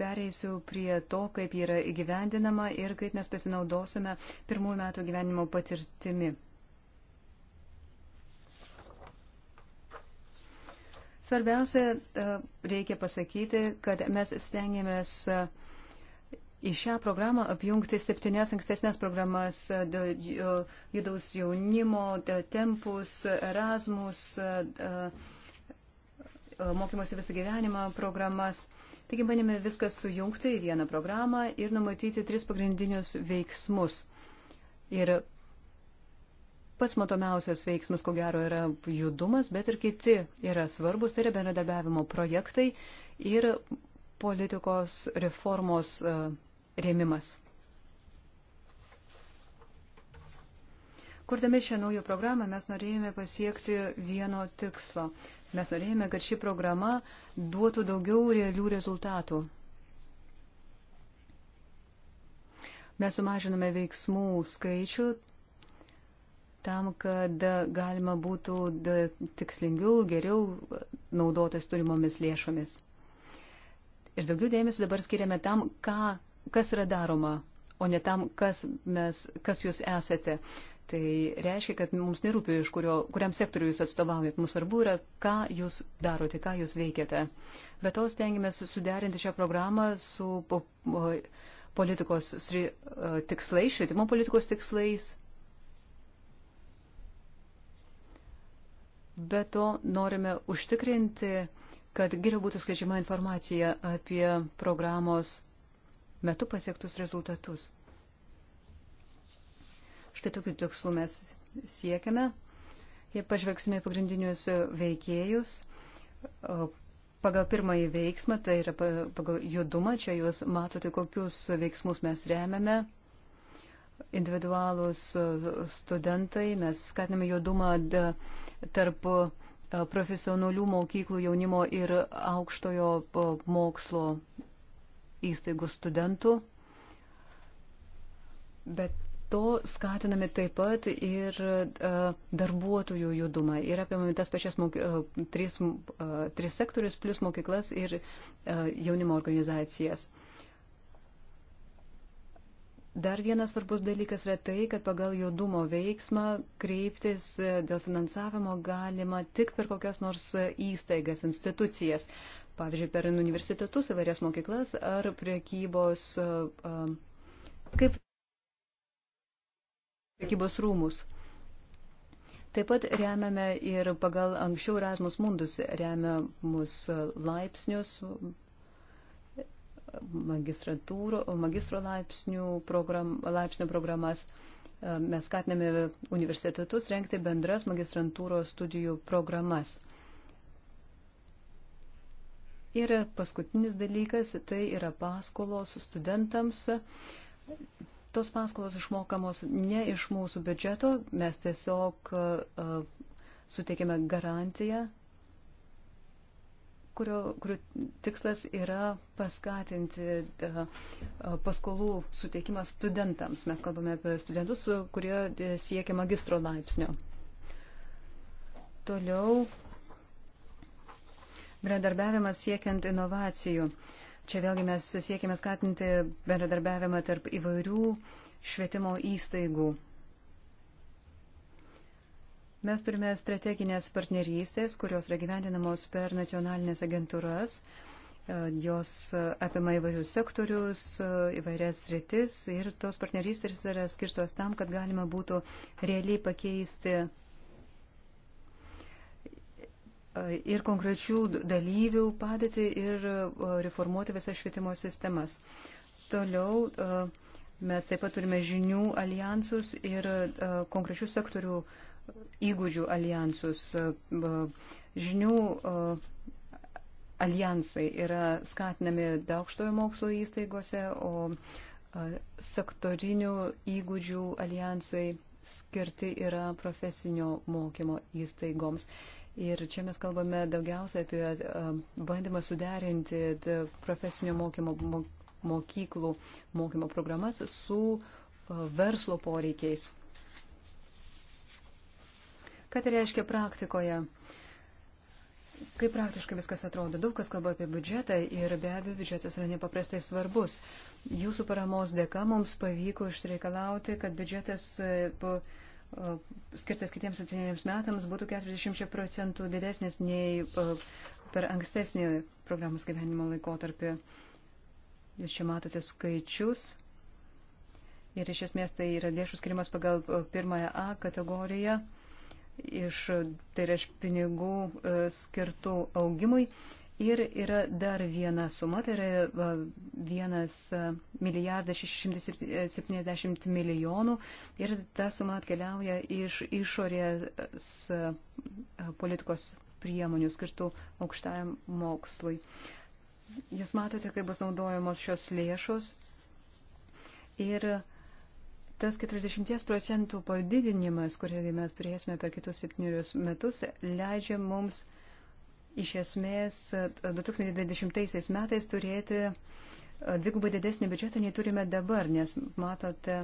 S3: pereisiu prie to, kaip ji yra įgyvendinama ir kaip mes pasinaudosime pirmųjų metų gyvenimo patirtimi. Svarbiausia, e, reikia pasakyti, kad mes stengiamės uh, į šią programą apjungti septynes ankstesnės programas e, - judaus jaunimo, tempus, Erasmus, e, e, mokymosi visą gyvenimą programas. Taigi bandėme viską sujungti į vieną programą ir numatyti tris pagrindinius veiksmus. Ir pats matomiausias veiksmas, ko gero, yra judumas, bet ir kiti yra svarbus, tai yra bendradarbiavimo projektai ir politikos reformos uh, rėmimas. Kurdami šią naują programą mes norėjome pasiekti vieno tikslo. Mes norėjome, kad ši programa duotų daugiau realių rezultatų. Mes sumažinome veiksmų skaičių tam, kad galima būtų tikslingiau, geriau naudotas turimomis lėšomis. Ir daugiau dėmesio dabar skiriame tam, ką kas yra daroma, o ne tam, kas, mes, kas jūs esate. Tai reiškia, kad mums nerūpi, iš kurio, kuriam sektoriu jūs atstovaujat. Mums svarbu yra, ką jūs darote, ką jūs veikiate. Bet to stengiamės suderinti šią programą su politikos e, tikslais, švietimo politikos tikslais. Be to norime užtikrinti, kad geriau būtų skleidžiama informacija apie programos metu pasiektus rezultatus. Štai tokių tikslų mes siekiame. Jei pažvelgsime pagrindinius veikėjus, pagal pirmąjį veiksmą, tai yra pagal judumą, čia jūs matote, kokius veiksmus mes remiame. Individualūs studentai, mes skatiname judumą tarp profesionalių mokyklų jaunimo ir aukštojo mokslo įstaigų studentų, bet to skatiname taip pat ir e, darbuotojų judumą ir apimame tas pačias moky, e, tris, e, tris sektorius plus mokyklas ir jaunimo organizacijas. Dar vienas svarbus dalykas yra tai, kad pagal judumo veiksmą kreiptis dėl finansavimo galima tik per kokias nors įstaigas, institucijas pavyzdžiui, per universitetus, įvairias mokyklas ar priekybos, kaip priekybos rūmus. Taip pat remiame ir pagal anksčiau Erasmus Mundus remiamus laipsnius magistro laipsnių program, laipsnių programas. Mes skatiname universitetus renkti bendras magistrantūros studijų programas. Ir paskutinis dalykas tai yra paskolos studentams. Tos paskolos išmokamos ne iš mūsų biudžeto, mes tiesiog uh, suteikiame garantiją, kurio, kurio tikslas yra paskatinti uh, paskolų suteikimą studentams. Mes kalbame apie studentus, kurie e, siekia magistro laipsnio. Toliau bendradarbiavimas siekiant inovacijų. Čia vėlgi mes siekime skatinti bendradarbiavimą tarp įvairių švietimo įstaigų. Mes turime strateginės partnerystės, kurios yra gyvendinamos per nacionalinės agentūras. Jos apima įvairius sektorius, įvairias rytis ir tos partnerystės yra skirtos tam, kad galima būtų realiai pakeisti ir konkrečių dalyvių padėtį ir e, reformuoti visas švietimo sistemas. Toliau e, mes taip pat turime žinių alijansus ir e, konkrečių sektorių įgūdžių alijansus. Žinių alijansai yra skatinami daugštojo mokslo įstaigose, o sektorinių įgūdžių alijansai skirti yra profesinio mokymo įstaigoms. Ir čia mes kalbame daugiausia apie bandymą suderinti profesinio mokymo mokyklų mokymo programas su verslo poreikiais. Ką tai reiškia praktikoje? Kaip praktiškai viskas atrodo? Daug kas kalba apie biudžetą ir be abejo biudžetas yra nepaprastai svarbus. Jūsų paramos dėka mums pavyko išreikalauti, kad biudžetas e, E, skirtas kitiems atsinėms metams būtų 40 procentų didesnis nei e, per ankstesnį programos gyvenimo laikotarpį. Jūs čia matote skaičius. Ir iš esmės tai yra lėšų skirimas pagal e, pirmąją A kategoriją. Iš, tai yra iš pinigų skirtų augimui Ir yra dar viena suma, tai yra 1 milijardas 670 milijonų ir ta suma atkeliauja iš išorės politikos priemonių skirtų aukštajam mokslui. Jūs matote, kaip bus naudojamos šios lėšos ir tas 40 procentų padidinimas, kurį mes turėsime per kitus septynerius metus, leidžia mums iš esmės 2020 metais turėti e, dvigubai didesnį biudžetą nei turime dabar, nes matote,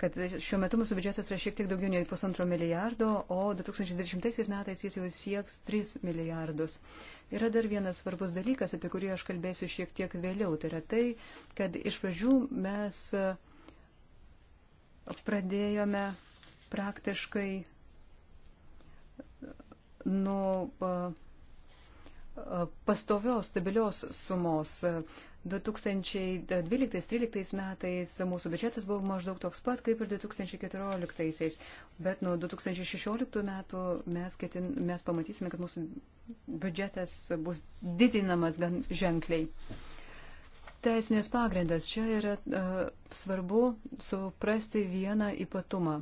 S3: kad šiuo metu mūsų biudžetas yra šiek tiek daugiau nei pusantro milijardo, o 2020 metais jis jau sieks 3 milijardus. Yra dar vienas svarbus dalykas, apie kurį aš kalbėsiu šiek tiek vėliau, tai yra tai, kad iš pradžių mes e, pradėjome praktiškai e, nuo pastovios, stabilios sumos. 2012-2013 metais mūsų biudžetas buvo maždaug toks pat kaip ir 2014-aisiais, bet nuo 2016 metų mes, ketin, mes pamatysime, kad mūsų biudžetas bus didinamas gan ženkliai. Teisinės pagrindas. Čia yra uh, svarbu suprasti vieną ypatumą.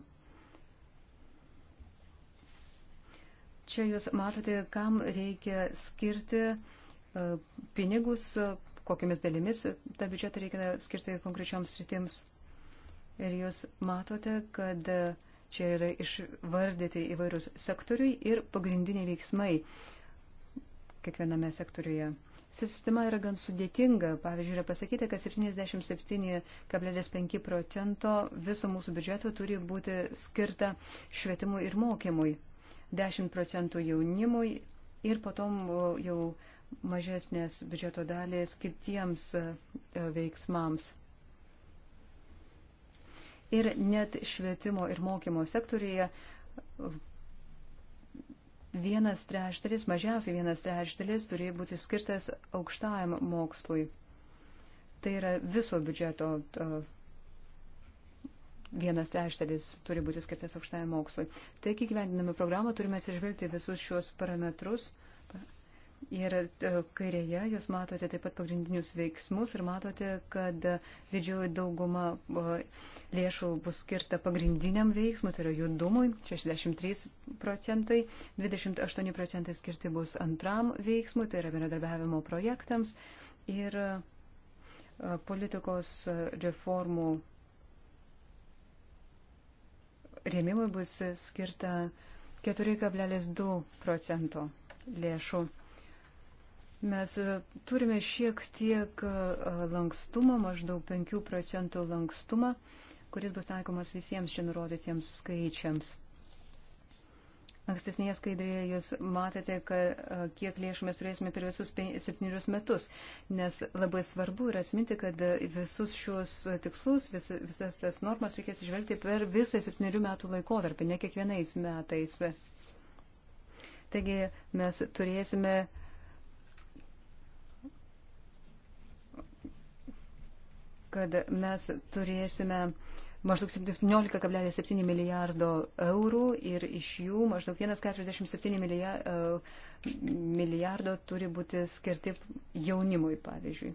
S3: Čia jūs matote, kam reikia skirti e, pinigus, kokiamis dalimis tą biudžetą reikia skirti konkrečioms sritims. Ir jūs matote, kad čia yra išvardyti įvairūs sektoriai ir pagrindiniai veiksmai kiekviename sektoriuje. Sistema yra gan sudėtinga. Pavyzdžiui, yra pasakyta, kad 77,5 procento viso mūsų biudžeto turi būti skirta švietimui ir mokymui. 10 procentų jaunimui ir po tom jau mažesnės biudžeto dalės kitiems e, veiksmams. Ir net švietimo ir mokymo sektorėje e, vienas trečdalis, mažiausiai vienas trečdalis turi būti skirtas aukštajam mokslui. Tai yra viso biudžeto e, vienas trečdalis turi būti skirtas aukštajam mokslui. Taigi, gyvendinami programą turime atsižvelgti visus šios parametrus. Ir e, kairėje jūs matote taip pat pagrindinius veiksmus ir matote, kad didžioji dauguma e, lėšų bus skirta pagrindiniam veiksmui, tai yra judumui 63 procentai, 28 procentai skirti bus antram veiksmui, tai yra bendradarbiavimo projektams ir e, politikos reformų rėmimui bus skirta 4,2 procento lėšų. Mes e, turime šiek tiek e, lankstumo, maždaug 5 procentų lankstumą, kuris bus taikomas visiems čia nurodytiems skaičiams. Ankstesnėje skaidrėje jūs matėte, kad, kiek lėšų mes turėsime per visus septynerius metus, nes labai svarbu yra asminti, kad visus šios tikslus, vis, visas tas normas reikės išvelgti per visą septynerių metų laikotarpį, ne kiekvienais metais. Taigi mes turėsime kad mes turėsime uh, maždaug 17,7 milijardo eurų ir iš jų maždaug 1,47 e, milijardo turi būti skirti jaunimui, pavyzdžiui.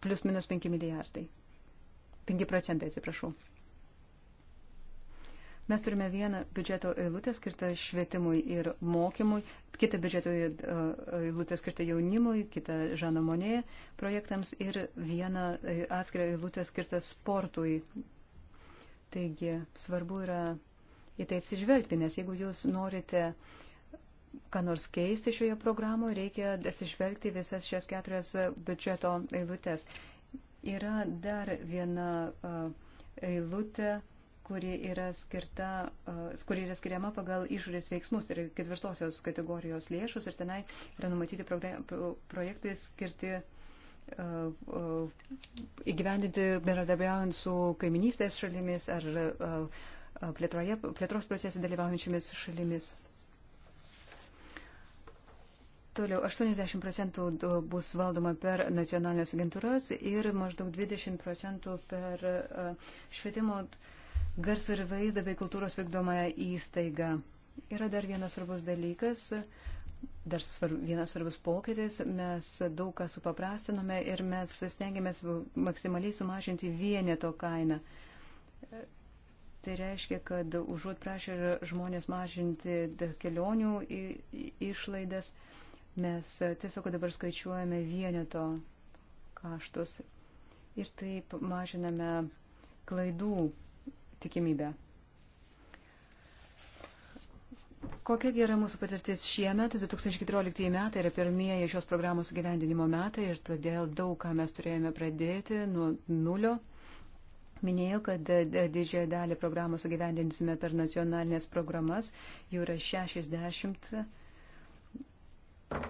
S3: Plius minus 5 milijardai. 5 procentai, atsiprašau. Mes turime vieną biudžeto eilutę skirtą švietimui ir mokymui, kitą biudžeto e, eilutę skirtą jaunimui, kitą Žano Monėje projektams ir vieną e, atskirą eilutę skirtą sportui. Taigi svarbu yra į tai atsižvelgti, nes jeigu jūs norite ką nors keisti šioje programoje, reikia atsižvelgti visas šias keturias biudžeto eilutes. Yra dar viena e, eilutė kuri yra, skirta, e, kuri yra skiriama pagal išorės veiksmus, tai yra ketvirtosios kategorijos lėšus ir tenai yra numatyti projektai skirti e, e, įgyvendinti bendradarbiaujant su kaiminystės šalimis ar plėtroje, plėtros procese dalyvaujančiamis šalimis. Toliau 80 procentų bus valdoma per nacionalinės agentūras ir maždaug 20 procentų per švietimo garso ir vaizdo bei kultūros vykdomąją įstaigą. Yra dar vienas svarbus dalykas, dar svarb, vienas svarbus pokytis. Mes daug ką supaprastinome ir mes stengiamės maksimaliai sumažinti vieneto kainą. Tai reiškia, kad užuot prašė žmonės mažinti kelionių išlaidas, mes tiesiog dabar skaičiuojame vieneto kaštus ir taip mažiname klaidų tikimybę. Kokia gera mūsų patirtis šiemet, 2014 metai yra pirmieji šios programos gyvendinimo metai ir todėl daug ką mes turėjome pradėti nuo nulio. Minėjau, kad didžiąją dalį programos gyvendinsime per nacionalinės programas, jų yra 60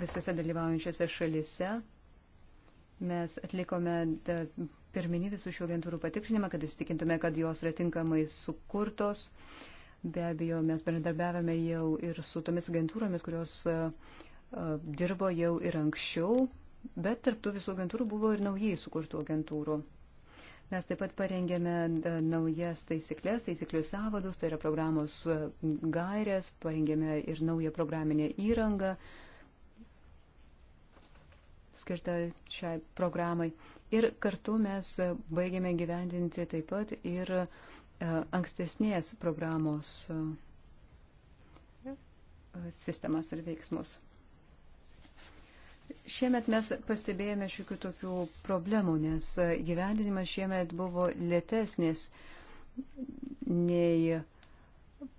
S3: visose dalyvaujančiose šalise. Mes atlikome pirminį visų šių agentūrų patikrinimą, kad įsitikintume, kad jos yra tinkamai sukurtos. Be abejo, mes bendradarbiavame jau ir su tomis agentūromis, kurios e, e, dirbo jau ir anksčiau, bet tarptų visų agentūrų buvo ir naujai sukurtų agentūrų. Mes taip pat parengėme e, naujas taisyklės, taisyklių savadus, tai yra programos gairės, parengėme ir naują programinę įrangą, skirta šiai programai. Ir kartu mes baigėme gyvendinti taip pat ir e, ankstesnės programos e, sistemas ir veiksmus. Šiemet mes pastebėjome šiokių tokių problemų, nes gyvendinimas šiemet buvo lėtesnis nei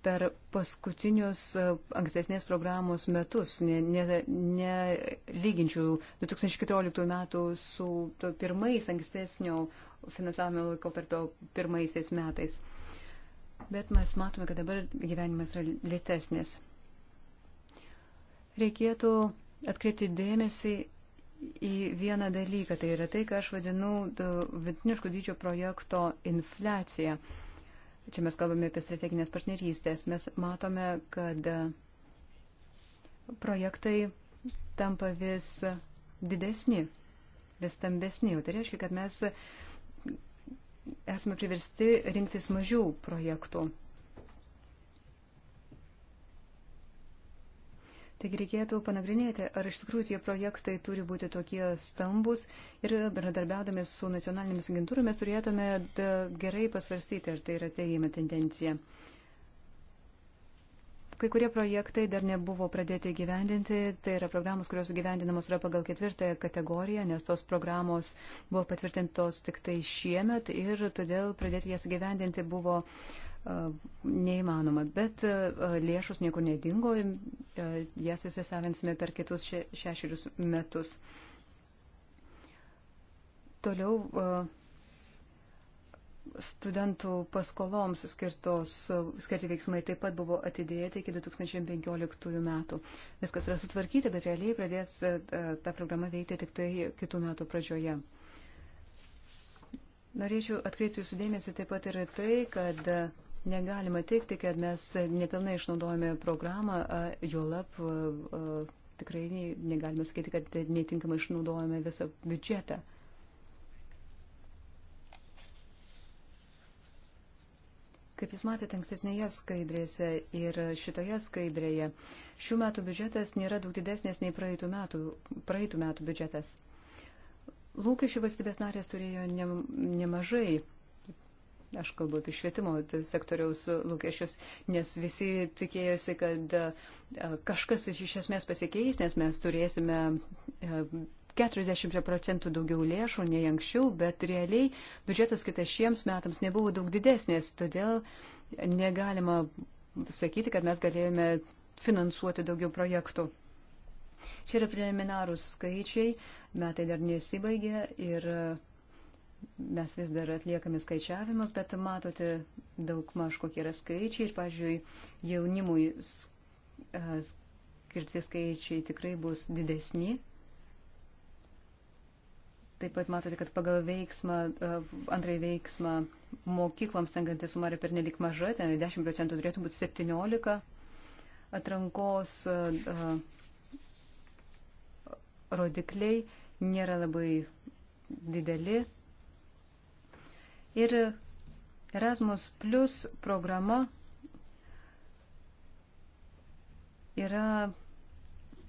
S3: per paskutinius e, ankstesnės programos metus, nelyginčių ne, ne, ne 2014 metų su pirmais ankstesnio finansavimo laikotarpio pirmaisiais metais. Bet mes matome, kad dabar gyvenimas yra lėtesnis. Reikėtų atkreipti dėmesį į vieną dalyką, tai yra tai, ką aš vadinu vidutiniško dydžio projekto infliacija. Uh, Čia mes kalbame apie strateginės partnerystės. Mes matome, kad projektai tampa vis didesni, vis stambesni. O tai reiškia, kad mes esame priversti rinktis mažiau projektų. Taigi reikėtų panagrinėti, ar iš tikrųjų tie projektai turi būti tokie stambus ir bendradarbiaudami su nacionalinėmis agentūromis turėtume gerai pasvarstyti, ar tai yra teigiama tendencija. Kai kurie projektai dar nebuvo pradėti gyvendinti, tai yra programos, kurios gyvendinamos yra pagal ketvirtąją kategoriją, nes tos programos buvo patvirtintos tik tai šiemet ir todėl pradėti jas gyvendinti buvo uh, neįmanoma, bet lėšus niekur nedingo, jas įsisavinsime per kitus šešerius metus. Toliau studentų paskoloms skirtos, skirti veiksmai taip pat buvo atidėti iki 2015 metų. Viskas yra sutvarkyta, bet realiai pradės ta programa veikti tik tai kitų metų pradžioje. Norėčiau atkreipti jūsų dėmesį taip pat ir tai, kad Negalima teikti, kad mes nepilnai išnaudojame programą, juolap tikrai negalime sakyti, kad netinkamai išnaudojame visą biudžetą. Kaip Jūs matėte ankstesnėje skaidrėse ir šitoje skaidrėje, šių metų biudžetas nėra daug didesnės nei praeitų metų, praeitų metų biudžetas. Lūkesčių valstybės narės turėjo ne, nemažai, Aš kalbu apie švietimo sektoriaus lūkesčius, nes visi tikėjosi, kad kažkas iš esmės pasikeis, nes mes turėsime 40 procentų daugiau lėšų nei anksčiau, bet realiai biudžetas kitas šiems metams nebuvo daug didesnės, todėl negalima sakyti, kad mes galėjome finansuoti daugiau projektų. Čia yra preliminarūs skaičiai, metai dar nesibaigė ir uh, mes vis dar atliekame skaičiavimus, bet matote daug maž kokie yra skaičiai ir, pažiūrėjau, jaunimui skirti skaičiai tikrai bus didesni. Taip pat matote, kad pagal veiksmą, antrąjį veiksmą mokykloms tenkanti suma yra per nelik maža, ten 10 procentų turėtų būti 17 atrankos rodikliai nėra labai dideli, Ir Erasmus Plus programa yra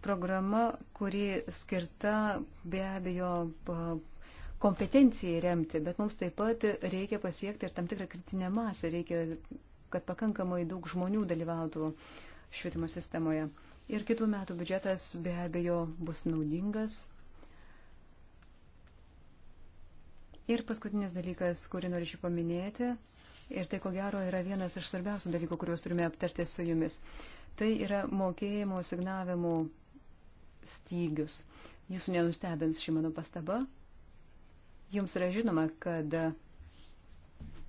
S3: programa, kuri skirta be abejo kompetencijai remti, bet mums taip pat reikia pasiekti ir tam tikrą kritinę masę, reikia, kad pakankamai daug žmonių dalyvautų švietimo sistemoje. Ir kitų metų biudžetas be abejo bus naudingas. Ir paskutinis dalykas, kurį norėčiau paminėti, ir tai ko gero yra vienas iš svarbiausių dalykų, kuriuos turime aptarti su jumis, tai yra mokėjimo signavimų stygius. Jūsų nenustebins ši mano pastaba. Jums yra žinoma, kad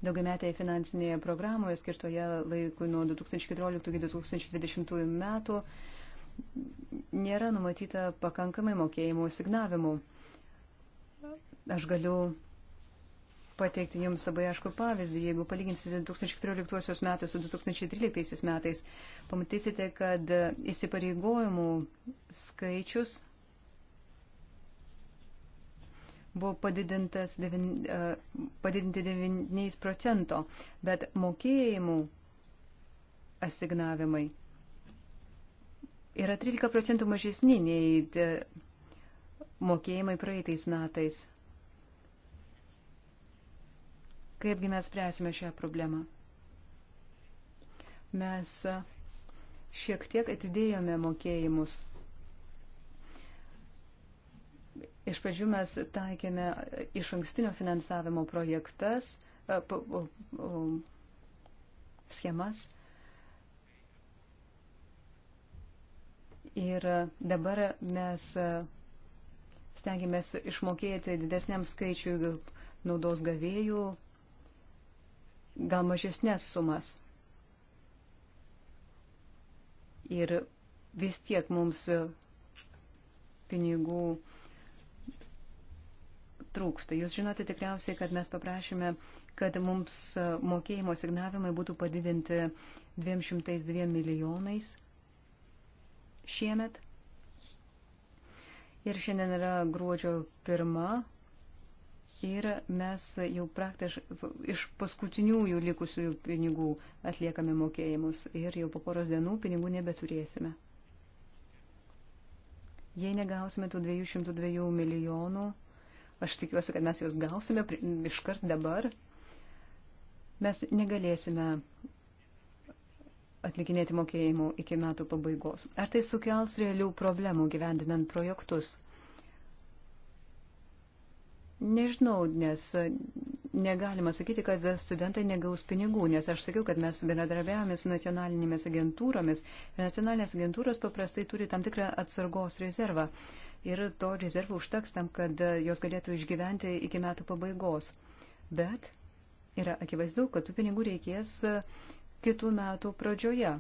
S3: daugiametėje finansinėje programoje skirtoje laikui nuo 2014-2020 metų nėra numatyta pakankamai mokėjimų signavimų. Aš galiu pateikti jums labai aišku pavyzdį. Jeigu palyginsite 2014 metais su 2013 metais, pamatysite, kad įsipareigojimų skaičius buvo padidintas 9, padidinti 9 procento, bet mokėjimų asignavimai yra 13 procentų mažesni nei mokėjimai praeitais metais. Kaipgi mes spręsime šią problemą? Mes šiek tiek atidėjome mokėjimus. Iš pradžių mes taikėme iš ankstinio finansavimo projektas, schemas. Ir dabar mes stengiamės išmokėti didesniam skaičiui naudos gavėjų gal mažesnės sumas. Ir vis tiek mums pinigų trūksta. Jūs žinote tikriausiai, kad mes paprašėme, kad mums mokėjimo signavimai būtų padidinti 202 milijonais šiemet. Ir šiandien yra gruodžio pirma, Ir mes jau praktiškai iš paskutiniųjų likusių pinigų atliekame mokėjimus ir jau po poros dienų pinigų nebeturėsime. Jei negausime tų 202 milijonų, aš tikiuosi, kad mes juos gausime iškart dabar, mes negalėsime atlikinėti mokėjimų iki metų pabaigos. Ar tai sukels realių problemų gyvendinant projektus? Nežinau, nes negalima sakyti, kad studentai negaus pinigų, nes aš sakiau, kad mes bendradarbiavame su nacionalinėmis agentūromis. Nacionalinės agentūros paprastai turi tam tikrą atsargos rezervą ir to rezervų užteks tam, kad jos galėtų išgyventi iki metų pabaigos. Bet yra akivaizdu, kad tų pinigų reikės kitų metų pradžioje.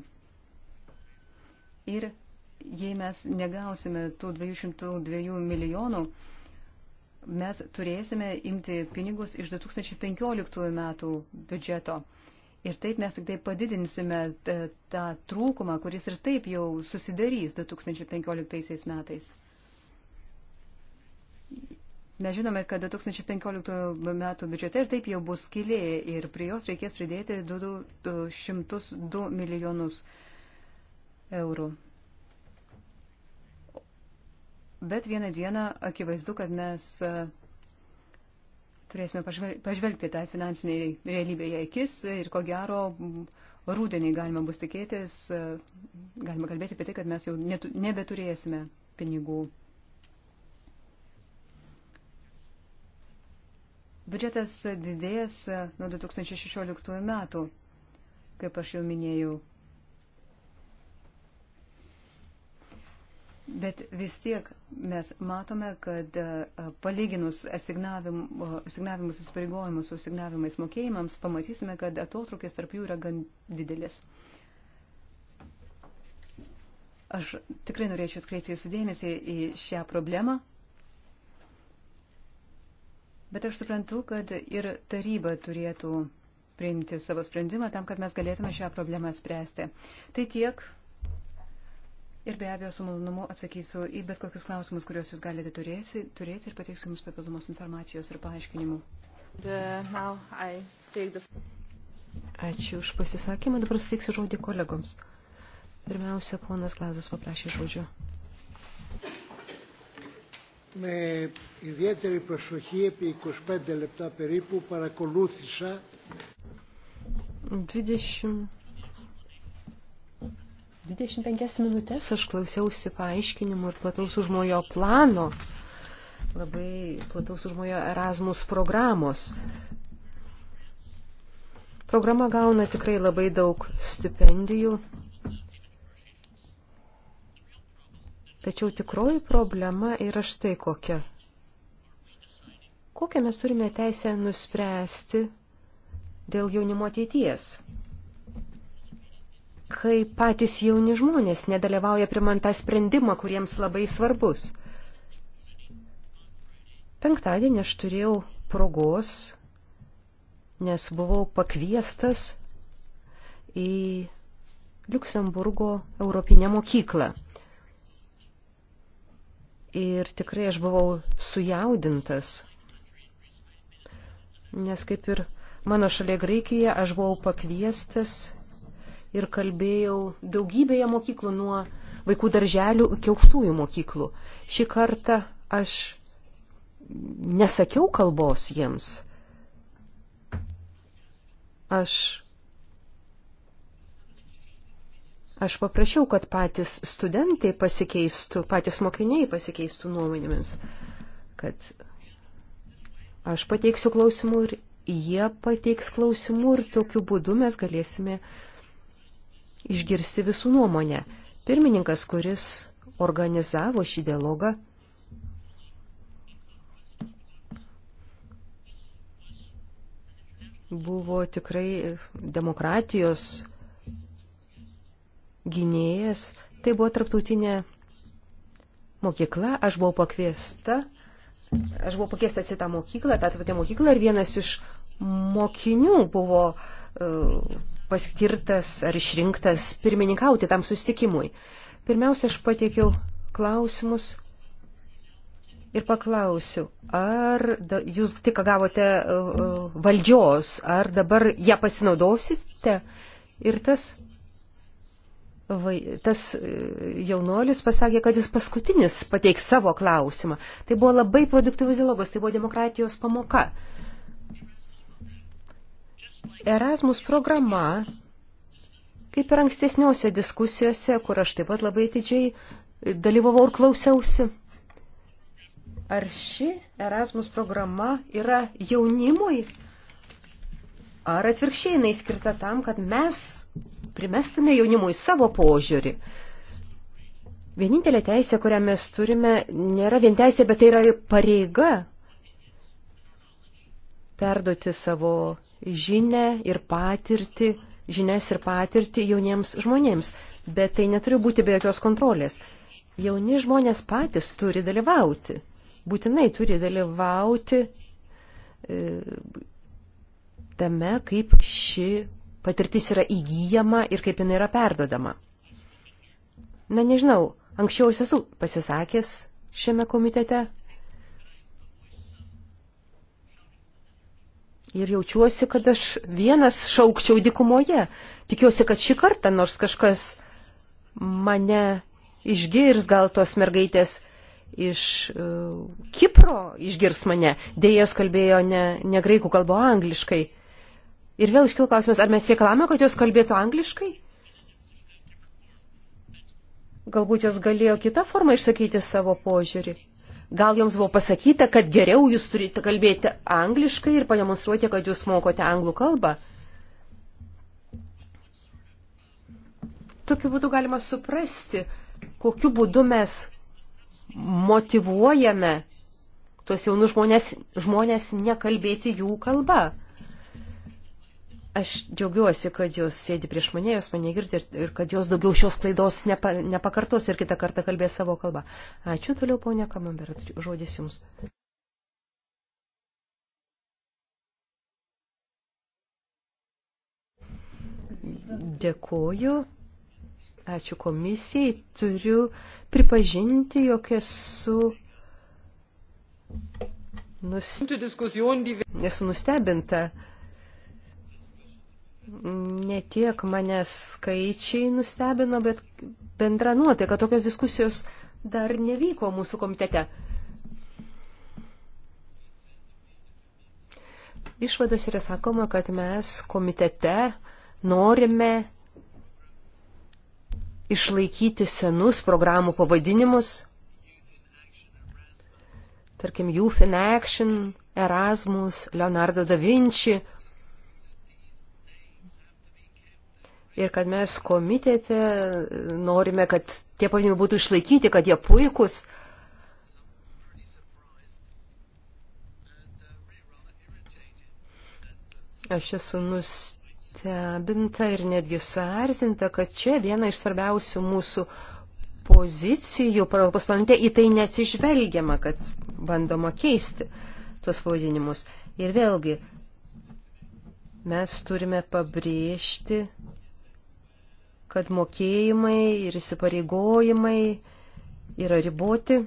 S3: Ir jei mes negausime tų 202 milijonų, mes turėsime imti pinigus iš 2015 metų biudžeto. Ir taip mes tik tai padidinsime e, tą trūkumą, kuris ir taip jau susidarys 2015 metais. Mes žinome, kad 2015 metų biudžete ir taip jau bus skilė ir prie jos reikės pridėti 202 milijonus eurų bet vieną dieną akivaizdu, kad mes e, turėsime pažvelgti tą finansinį realybę į akis ir ko gero rūdienį galima bus tikėtis, e, galima kalbėti apie tai, kad mes jau netu, nebeturėsime pinigų. Biudžetas didės e, nuo 2016 metų, kaip aš jau minėjau. Bet vis tiek mes matome, kad e, palyginus asignavimus įsipareigojimus su asignavimais mokėjimams, pamatysime, kad atotrukis tarp jų yra gan didelis. Aš tikrai norėčiau atkreipti jūsų dėmesį į šią problemą, bet aš suprantu, kad ir taryba turėtų priimti savo sprendimą tam, kad mes galėtume šią problemą spręsti. Tai tiek Ir be abejo, su malonumu atsakysiu į bet kokius klausimus, kuriuos jūs galite turėsi, turėti ir pateiksiu jums papildomos informacijos ir paaiškinimų. The...
S2: Ačiū už pasisakymą, dabar suteiksiu žodį kolegoms. Pirmiausia, ponas Glazas paprašė žodžio. Με ιδιαίτερη προσοχή επί 25 λεπτά περίπου παρακολούθησα 20 25 minutės aš klausiausi paaiškinimų ir plataus užmojo plano, labai plataus užmojo Erasmus programos. Programa gauna tikrai labai daug stipendijų, tačiau tikroji problema yra štai kokia. Kokią mes turime teisę nuspręsti dėl jaunimo ateities? kai patys jauni žmonės nedalyvauja primant tą sprendimą, kuriems labai svarbus. Penktadienį aš turėjau progos, nes buvau pakviestas į Liuksemburgo Europinę mokyklą. Ir tikrai aš buvau sujaudintas, nes kaip ir mano šalia Graikijoje aš buvau pakviestas ir kalbėjau daugybėje mokyklų nuo vaikų darželių iki aukštųjų mokyklų. Šį kartą aš nesakiau kalbos jiems. Aš, aš paprašiau, kad patys studentai pasikeistų, patys mokiniai pasikeistų nuomonėmis, kad aš pateiksiu klausimų ir jie pateiks klausimų ir tokiu būdu mes galėsime uh, išgirsti visų nuomonę. Pirmininkas, kuris organizavo šį dialogą, buvo tikrai demokratijos gynėjas. Tai buvo tarptautinė mokykla, aš buvau pakviesta, aš buvau pakviestas į tą mokyklą, tą tarptautinę mokyklą ir vienas iš mokinių buvo uh, E, paskirtas ar išrinktas pirmininkauti tam sustikimui. Pirmiausia, aš pateikiau klausimus ir paklausiu, ar da, jūs tik gavote uh, valdžios, ar dabar ją pasinaudosite? Ir tas, vai, tas jaunolis pasakė, kad jis paskutinis pateiks savo klausimą. Tai buvo labai produktyvus dialogas, tai buvo demokratijos pamoka. Uh, Erasmus programa, kaip ir ankstesniuose diskusijose, kur aš taip pat labai atidžiai dalyvavau ir klausiausi, ar ši Erasmus programa yra jaunimui, ar atvirkščiai jinai skirta tam, kad mes primestume jaunimui savo požiūrį. Vienintelė teisė, kurią mes turime, nėra vien teisė, bet tai yra pareiga perduoti savo žinę ir patirtį, žinias ir patirtį jauniems žmonėms, bet tai neturi būti be jokios kontrolės. Jauni žmonės patys turi dalyvauti, būtinai turi dalyvauti e, tame, kaip ši patirtis yra įgyjama ir kaip jinai yra perdodama. Na nežinau, anksčiau esu pasisakęs šiame komitete, Ir jaučiuosi, kad aš vienas šaukčiau dikumoje. Tikiuosi, kad šį kartą nors kažkas mane išgirs, gal tos mergaitės iš uh, Kipro išgirs mane. Dėjos kalbėjo ne, ne graikų kalbo angliškai. Ir vėl iškil klausimas, ar mes reikalame, kad jos kalbėtų angliškai? Galbūt jos galėjo kitą formą išsakyti savo požiūrį. Gal jums buvo pasakyta, kad geriau jūs turite kalbėti angliškai ir pademonstruoti, kad jūs mokote anglų kalbą? Tokiu būdu galima suprasti, kokiu būdu mes motivuojame tuos jaunus žmonės, žmonės nekalbėti jų kalbą. Aš džiaugiuosi, kad jos sėdi prieš mane, jos mane girdi ir, ir kad jos daugiau šios klaidos nepa, nepakartos ir kitą kartą kalbės savo kalbą. Ačiū toliau, ponia Kamamberat, žodis jums. Dėkuoju. Ačiū komisijai. Turiu pripažinti, jog esu Nus... Nesu nustebinta Ne tiek mane skaičiai nustebino, bet bendra nuotaika tokios diskusijos dar nevyko mūsų komitete. Išvados yra sakoma, kad mes komitete norime išlaikyti senus programų pavadinimus, tarkim, Youth in Action, Erasmus, Leonardo da Vinci – ir kad mes komitete norime, kad tie pavadinimai būtų išlaikyti, kad jie puikus. Aš esu nustebinta ir netgi suerzinta, kad čia viena iš svarbiausių mūsų pozicijų Europos parlamente į tai neatsižvelgiama, kad bandoma keisti tuos pavadinimus. Ir vėlgi, mes turime pabrėžti kad mokėjimai ir įsipareigojimai yra riboti.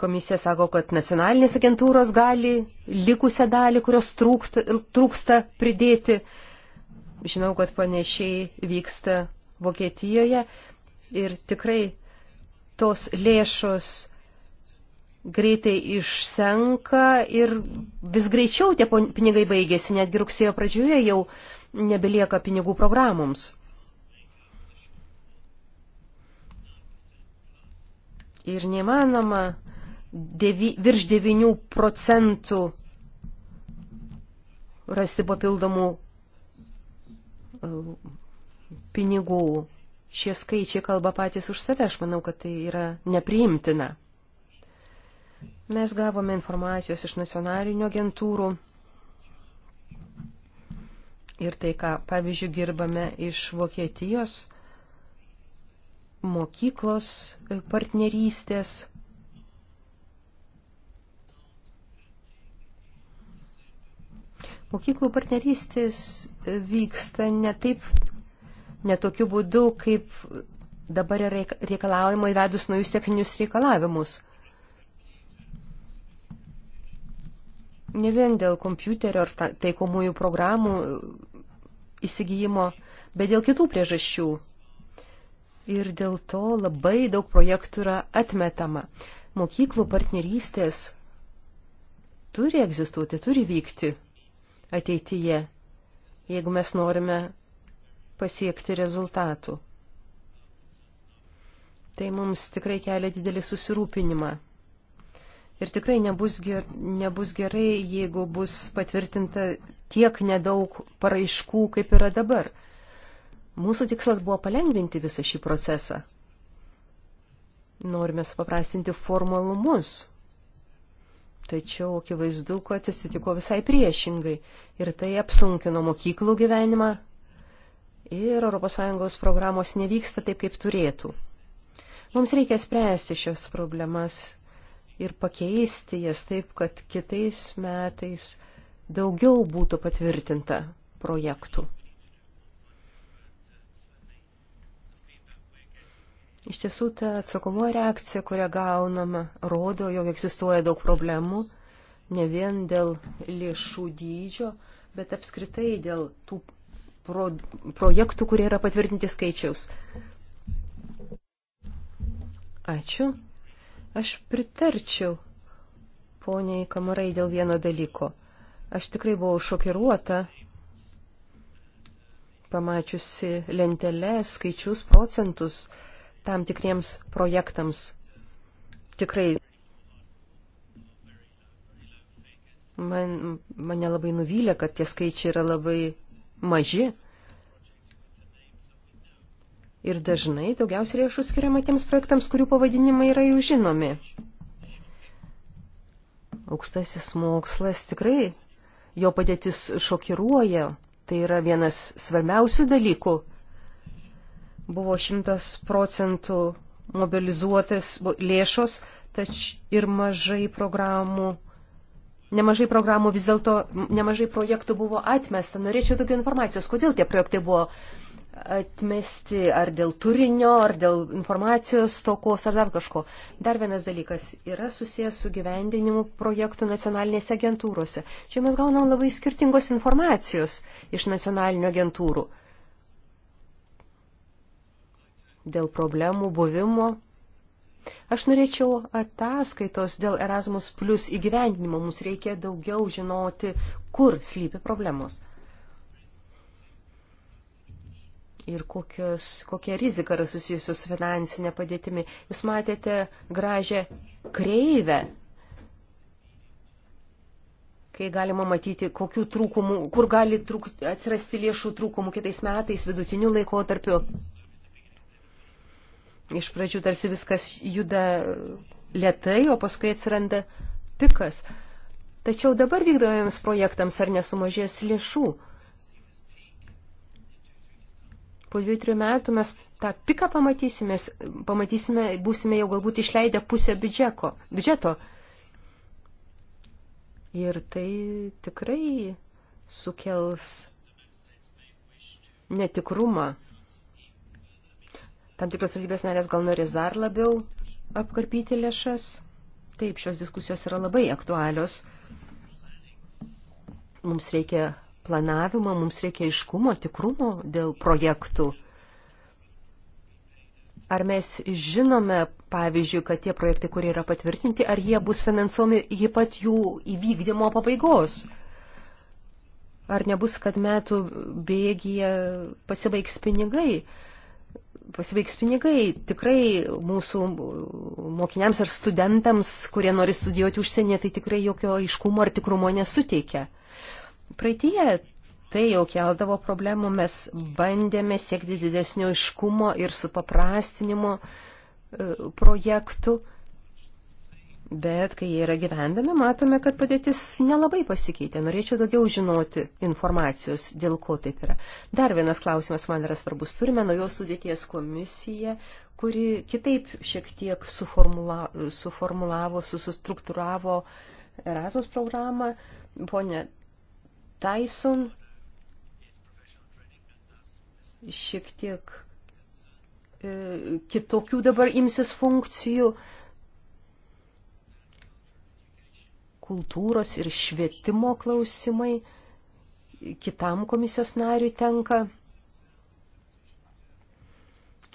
S2: Komisija sako, kad nacionalinės agentūros gali likusią dalį, kurios trūksta, trūksta pridėti. Žinau, kad panešiai vyksta Vokietijoje ir tikrai tos lėšos greitai išsenka ir vis greičiau tie pinigai baigėsi, netgi rugsėjo pradžioje jau nebelieka pinigų programoms. Ir nemanoma devi, virš 9 procentų rasti papildomų e, pinigų. Šie skaičiai kalba patys už save, aš manau, kad tai yra nepriimtina. Mes gavome informacijos iš nacionalinių agentūrų ir tai, ką pavyzdžiui dirbame iš Vokietijos mokyklos e, partnerystės. Mokyklų partnerystės e, vyksta ne taip, ne tokiu būdu, kaip dabar yra reikalaujama įvedus naujus techninius reikalavimus – ne vien dėl kompiuterio ar taikomųjų programų įsigijimo, bet dėl kitų priežasčių. Ir dėl to labai daug projektų yra atmetama. Mokyklų partnerystės turi egzistuoti, turi vykti ateityje, jeigu mes norime pasiekti rezultatų. Tai mums tikrai kelia didelį susirūpinimą. Ir tikrai nebus, ger, nebus gerai, jeigu bus patvirtinta tiek nedaug paraiškų, kaip yra dabar. Mūsų tikslas buvo palengvinti visą šį procesą. Norime supaprastinti formalumus. Tačiau akivaizdu, kad atsitiko visai priešingai. Ir tai apsunkino mokyklų gyvenimą. Ir ES programos nevyksta taip, kaip turėtų. Mums reikia spręsti šios problemas ir pakeisti jas taip, kad kitais metais daugiau būtų patvirtinta projektų. Iš tiesų, ta atsakomo reakcija, kurią gauname, rodo, jog egzistuoja daug problemų, ne vien dėl lėšų dydžio, bet apskritai dėl tų pro, projektų, kurie yra patvirtinti skaičiaus. Ačiū. Aš pritarčiau poniai Kamarai dėl vieno dalyko. Aš tikrai buvau šokiruota, pamačiusi lentelės, skaičius, procentus tam tikriems projektams. Tikrai man, mane labai nuvylė, kad tie skaičiai yra labai maži. Ir dažnai daugiausiai lėšų skiriama tiems projektams, kurių pavadinimai yra jau žinomi. Aukštasis mokslas tikrai, jo padėtis šokiruoja, tai yra vienas svarbiausių dalykų. Buvo šimtas procentų mobilizuotas lėšos, tač ir mažai programų Nemažai programų vis dėlto, nemažai projektų buvo atmesta. Norėčiau daugiau informacijos, kodėl tie projektai buvo atmesti ar dėl turinio, ar dėl informacijos stokos, ar dar kažko. Dar vienas dalykas yra susijęs su gyvendinimu projektų nacionalinėse agentūrose. Čia mes gaunam labai skirtingos informacijos iš nacionalinių agentūrų. Dėl problemų buvimo. Aš norėčiau ataskaitos dėl Erasmus Plus įgyvendinimo. Mums reikia daugiau žinoti, kur slypi problemos. ir kokios, kokia rizika yra susijusi su finansinė padėtimi. Jūs matėte gražią kreivę, kai galima matyti, kokių trūkumų, kur gali trūk, atsirasti lėšų trūkumų kitais metais vidutiniu laikotarpiu. Iš pradžių tarsi viskas juda lietai, o paskui atsiranda pikas. Tačiau dabar vykdomiems projektams ar nesumažės lėšų? po dviejų, trijų metų mes tą piką pamatysime, pamatysime, būsime jau galbūt išleidę pusę biudžeko, biudžeto. Ir tai tikrai sukels netikrumą. Tam tikros valstybės narės gal norės dar labiau apkarpyti lėšas. Taip, šios diskusijos yra labai aktualios. Mums reikia planavimą, mums reikia iškumo, tikrumo dėl projektų. Ar mes žinome, pavyzdžiui, kad tie projektai, kurie yra patvirtinti, ar jie bus finansuomi iki pat jų įvykdymo pabaigos? Ar nebus, kad metų bėgyje pasibaigs pinigai? pasveiks pinigai tikrai mūsų mokiniams ar studentams, kurie nori studijuoti užsienyje, tai tikrai jokio aiškumo ar tikrumo nesuteikia. Praeitie tai jau keldavo problemų, mes bandėme siekti didesnio iškumo ir supaprastinimo e, projektų, bet kai jie yra gyvendami, matome, kad padėtis nelabai pasikeitė. Norėčiau daugiau žinoti informacijos, dėl ko taip yra. Dar vienas klausimas man yra svarbus. Turime nuo jo sudėties komisiją, kuri kitaip šiek tiek suformula, suformulavo, susustruktūravo Erasmus programą. Pone Tyson šiek tiek e, kitokių dabar imsis funkcijų kultūros ir švietimo klausimai kitam komisijos nariui tenka.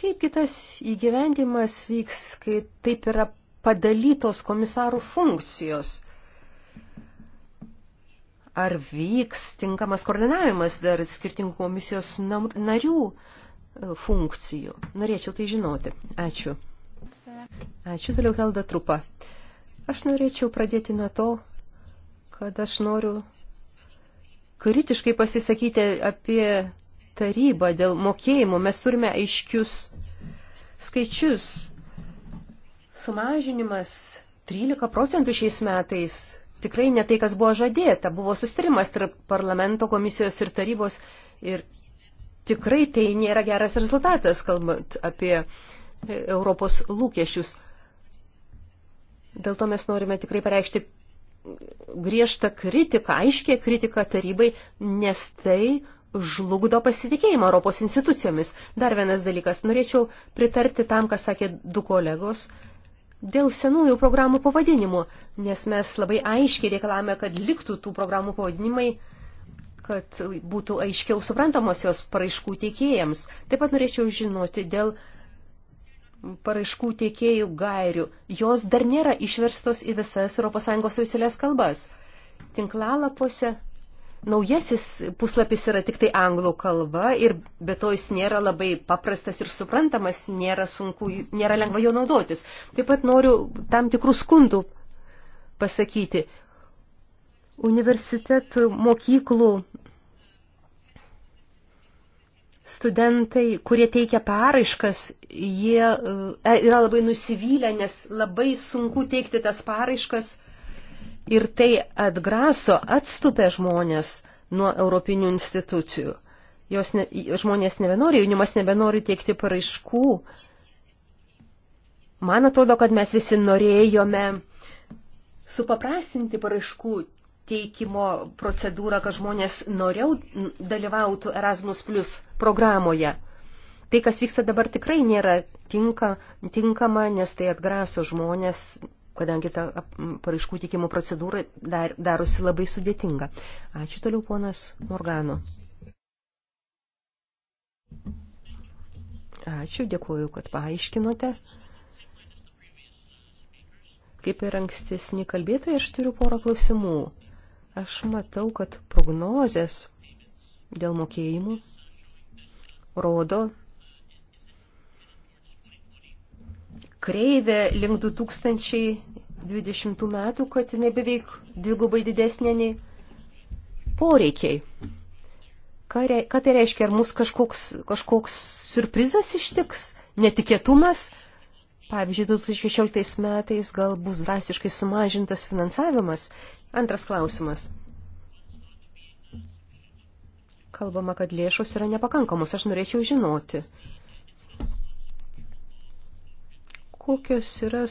S2: Kaip kitas įgyvendimas vyks, kai taip yra padalytos komisarų funkcijos – ar vyks tinkamas koordinavimas dar skirtingų komisijos narių e, funkcijų. Norėčiau tai žinoti. Ačiū. Ačiū, toliau Helda Trupa. Aš norėčiau pradėti nuo to, kad aš noriu kritiškai pasisakyti apie tarybą dėl mokėjimų. Mes turime aiškius skaičius. Sumažinimas 13 procentų šiais metais tikrai ne tai, kas buvo žadėta. Buvo sustarimas tarp parlamento komisijos ir tarybos ir tikrai tai nėra geras rezultatas, kalbant apie e, Europos lūkesčius. Dėl to mes norime tikrai pareikšti griežtą kritiką, aiškę kritiką tarybai, nes tai žlugdo pasitikėjimą Europos institucijomis. Dar vienas dalykas. Norėčiau pritarti tam, ką sakė du kolegos. Uh, dėl senųjų programų pavadinimų, nes mes labai aiškiai reikalavome, kad liktų tų programų pavadinimai, kad būtų aiškiau suprantamos jos paraiškų teikėjams. Taip pat norėčiau žinoti dėl paraiškų teikėjų gairių. Jos dar nėra išverstos į visas ES oficialias kalbas. Tinklalapose naujasis puslapis yra tik tai anglų kalba ir be to jis nėra labai paprastas ir suprantamas, nėra, sunku, nėra lengva jo naudotis. Taip pat noriu tam tikrų skundų pasakyti. Universitetų mokyklų studentai, kurie teikia paraiškas, jie e, yra labai nusivylę, nes labai sunku teikti tas paraiškas ir tai atgraso, atstupia žmonės nuo europinių institucijų. Jos ne, žmonės nebenori, jaunimas nebenori teikti paraiškų. Man atrodo, kad mes visi norėjome supaprastinti paraiškų teikimo procedūrą, kad žmonės noriau dalyvautų Erasmus Plus programoje. Tai, kas vyksta dabar, tikrai nėra tinka, tinkama, nes tai atgraso žmonės kadangi ta paraiškų teikimo procedūra dar, darosi labai sudėtinga. Ačiū toliau, ponas Morgano. Ačiū, dėkuoju, kad paaiškinote. Kaip ir ankstesni kalbėtojai, aš turiu porą klausimų. Aš matau, kad prognozės dėl mokėjimų rodo kreivę link 2020 20 metų, kad jinai beveik dvigubai didesnė nei poreikiai. Ką, rei, ką tai reiškia? Ar mus kažkoks, kažkoks surprizas ištiks? Netikėtumas? Pavyzdžiui, 2016 metais gal bus drastiškai sumažintas finansavimas? Antras klausimas. Kalbama, kad lėšos yra nepakankamos. Aš norėčiau žinoti, kokios yra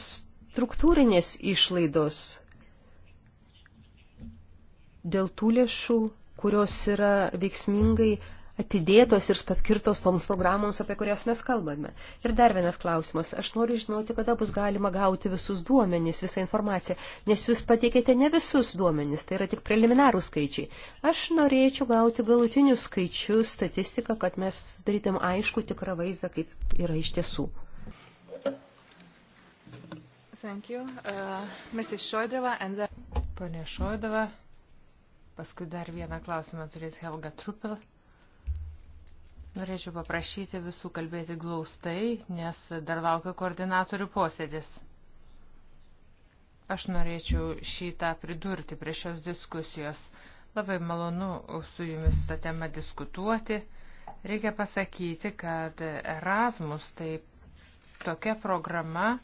S2: struktūrinės išlaidos dėl tų lėšų, kurios yra veiksmingai atidėtos ir paskirtos toms programoms, apie kurias mes kalbame. Ir dar vienas klausimas. Aš noriu žinoti, kada bus galima gauti visus duomenys, visą informaciją, nes jūs pateikėte ne visus duomenys, tai yra tik preliminarų skaičiai. Aš norėčiau gauti galutinius skaičius, statistiką, kad mes darytum aišku tikrą vaizdą, kaip yra iš tiesų.
S1: Thank you. Uh, Mrs. Šoidrova and the... Pane Šoidrova, paskui dar vieną klausimą turės Helga Trupel. Norėčiau paprašyti visų kalbėti glaustai, nes dar laukia koordinatorių posėdis. Aš norėčiau šitą pridurti prie šios diskusijos. Labai malonu su jumis tą temą diskutuoti. Reikia pasakyti, kad Erasmus tai tokia programa,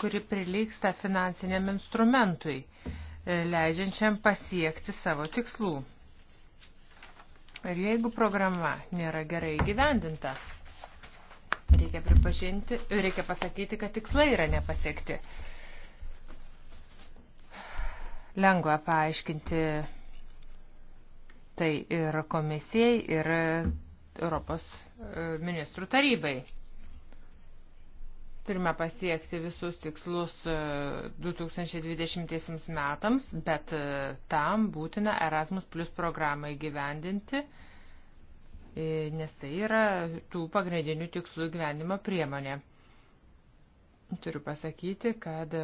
S1: kuri prilyksta finansiniam instrumentui, e, leidžiančiam pasiekti savo tikslų. Ir jeigu programa nėra gerai gyvendinta, reikia pripažinti, reikia pasakyti, kad tikslai yra nepasiekti. Lengva paaiškinti tai ir komisijai, ir Europos e, ministrų tarybai. Turime pasiekti visus tikslus 2020 e, metams, bet e, tam būtina Erasmus Plus programą įgyvendinti, e, nes tai yra tų pagrindinių tikslų įgyvendimo priemonė. Turiu pasakyti, kad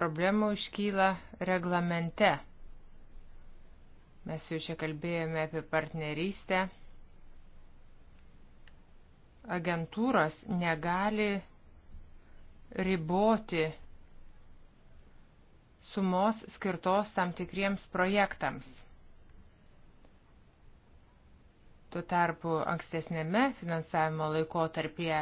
S1: problemų iškyla reglamente. Mes jau čia kalbėjome apie partnerystę agentūros negali riboti sumos skirtos tam tikriems projektams. Tuo tarpu ankstesnėme finansavimo laikotarpyje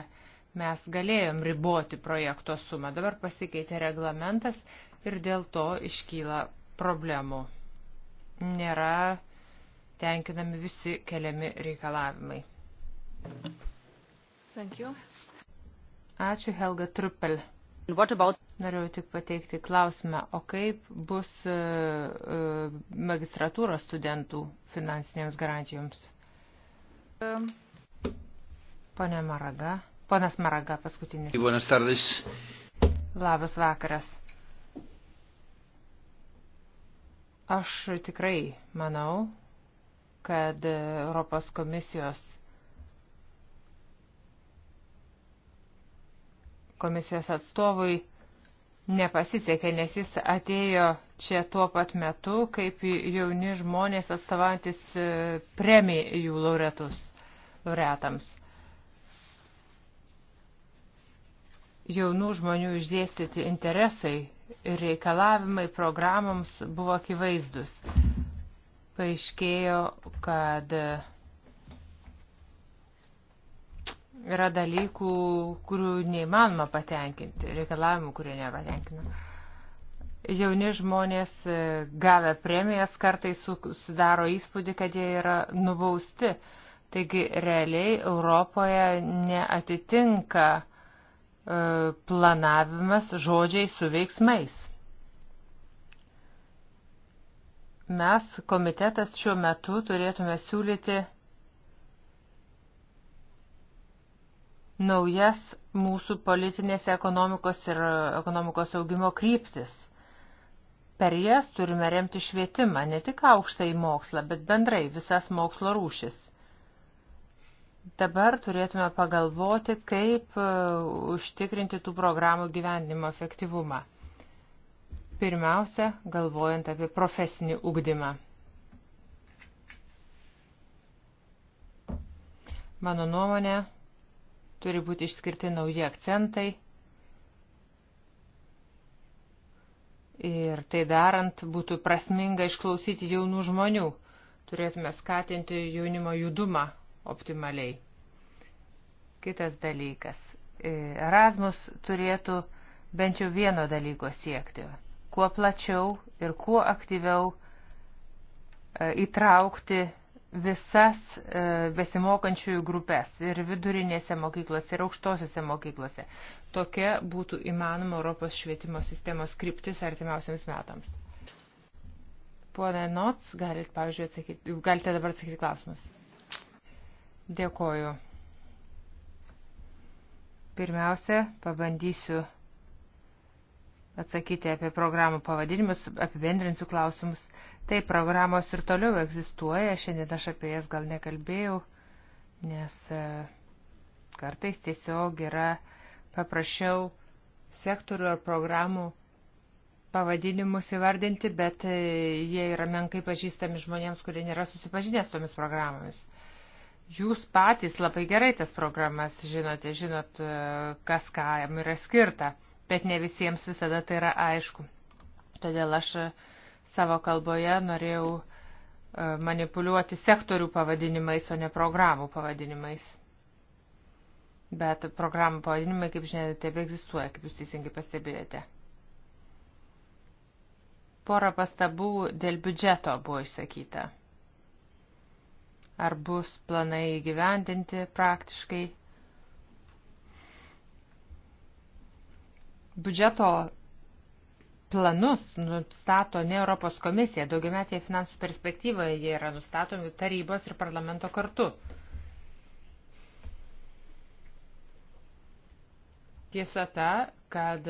S1: mes galėjom riboti projekto sumą. Dabar pasikeitė reglamentas ir dėl to iškyla problemų. Nėra tenkinami visi keliami reikalavimai. Thank you. Ačiū Helga Truppel. About... Norėjau tik pateikti klausimą, o kaip bus uh, magistratūros studentų finansinėms garantijoms? Um. Pone Maraga. Ponas Maraga, paskutinis. Buenas tardes. Labas vakaras. Aš tikrai manau, kad Europos komisijos komisijos atstovui nepasisekė, nes jis atėjo čia tuo pat metu, kaip jauni žmonės atstovantis e, premijų laureatus, laureatams. Jaunų žmonių išdėstyti interesai ir reikalavimai programoms buvo akivaizdus. Paaiškėjo, kad Yra dalykų, kurių neįmanoma patenkinti, reikalavimų, kurie nepatenkina. Jauni žmonės e, gavę premijas kartais sudaro įspūdį, kad jie yra nubausti. Taigi realiai Europoje neatitinka e, planavimas žodžiai su veiksmais. Mes komitetas šiuo metu turėtume siūlyti naujas mūsų politinės ekonomikos ir ekonomikos augimo kryptis. Per jas turime remti švietimą, ne tik aukštą į mokslą, bet bendrai visas mokslo rūšis. Dabar turėtume pagalvoti, kaip e, užtikrinti tų programų gyvendimo efektyvumą. Pirmiausia, galvojant apie profesinį ugdymą. Mano nuomonė, turi būti išskirti nauji akcentai. Ir tai darant būtų prasminga išklausyti jaunų žmonių. Turėtume skatinti jaunimo judumą optimaliai. Kitas dalykas. E, Erasmus turėtų bent jau vieno dalyko siekti. Kuo plačiau ir kuo aktyviau e, įtraukti visas e, besimokančiųjų grupės ir vidurinėse mokyklose ir aukštosiuose mokyklose. Tokia būtų įmanoma Europos švietimo sistemos kryptis artimiausiams metams. Pone Nots, galite, pavyzdžiui, atsakyti, galite dabar atsakyti klausimus. Dėkoju. Pirmiausia, pabandysiu atsakyti apie programų pavadinimus, apibendrinsiu klausimus Taip, programos ir toliau egzistuoja, šiandien aš apie jas gal nekalbėjau, nes e, kartais tiesiog yra paprašiau sektorių ar programų pavadinimus įvardinti, bet e, jie yra menkai pažįstami žmonėms, kurie nėra susipažinę su tomis programomis. Jūs patys labai gerai tas programas žinote, žinot, e, kas kam yra skirta, bet ne visiems visada tai yra aišku. Todėl aš uh, Savo kalboje norėjau e, manipuliuoti sektorių pavadinimais, o ne programų pavadinimais. Bet programų pavadinimai, kaip žinia, tebe egzistuoja, kaip jūs teisingai pastebėjote. Porą pastabų dėl biudžeto buvo išsakyta. Ar bus planai įgyvendinti praktiškai? Biudžeto planus nustato ne Europos komisija, daugiametėje finansų perspektyvoje jie yra nustatomi tarybos ir parlamento kartu. Tiesa ta, kad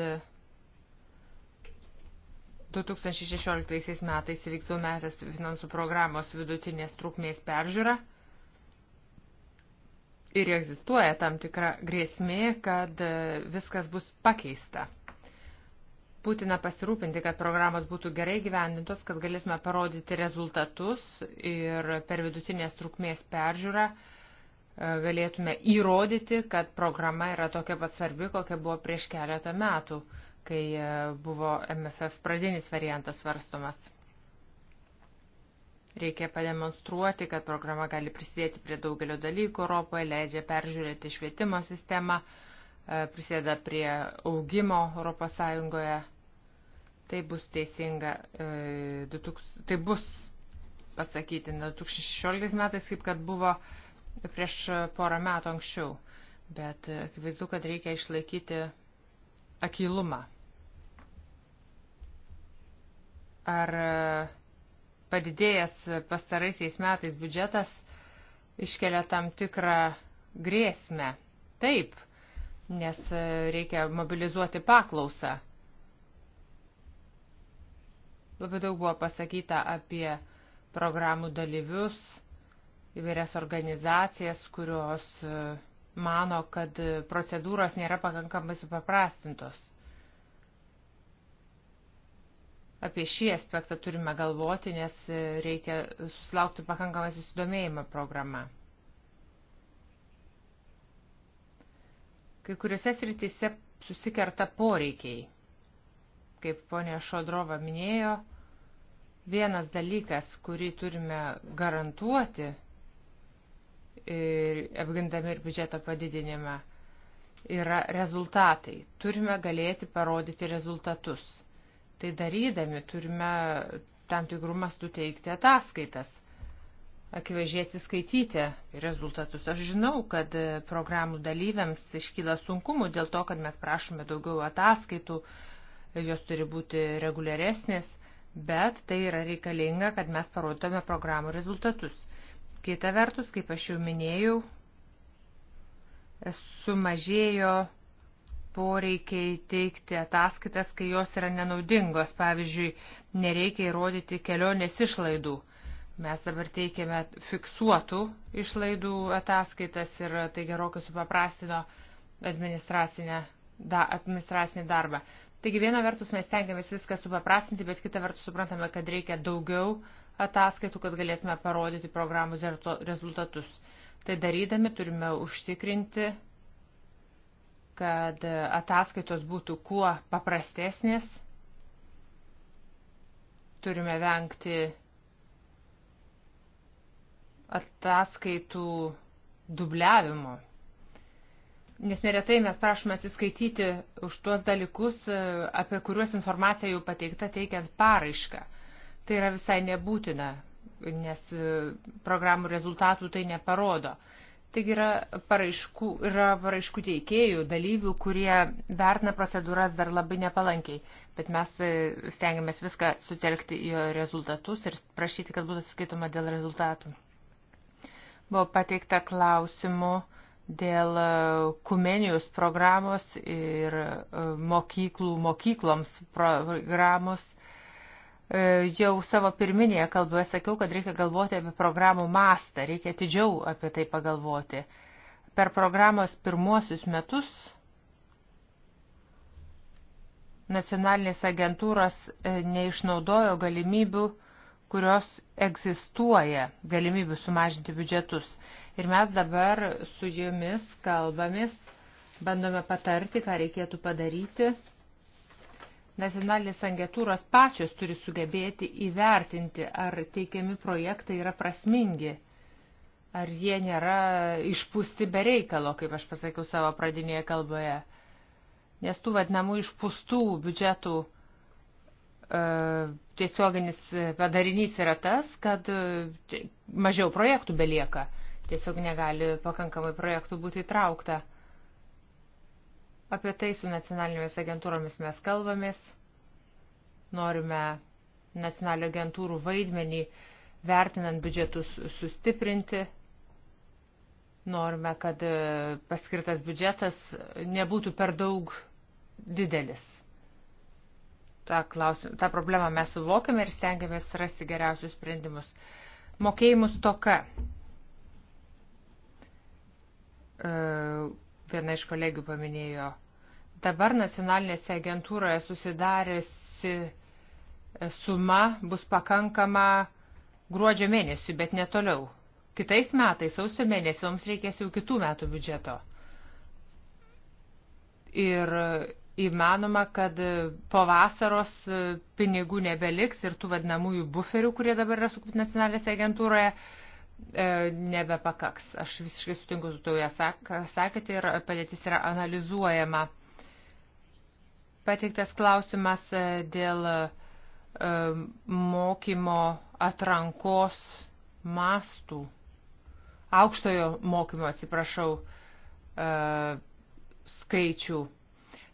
S1: 2016 metais įvyks metės finansų programos vidutinės trukmės peržiūra ir egzistuoja tam tikra grėsmė, kad viskas bus pakeista. Būtina pasirūpinti, kad programos būtų gerai gyvendintos, kad galėtume parodyti rezultatus ir per vidutinės trukmės peržiūrą e, galėtume įrodyti, kad programa yra tokia pat svarbi, kokia buvo prieš keletą metų, kai e, buvo MFF pradinis variantas svarstomas. Reikia pademonstruoti, kad programa gali prisidėti prie daugelio dalykų Europoje, leidžia peržiūrėti švietimo sistemą, e, prisideda prie augimo Europos Sąjungoje. Tai bus teisinga, e, 2000, tai bus pasakyti, 2016 metais, kaip kad buvo prieš porą metų anksčiau. Bet e, akivaizdu, kad reikia išlaikyti akylumą. Ar e, padidėjęs pastaraisiais metais biudžetas iškelia tam tikrą grėsmę? Taip, nes e, reikia mobilizuoti paklausą. Labai daug buvo pasakyta apie programų dalyvius, įvairias organizacijas, kurios e, mano, kad procedūros nėra pakankamai supaprastintos. Apie šį aspektą turime galvoti, nes e, reikia susilaukti pakankamai susidomėjimą programą. Kai kuriuose srityse susikerta poreikiai kaip ponė Šodrova minėjo, vienas dalykas, kurį turime garantuoti ir apgindami ir biudžeto padidinimą, yra rezultatai. Turime galėti parodyti rezultatus. Tai darydami turime tam tikrų mastų teikti ataskaitas, akivaizdžiai atsiskaityti rezultatus. Aš žinau, kad programų dalyviams iškyla sunkumų dėl to, kad mes prašome daugiau ataskaitų, jos turi būti reguliaresnės, bet tai yra reikalinga, kad mes parodytume programų rezultatus. Kita vertus, kaip aš jau minėjau, sumažėjo poreikiai teikti ataskaitas, kai jos yra nenaudingos. Pavyzdžiui, nereikia įrodyti kelionės išlaidų. Mes dabar teikiame fiksuotų išlaidų ataskaitas ir tai gerokai supaprastino administracinę da, administracinį darbą. Taigi viena vertus mes tengiamės viską supaprastinti, bet kita vertus suprantame, kad reikia daugiau ataskaitų, kad galėtume parodyti programų rezultatus. Tai darydami turime užtikrinti, kad ataskaitos būtų kuo paprastesnės. Turime vengti ataskaitų dubliavimo. Nes neretai mes prašome atsiskaityti už tuos dalykus, e, apie kuriuos informacija jau pateikta teikiant paraišką. Tai yra visai nebūtina, nes e, programų rezultatų tai neparodo. Taigi yra paraiškų, yra paraiškų teikėjų, dalyvių, kurie vertina procedūras dar labai nepalankiai, bet mes e, stengiamės viską sutelkti į rezultatus ir prašyti, kad būtų skaitoma dėl rezultatų. Buvo pateikta klausimų dėl e, kumenijos programos ir e, mokyklų mokykloms programos. E, jau savo pirminėje kalboje sakiau, kad reikia galvoti apie programų mastą, reikia atidžiau apie tai pagalvoti. Per programos pirmuosius metus nacionalinės agentūros neišnaudojo galimybių, kurios egzistuoja, galimybių sumažinti biudžetus. Ir mes dabar su jumis kalbamis, bandome patarti, ką reikėtų padaryti. Nacionalinės angetūros pačios turi sugebėti įvertinti, ar teikiami projektai yra prasmingi, ar jie nėra išpūsti be reikalo, kaip aš pasakiau savo pradinėje kalboje. Nes tų vadinamų išpūstų biudžetų e, tiesioginis padarinys yra tas, kad e, mažiau projektų belieka. Tiesiog negali pakankamai projektų būti įtraukta. Apie tai su nacionalinėmis agentūromis mes kalbamės. Norime nacionalinių agentūrų vaidmenį vertinant biudžetus sustiprinti. Norime, kad e, paskirtas biudžetas nebūtų per daug didelis. Ta, klausim, ta problema mes suvokiame ir stengiamės rasti geriausius sprendimus. Mokėjimų stoka. E, viena iš kolegių paminėjo. Dabar nacionalinėse agentūroje susidariusi e, suma bus pakankama gruodžio mėnesių, bet ne toliau. Kitais metais, sausio mėnesį, mums reikės jau kitų metų biudžeto. Ir įmanoma, kad po vasaros e, pinigų nebeliks ir tų vadinamųjų buferių, kurie dabar yra sukurti nacionalinėse agentūroje, uh, E, nebepakaks. Aš visiškai sutinku su to, ką sakėte, ir padėtis yra analizuojama. Pateiktas klausimas e, dėl e, mokymo atrankos mastų, aukštojo mokymo, atsiprašau, skaičių.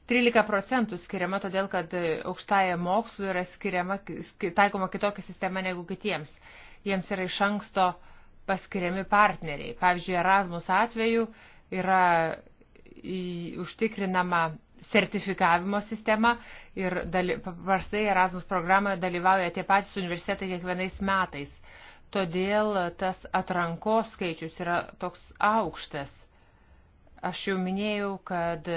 S1: 13 procentų skiriama todėl, kad aukštaja mokslu yra skiriama, taikoma kitokia sistema negu kitiems. Jiems yra iš anksto uh, paskiriami partneriai. Pavyzdžiui, Erasmus atveju yra užtikrinama sertifikavimo sistema ir paprastai Erasmus programoje dalyvauja tie patys universitetai kiekvienais metais. Todėl tas atrankos skaičius yra toks aukštas. Aš jau minėjau, kad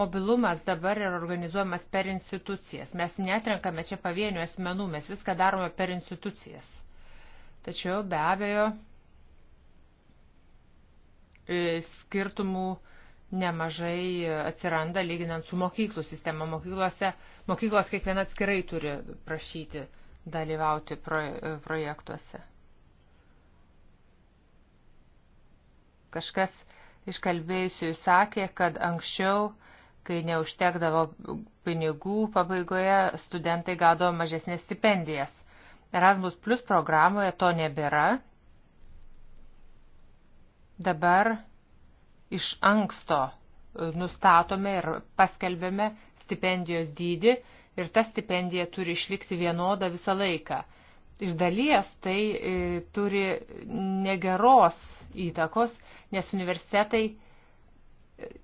S1: mobilumas dabar yra organizuojamas per institucijas. Mes netrenkame čia pavienių asmenų, mes viską darome per institucijas. Tačiau be abejo e, skirtumų nemažai atsiranda lyginant su mokyklų sistema. Mokyklose, mokyklos kiekviena atskirai turi prašyti dalyvauti e, projektuose. Kažkas iškalbėjusių sakė, kad anksčiau, kai neužtekdavo pinigų, pabaigoje studentai gado mažesnės stipendijas. Erasmus Plus programoje to nebėra. Dabar iš anksto e, nustatome ir paskelbėme stipendijos dydį ir ta stipendija turi išlikti vienoda visą laiką. Iš dalies tai e, turi negeros įtakos, nes universitetai e,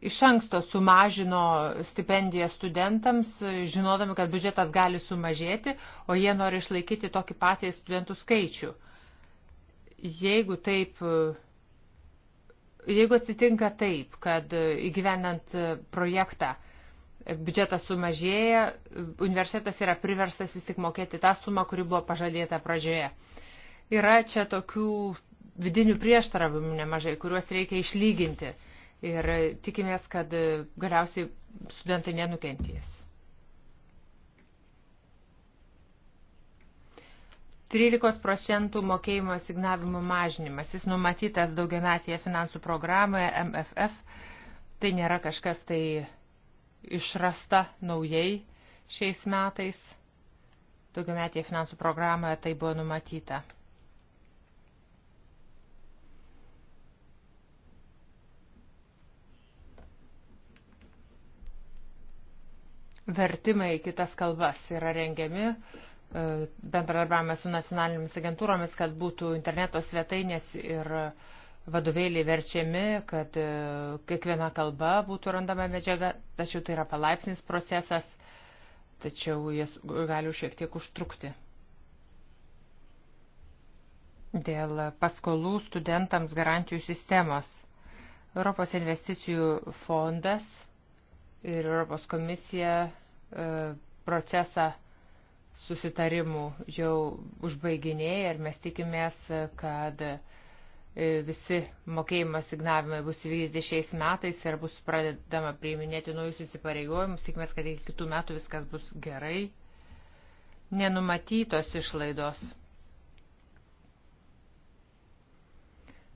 S1: iš anksto sumažino stipendiją studentams, žinodami, kad biudžetas gali sumažėti, o jie nori išlaikyti tokį patį studentų skaičių. Jeigu taip, jeigu atsitinka taip, kad įgyvenant projektą biudžetas sumažėja, universitetas yra priverstas vis tik mokėti tą sumą, kuri buvo pažadėta pradžioje. Yra čia tokių vidinių prieštaravimų nemažai, kuriuos reikia išlyginti ir tikimės, kad galiausiai studentai nenukentės. 13 procentų mokėjimo signavimo mažinimas. Jis numatytas daugiametėje finansų programoje MFF. Tai nėra kažkas tai išrasta naujai šiais metais. Daugiametėje finansų programoje tai buvo numatyta. Vertimai į kitas kalbas yra rengiami e, bendradarbiavame su nacionalinėmis agentūromis, kad būtų interneto svetainės ir vadovėliai verčiami, kad e, kiekviena kalba būtų randama medžiaga, tačiau tai yra palaipsnis procesas, tačiau jis gali šiek tiek užtrukti. Dėl paskolų studentams garantijų sistemos. Europos investicijų fondas ir Europos komisija e, procesą susitarimų jau užbaiginėja ir mes tikimės, kad e, visi mokėjimo signavimai bus įvykdyti šiais metais ir bus pradedama priiminėti naujus įsipareigojimus. Tikimės, kad iki kitų metų viskas bus gerai. Nenumatytos išlaidos.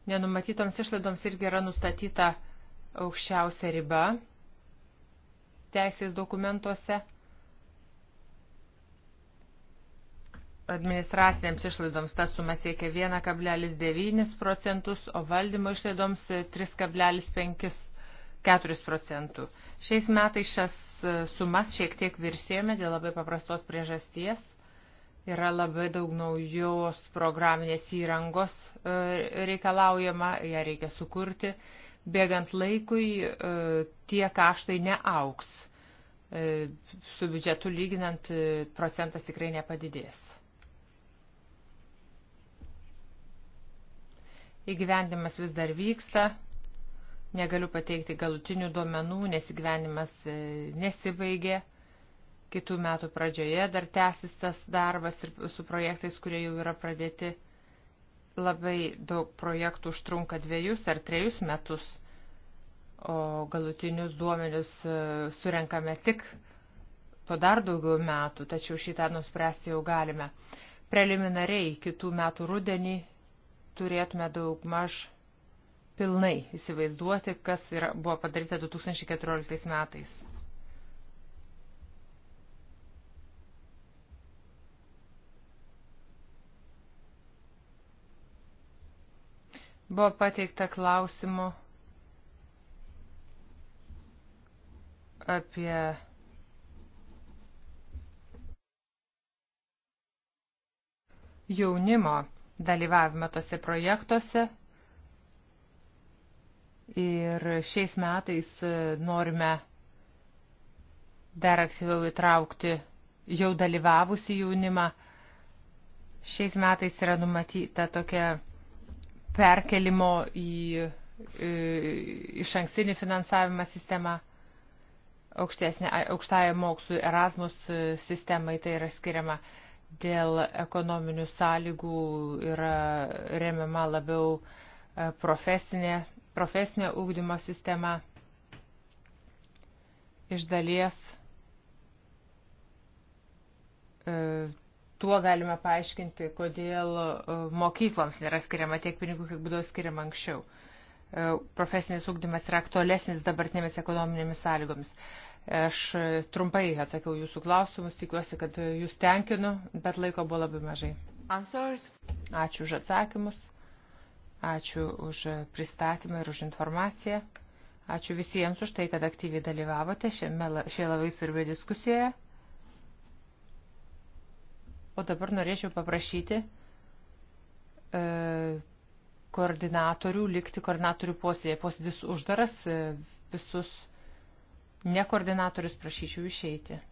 S1: Nenumatytoms išlaidoms irgi yra nustatyta aukščiausia riba teisės dokumentuose administracinėms išlaidoms ta suma siekia 1,9 procentus, o valdymo išlaidoms 3,4 procentų. Šiais metais šias e, sumas šiek tiek virsėjome dėl labai paprastos priežasties. Yra labai daug naujos programinės įrangos e, reikalaujama, ją reikia sukurti Bėgant laikui e, tie kaštai neauks. E, su biudžetu lyginant e, procentas tikrai nepadidės. Įgyvendimas vis dar vyksta. Negaliu pateikti galutinių duomenų, nes įgyvenimas nesibaigė kitų metų pradžioje dar tęsis tas darbas ir su projektais, kurie jau yra pradėti. Labai daug projektų užtrunka dviejus ar trejus metus, o galutinius duomenius e, surenkame tik po dar daugiau metų, tačiau šitą nuspręsti jau galime. Preliminariai kitų metų rudenį turėtume daug maž pilnai įsivaizduoti, kas yra, buvo padaryta 2014 metais. Buvo pateikta klausimų apie jaunimo dalyvavimą tose projektuose. Ir šiais metais e, norime dar aktyviau įtraukti jau dalyvavusi jaunimą. Šiais metais yra numatyta tokia perkelimo į iš ankstinį finansavimą sistemą, aukštąją mokslų Erasmus sistemai tai yra skiriama dėl ekonominių sąlygų yra remiama labiau e, profesinė, profesinė ūkdymo sistema iš dalies e, Tuo galime paaiškinti, kodėl e, mokykloms nėra skiriama tiek pinigų, kiek būdavo skiriama anksčiau. E, profesinis ūkdymas yra aktualesnis dabartinėmis ekonominėmis sąlygomis. E, aš trumpai atsakiau jūsų klausimus, tikiuosi, kad jūs tenkinu, bet laiko buvo labai mažai. Answers. Ačiū už atsakymus, ačiū už pristatymą ir už informaciją. Ačiū visiems už tai, kad aktyviai dalyvavote šiame, šioje labai svarbioje diskusijoje. O dabar norėčiau paprašyti e, koordinatorių likti koordinatorių posėdėje. Posėdis uždaras, e, visus nekoordinatorius prašyčiau išeiti.